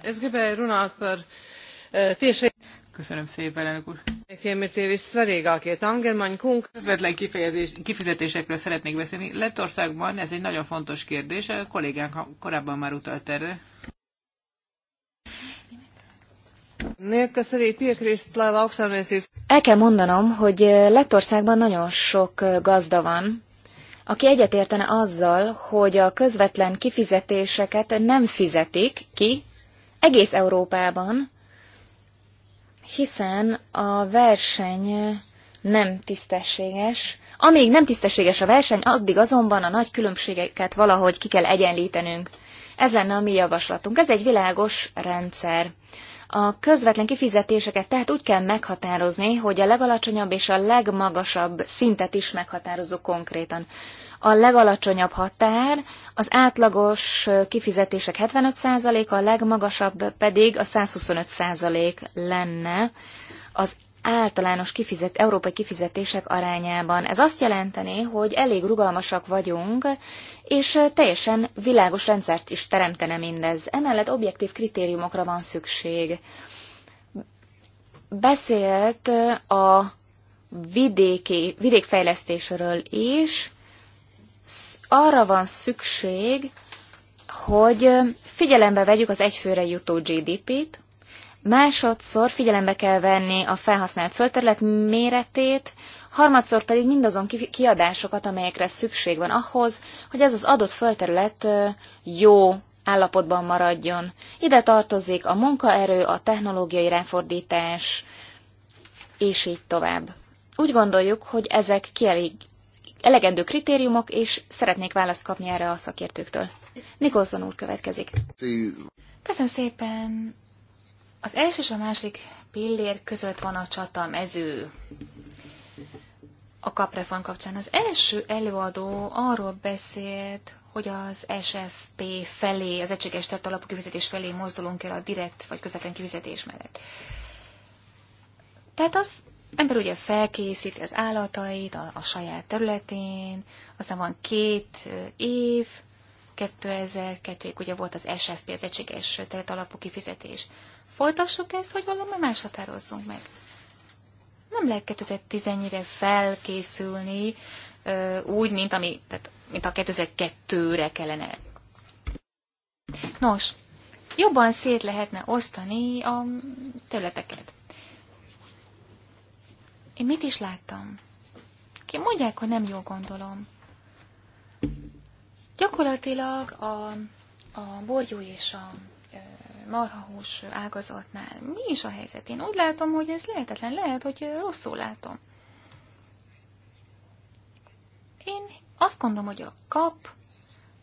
Ez gribēju runāt par tiešai... Köszönöm szépen, elnök úr. Közvetlen kifejezés, kifizetésekről szeretnék beszélni. Lettországban ez egy nagyon fontos kérdés, a kollégánk korábban már utalt erre. El kell mondanom, hogy Lettországban nagyon sok gazda van, aki egyetértene azzal, hogy a közvetlen kifizetéseket nem fizetik ki egész Európában, hiszen a verseny nem tisztességes. Amíg nem tisztességes a verseny, addig azonban a nagy különbségeket valahogy ki kell egyenlítenünk. Ez lenne a mi javaslatunk. Ez egy világos rendszer. A közvetlen kifizetéseket tehát úgy kell meghatározni, hogy a legalacsonyabb és a legmagasabb szintet is meghatározzuk konkrétan a legalacsonyabb határ, az átlagos kifizetések 75%-a, a legmagasabb pedig a 125% lenne az általános kifizet, európai kifizetések arányában. Ez azt jelenteni, hogy elég rugalmasak vagyunk, és teljesen világos rendszert is teremtene mindez. Emellett objektív kritériumokra van szükség. Beszélt a vidéki, vidékfejlesztésről is, arra van szükség, hogy figyelembe vegyük az egyfőre jutó GDP-t, másodszor figyelembe kell venni a felhasznált földterület méretét, harmadszor pedig mindazon kiadásokat, amelyekre szükség van ahhoz, hogy ez az adott földterület jó állapotban maradjon. Ide tartozik a munkaerő, a technológiai ráfordítás, és így tovább. Úgy gondoljuk, hogy ezek kielég, elegendő kritériumok, és szeretnék választ kapni erre a szakértőktől. Nikolson úr következik. Köszönöm szépen! Az első és a másik pillér között van a csata mező a kaprefon kapcsán. Az első előadó arról beszélt, hogy az SFP felé, az egységes tartalapú kifizetés felé mozdulunk el a direkt vagy közvetlen kifizetés mellett. Tehát az ember ugye felkészít az állatait a, a saját területén, aztán van két év, 2002-ig ugye volt az SFP, az Egységes Teret Alapú Kifizetés. Folytassuk ezt, hogy valami más határozzunk meg. Nem lehet 2010-re felkészülni úgy, mint, ami, tehát, mint a 2002-re kellene. Nos, jobban szét lehetne osztani a területeket. Én mit is láttam? Ki mondják, hogy nem jól gondolom. Gyakorlatilag a, a borjú és a marhahús ágazatnál mi is a helyzet? Én úgy látom, hogy ez lehetetlen. Lehet, hogy rosszul látom. Én azt gondolom, hogy a kap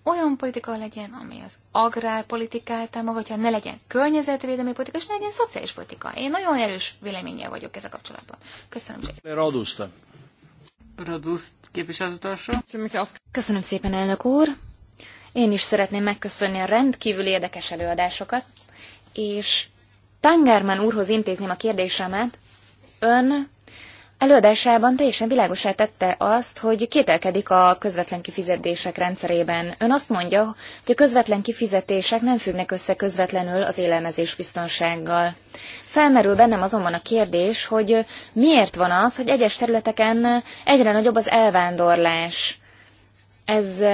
olyan politika legyen, ami az agrárpolitikát támogatja, ne legyen környezetvédelmi politika, és ne legyen szociális politika. Én nagyon erős véleménye vagyok ezzel kapcsolatban. Köszönöm szépen. Raduszta. Raduszt képviselőtársa. Köszönöm szépen, elnök úr. Én is szeretném megköszönni a rendkívül érdekes előadásokat, és Tangerman úrhoz intézném a kérdésemet. Ön Előadásában teljesen világosá tette azt, hogy kételkedik a közvetlen kifizetések rendszerében. Ön azt mondja, hogy a közvetlen kifizetések nem függnek össze közvetlenül az élelmezés biztonsággal. Felmerül bennem azonban a kérdés, hogy miért van az, hogy egyes területeken egyre nagyobb az elvándorlás. Ez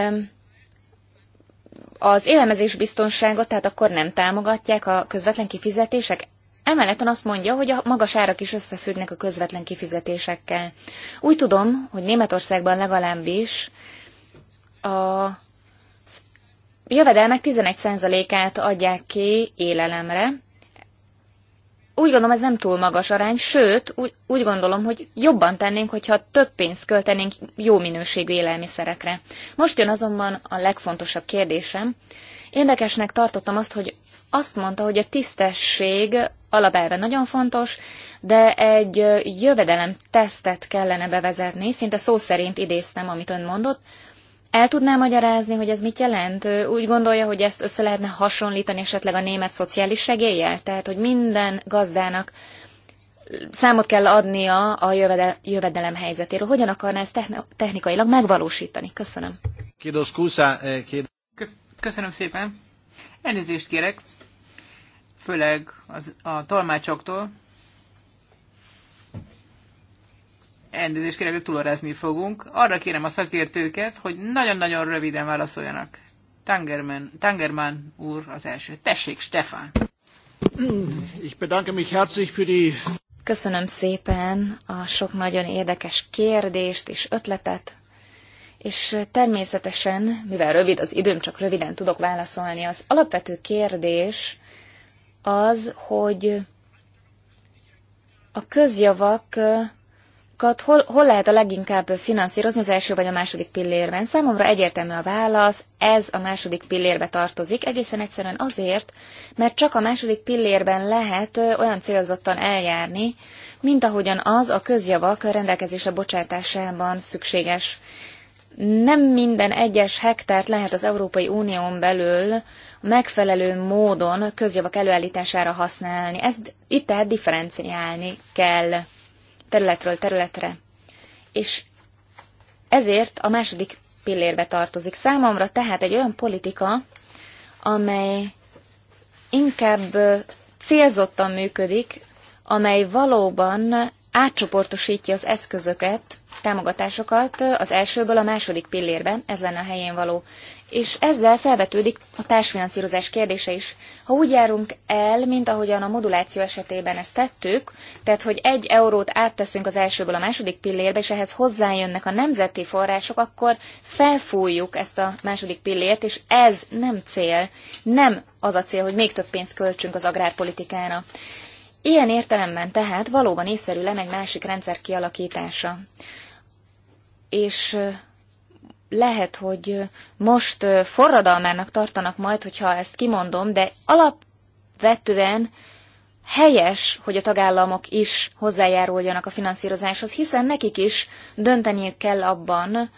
az élelmezés biztonságot tehát akkor nem támogatják a közvetlen kifizetések? Emellett azt mondja, hogy a magas árak is összefüggnek a közvetlen kifizetésekkel. Úgy tudom, hogy Németországban legalábbis a jövedelmek 11%-át adják ki élelemre. Úgy gondolom, ez nem túl magas arány, sőt, úgy, úgy gondolom, hogy jobban tennénk, hogyha több pénzt költenénk jó minőségű élelmiszerekre. Most jön azonban a legfontosabb kérdésem. Érdekesnek tartottam azt, hogy azt mondta, hogy a tisztesség alapelve nagyon fontos, de egy jövedelem tesztet kellene bevezetni, szinte szó szerint idéztem, amit ön mondott. El tudná magyarázni, hogy ez mit jelent? Úgy gondolja, hogy ezt össze lehetne hasonlítani esetleg a német szociális segéllyel? Tehát, hogy minden gazdának számot kell adnia a jövedel- jövedelem helyzetéről. Hogyan akarná ezt technikailag megvalósítani? Köszönöm. Eh, köszönöm szépen. Elnézést kérek főleg az, a tolmácsoktól. Elnézést kérek, hogy túlorázni fogunk. Arra kérem a szakértőket, hogy nagyon-nagyon röviden válaszoljanak. Tangerman, Tangerman úr az első. Tessék, Stefan! Ich bedanke mich herzlich für die... Köszönöm szépen a sok nagyon érdekes kérdést és ötletet, és természetesen, mivel rövid az időm, csak röviden tudok válaszolni, az alapvető kérdés az, hogy a közjavakat hol, hol lehet a leginkább finanszírozni az első vagy a második pillérben. Számomra egyértelmű a válasz, ez a második pillérbe tartozik, egészen egyszerűen azért, mert csak a második pillérben lehet olyan célzottan eljárni, mint ahogyan az a közjavak rendelkezésre bocsátásában szükséges nem minden egyes hektárt lehet az Európai Unión belül megfelelő módon közjavak előállítására használni. Ezt itt tehát differenciálni kell területről területre. És ezért a második pillérbe tartozik. Számomra tehát egy olyan politika, amely inkább célzottan működik, amely valóban átcsoportosítja az eszközöket, támogatásokat az elsőből a második pillérbe, ez lenne a helyén való. És ezzel felvetődik a társfinanszírozás kérdése is. Ha úgy járunk el, mint ahogyan a moduláció esetében ezt tettük, tehát hogy egy eurót átteszünk az elsőből a második pillérbe, és ehhez hozzájönnek a nemzeti források, akkor felfújjuk ezt a második pillért, és ez nem cél. Nem az a cél, hogy még több pénzt költsünk az agrárpolitikára. Ilyen értelemben tehát valóban észszerű lenne egy másik rendszer kialakítása. És lehet, hogy most forradalmának tartanak majd, hogyha ezt kimondom, de alapvetően helyes, hogy a tagállamok is hozzájáruljanak a finanszírozáshoz, hiszen nekik is dönteniük kell abban,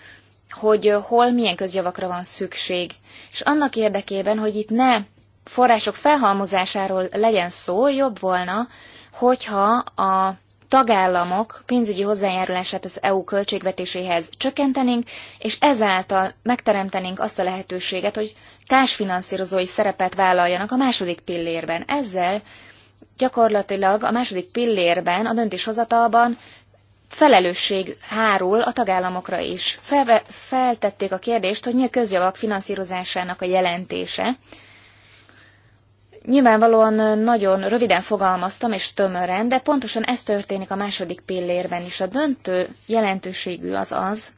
hogy hol milyen közjavakra van szükség. És annak érdekében, hogy itt ne források felhalmozásáról legyen szó, jobb volna, hogyha a tagállamok pénzügyi hozzájárulását az EU költségvetéséhez csökkentenénk, és ezáltal megteremtenénk azt a lehetőséget, hogy társfinanszírozói szerepet vállaljanak a második pillérben. Ezzel gyakorlatilag a második pillérben, a döntéshozatalban felelősség hárul a tagállamokra is. Felve, feltették a kérdést, hogy mi a közjavak finanszírozásának a jelentése, Nyilvánvalóan nagyon röviden fogalmaztam és tömören, de pontosan ez történik a második pillérben is. A döntő jelentőségű az az,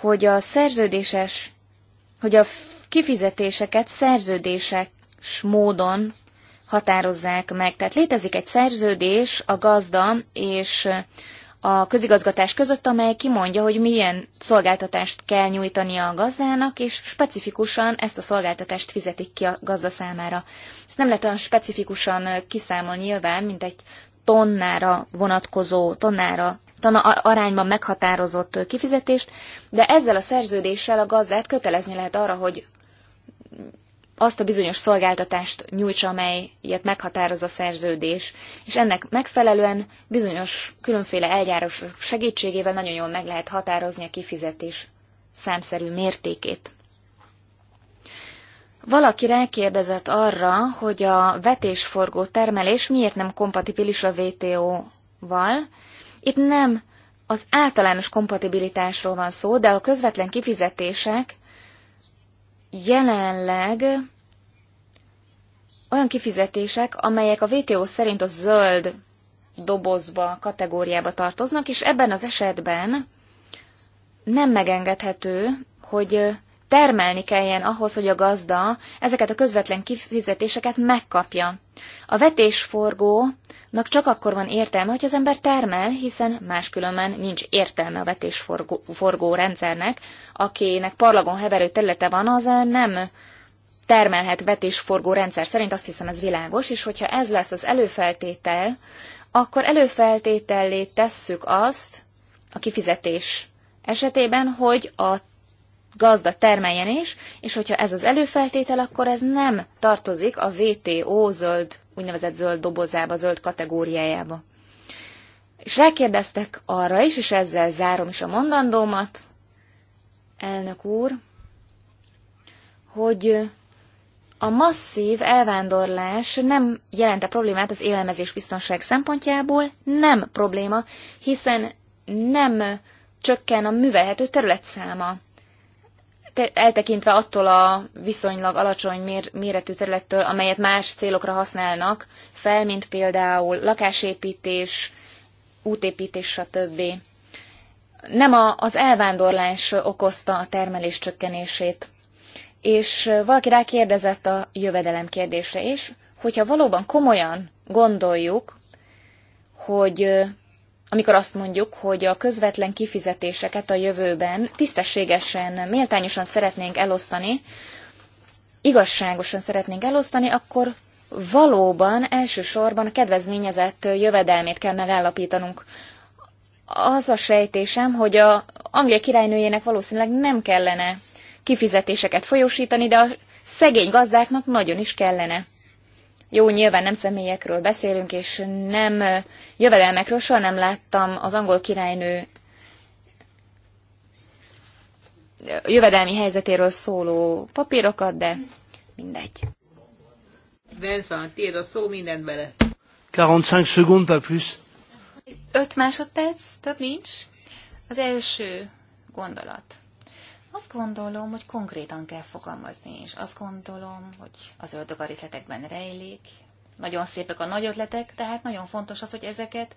hogy a szerződéses, hogy a kifizetéseket szerződéses módon határozzák meg. Tehát létezik egy szerződés a gazda és a közigazgatás között, amely kimondja, hogy milyen szolgáltatást kell nyújtania a gazdának, és specifikusan ezt a szolgáltatást fizetik ki a gazda számára. Ezt nem lehet olyan specifikusan kiszámolni nyilván, mint egy tonnára vonatkozó, tonnára tona arányban meghatározott kifizetést, de ezzel a szerződéssel a gazdát kötelezni lehet arra, hogy azt a bizonyos szolgáltatást nyújtsa, amelyet meghatároz a szerződés, és ennek megfelelően bizonyos különféle eljárás segítségével nagyon jól meg lehet határozni a kifizetés számszerű mértékét. Valaki rákérdezett arra, hogy a vetésforgó termelés miért nem kompatibilis a VTO-val. Itt nem az általános kompatibilitásról van szó, de a közvetlen kifizetések jelenleg olyan kifizetések, amelyek a VTO szerint a zöld dobozba, kategóriába tartoznak, és ebben az esetben nem megengedhető, hogy termelni kelljen ahhoz, hogy a gazda ezeket a közvetlen kifizetéseket megkapja. A vetésforgónak csak akkor van értelme, hogy az ember termel, hiszen máskülönben nincs értelme a vetésforgó forgó rendszernek. Akinek parlagon heverő területe van, az nem termelhet vetésforgó rendszer szerint, azt hiszem ez világos, és hogyha ez lesz az előfeltétel, akkor előfeltétellé tesszük azt a kifizetés esetében, hogy a gazda termeljen is, és hogyha ez az előfeltétel, akkor ez nem tartozik a VTO zöld, úgynevezett zöld dobozába, zöld kategóriájába. És rákérdeztek arra is, és ezzel zárom is a mondandómat, elnök úr, hogy a masszív elvándorlás nem jelente problémát az élelmezés biztonság szempontjából, nem probléma, hiszen nem csökken a művelhető terület száma eltekintve attól a viszonylag alacsony méretű területtől, amelyet más célokra használnak fel, mint például lakásépítés, útépítés, stb. Nem a, az elvándorlás okozta a termelés csökkenését. És valaki rákérdezett a jövedelem kérdése is, hogyha valóban komolyan gondoljuk, hogy amikor azt mondjuk, hogy a közvetlen kifizetéseket a jövőben tisztességesen, méltányosan szeretnénk elosztani, igazságosan szeretnénk elosztani, akkor valóban elsősorban a kedvezményezett jövedelmét kell megállapítanunk. Az a sejtésem, hogy a Anglia királynőjének valószínűleg nem kellene kifizetéseket folyósítani, de a szegény gazdáknak nagyon is kellene. Jó, nyilván nem személyekről beszélünk, és nem jövedelmekről soha nem láttam az angol királynő jövedelmi helyzetéről szóló papírokat, de mindegy. Vincent, tiéd a szó, mindent bele. 45 sekund, pas plus. 5 másodperc, több nincs. Az első gondolat. Azt gondolom, hogy konkrétan kell fogalmazni, és azt gondolom, hogy az ördög a részletekben rejlik. Nagyon szépek a nagy ötletek, tehát nagyon fontos az, hogy ezeket...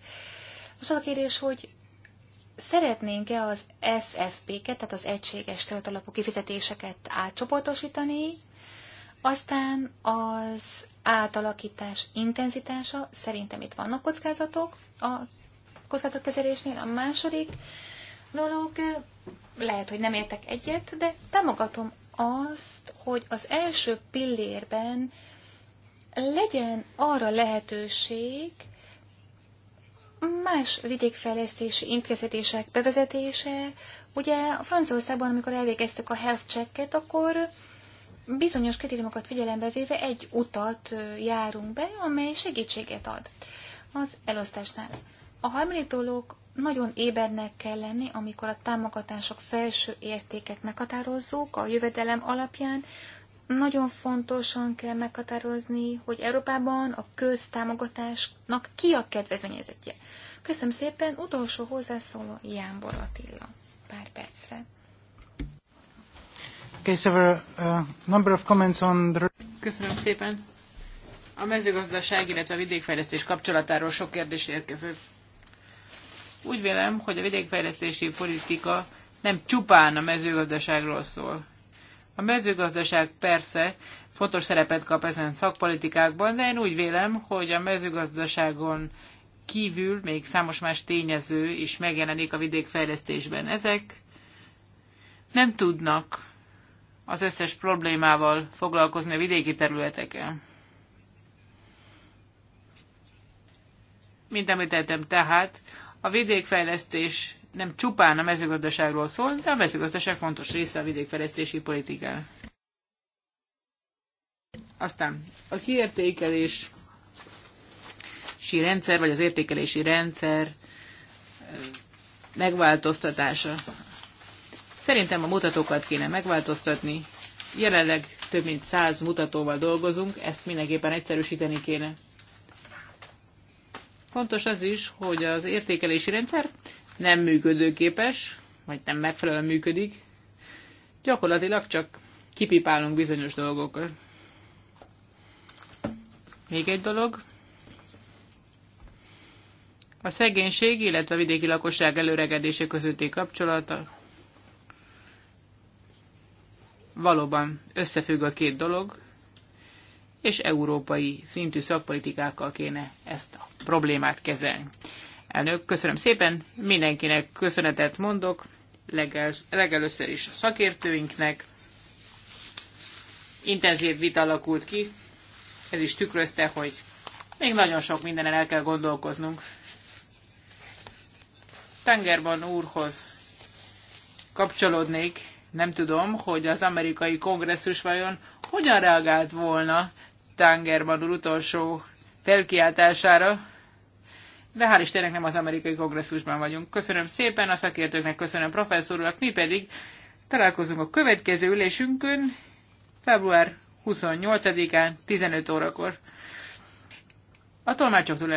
Most az a kérdés, hogy szeretnénk-e az SFP-ket, tehát az egységes töltalapú kifizetéseket átcsoportosítani, aztán az átalakítás intenzitása, szerintem itt vannak kockázatok a kockázatkezelésnél. A második dolog, lehet, hogy nem értek egyet, de támogatom azt, hogy az első pillérben legyen arra lehetőség, más vidékfejlesztési intézetések bevezetése. Ugye a Franciaországban, amikor elvégeztük a health check-et, akkor bizonyos kritériumokat figyelembe véve egy utat járunk be, amely segítséget ad az elosztásnál. A harmadik dolog nagyon ébernek kell lenni, amikor a támogatások felső értéket meghatározzuk a jövedelem alapján. Nagyon fontosan kell meghatározni, hogy Európában a köztámogatásnak ki a kedvezményezetje. Köszönöm szépen, utolsó hozzászóló Jánbor Attila. Pár percre. Uh, Köszönöm szépen. A mezőgazdaság, illetve a vidékfejlesztés kapcsolatáról sok kérdés érkezett úgy vélem, hogy a vidékfejlesztési politika nem csupán a mezőgazdaságról szól. A mezőgazdaság persze fontos szerepet kap ezen szakpolitikákban, de én úgy vélem, hogy a mezőgazdaságon kívül még számos más tényező is megjelenik a vidékfejlesztésben. Ezek nem tudnak az összes problémával foglalkozni a vidéki területeken. Mint említettem tehát, a vidékfejlesztés nem csupán a mezőgazdaságról szól, de a mezőgazdaság fontos része a vidékfejlesztési politikán. Aztán a kiértékelési rendszer, vagy az értékelési rendszer megváltoztatása. Szerintem a mutatókat kéne megváltoztatni. Jelenleg több mint száz mutatóval dolgozunk, ezt mindenképpen egyszerűsíteni kéne. Fontos az is, hogy az értékelési rendszer nem működőképes, vagy nem megfelelően működik. Gyakorlatilag csak kipipálunk bizonyos dolgokat. Még egy dolog. A szegénység, illetve a vidéki lakosság előregedése közötti kapcsolata. Valóban összefügg a két dolog és európai szintű szakpolitikákkal kéne ezt a problémát kezelni. Elnök, köszönöm szépen, mindenkinek köszönetet mondok, legel, legelőször is szakértőinknek. Intenzív vita alakult ki, ez is tükrözte, hogy még nagyon sok mindenen el kell gondolkoznunk. Tengerban úrhoz kapcsolódnék, nem tudom, hogy az amerikai kongresszus vajon hogyan reagált volna Tangerman úr utolsó felkiáltására, de hál' Istennek nem az amerikai kongresszusban vagyunk. Köszönöm szépen a szakértőknek, köszönöm professzorulak, mi pedig találkozunk a következő ülésünkön február 28-án 15 órakor. A tolmácsoktól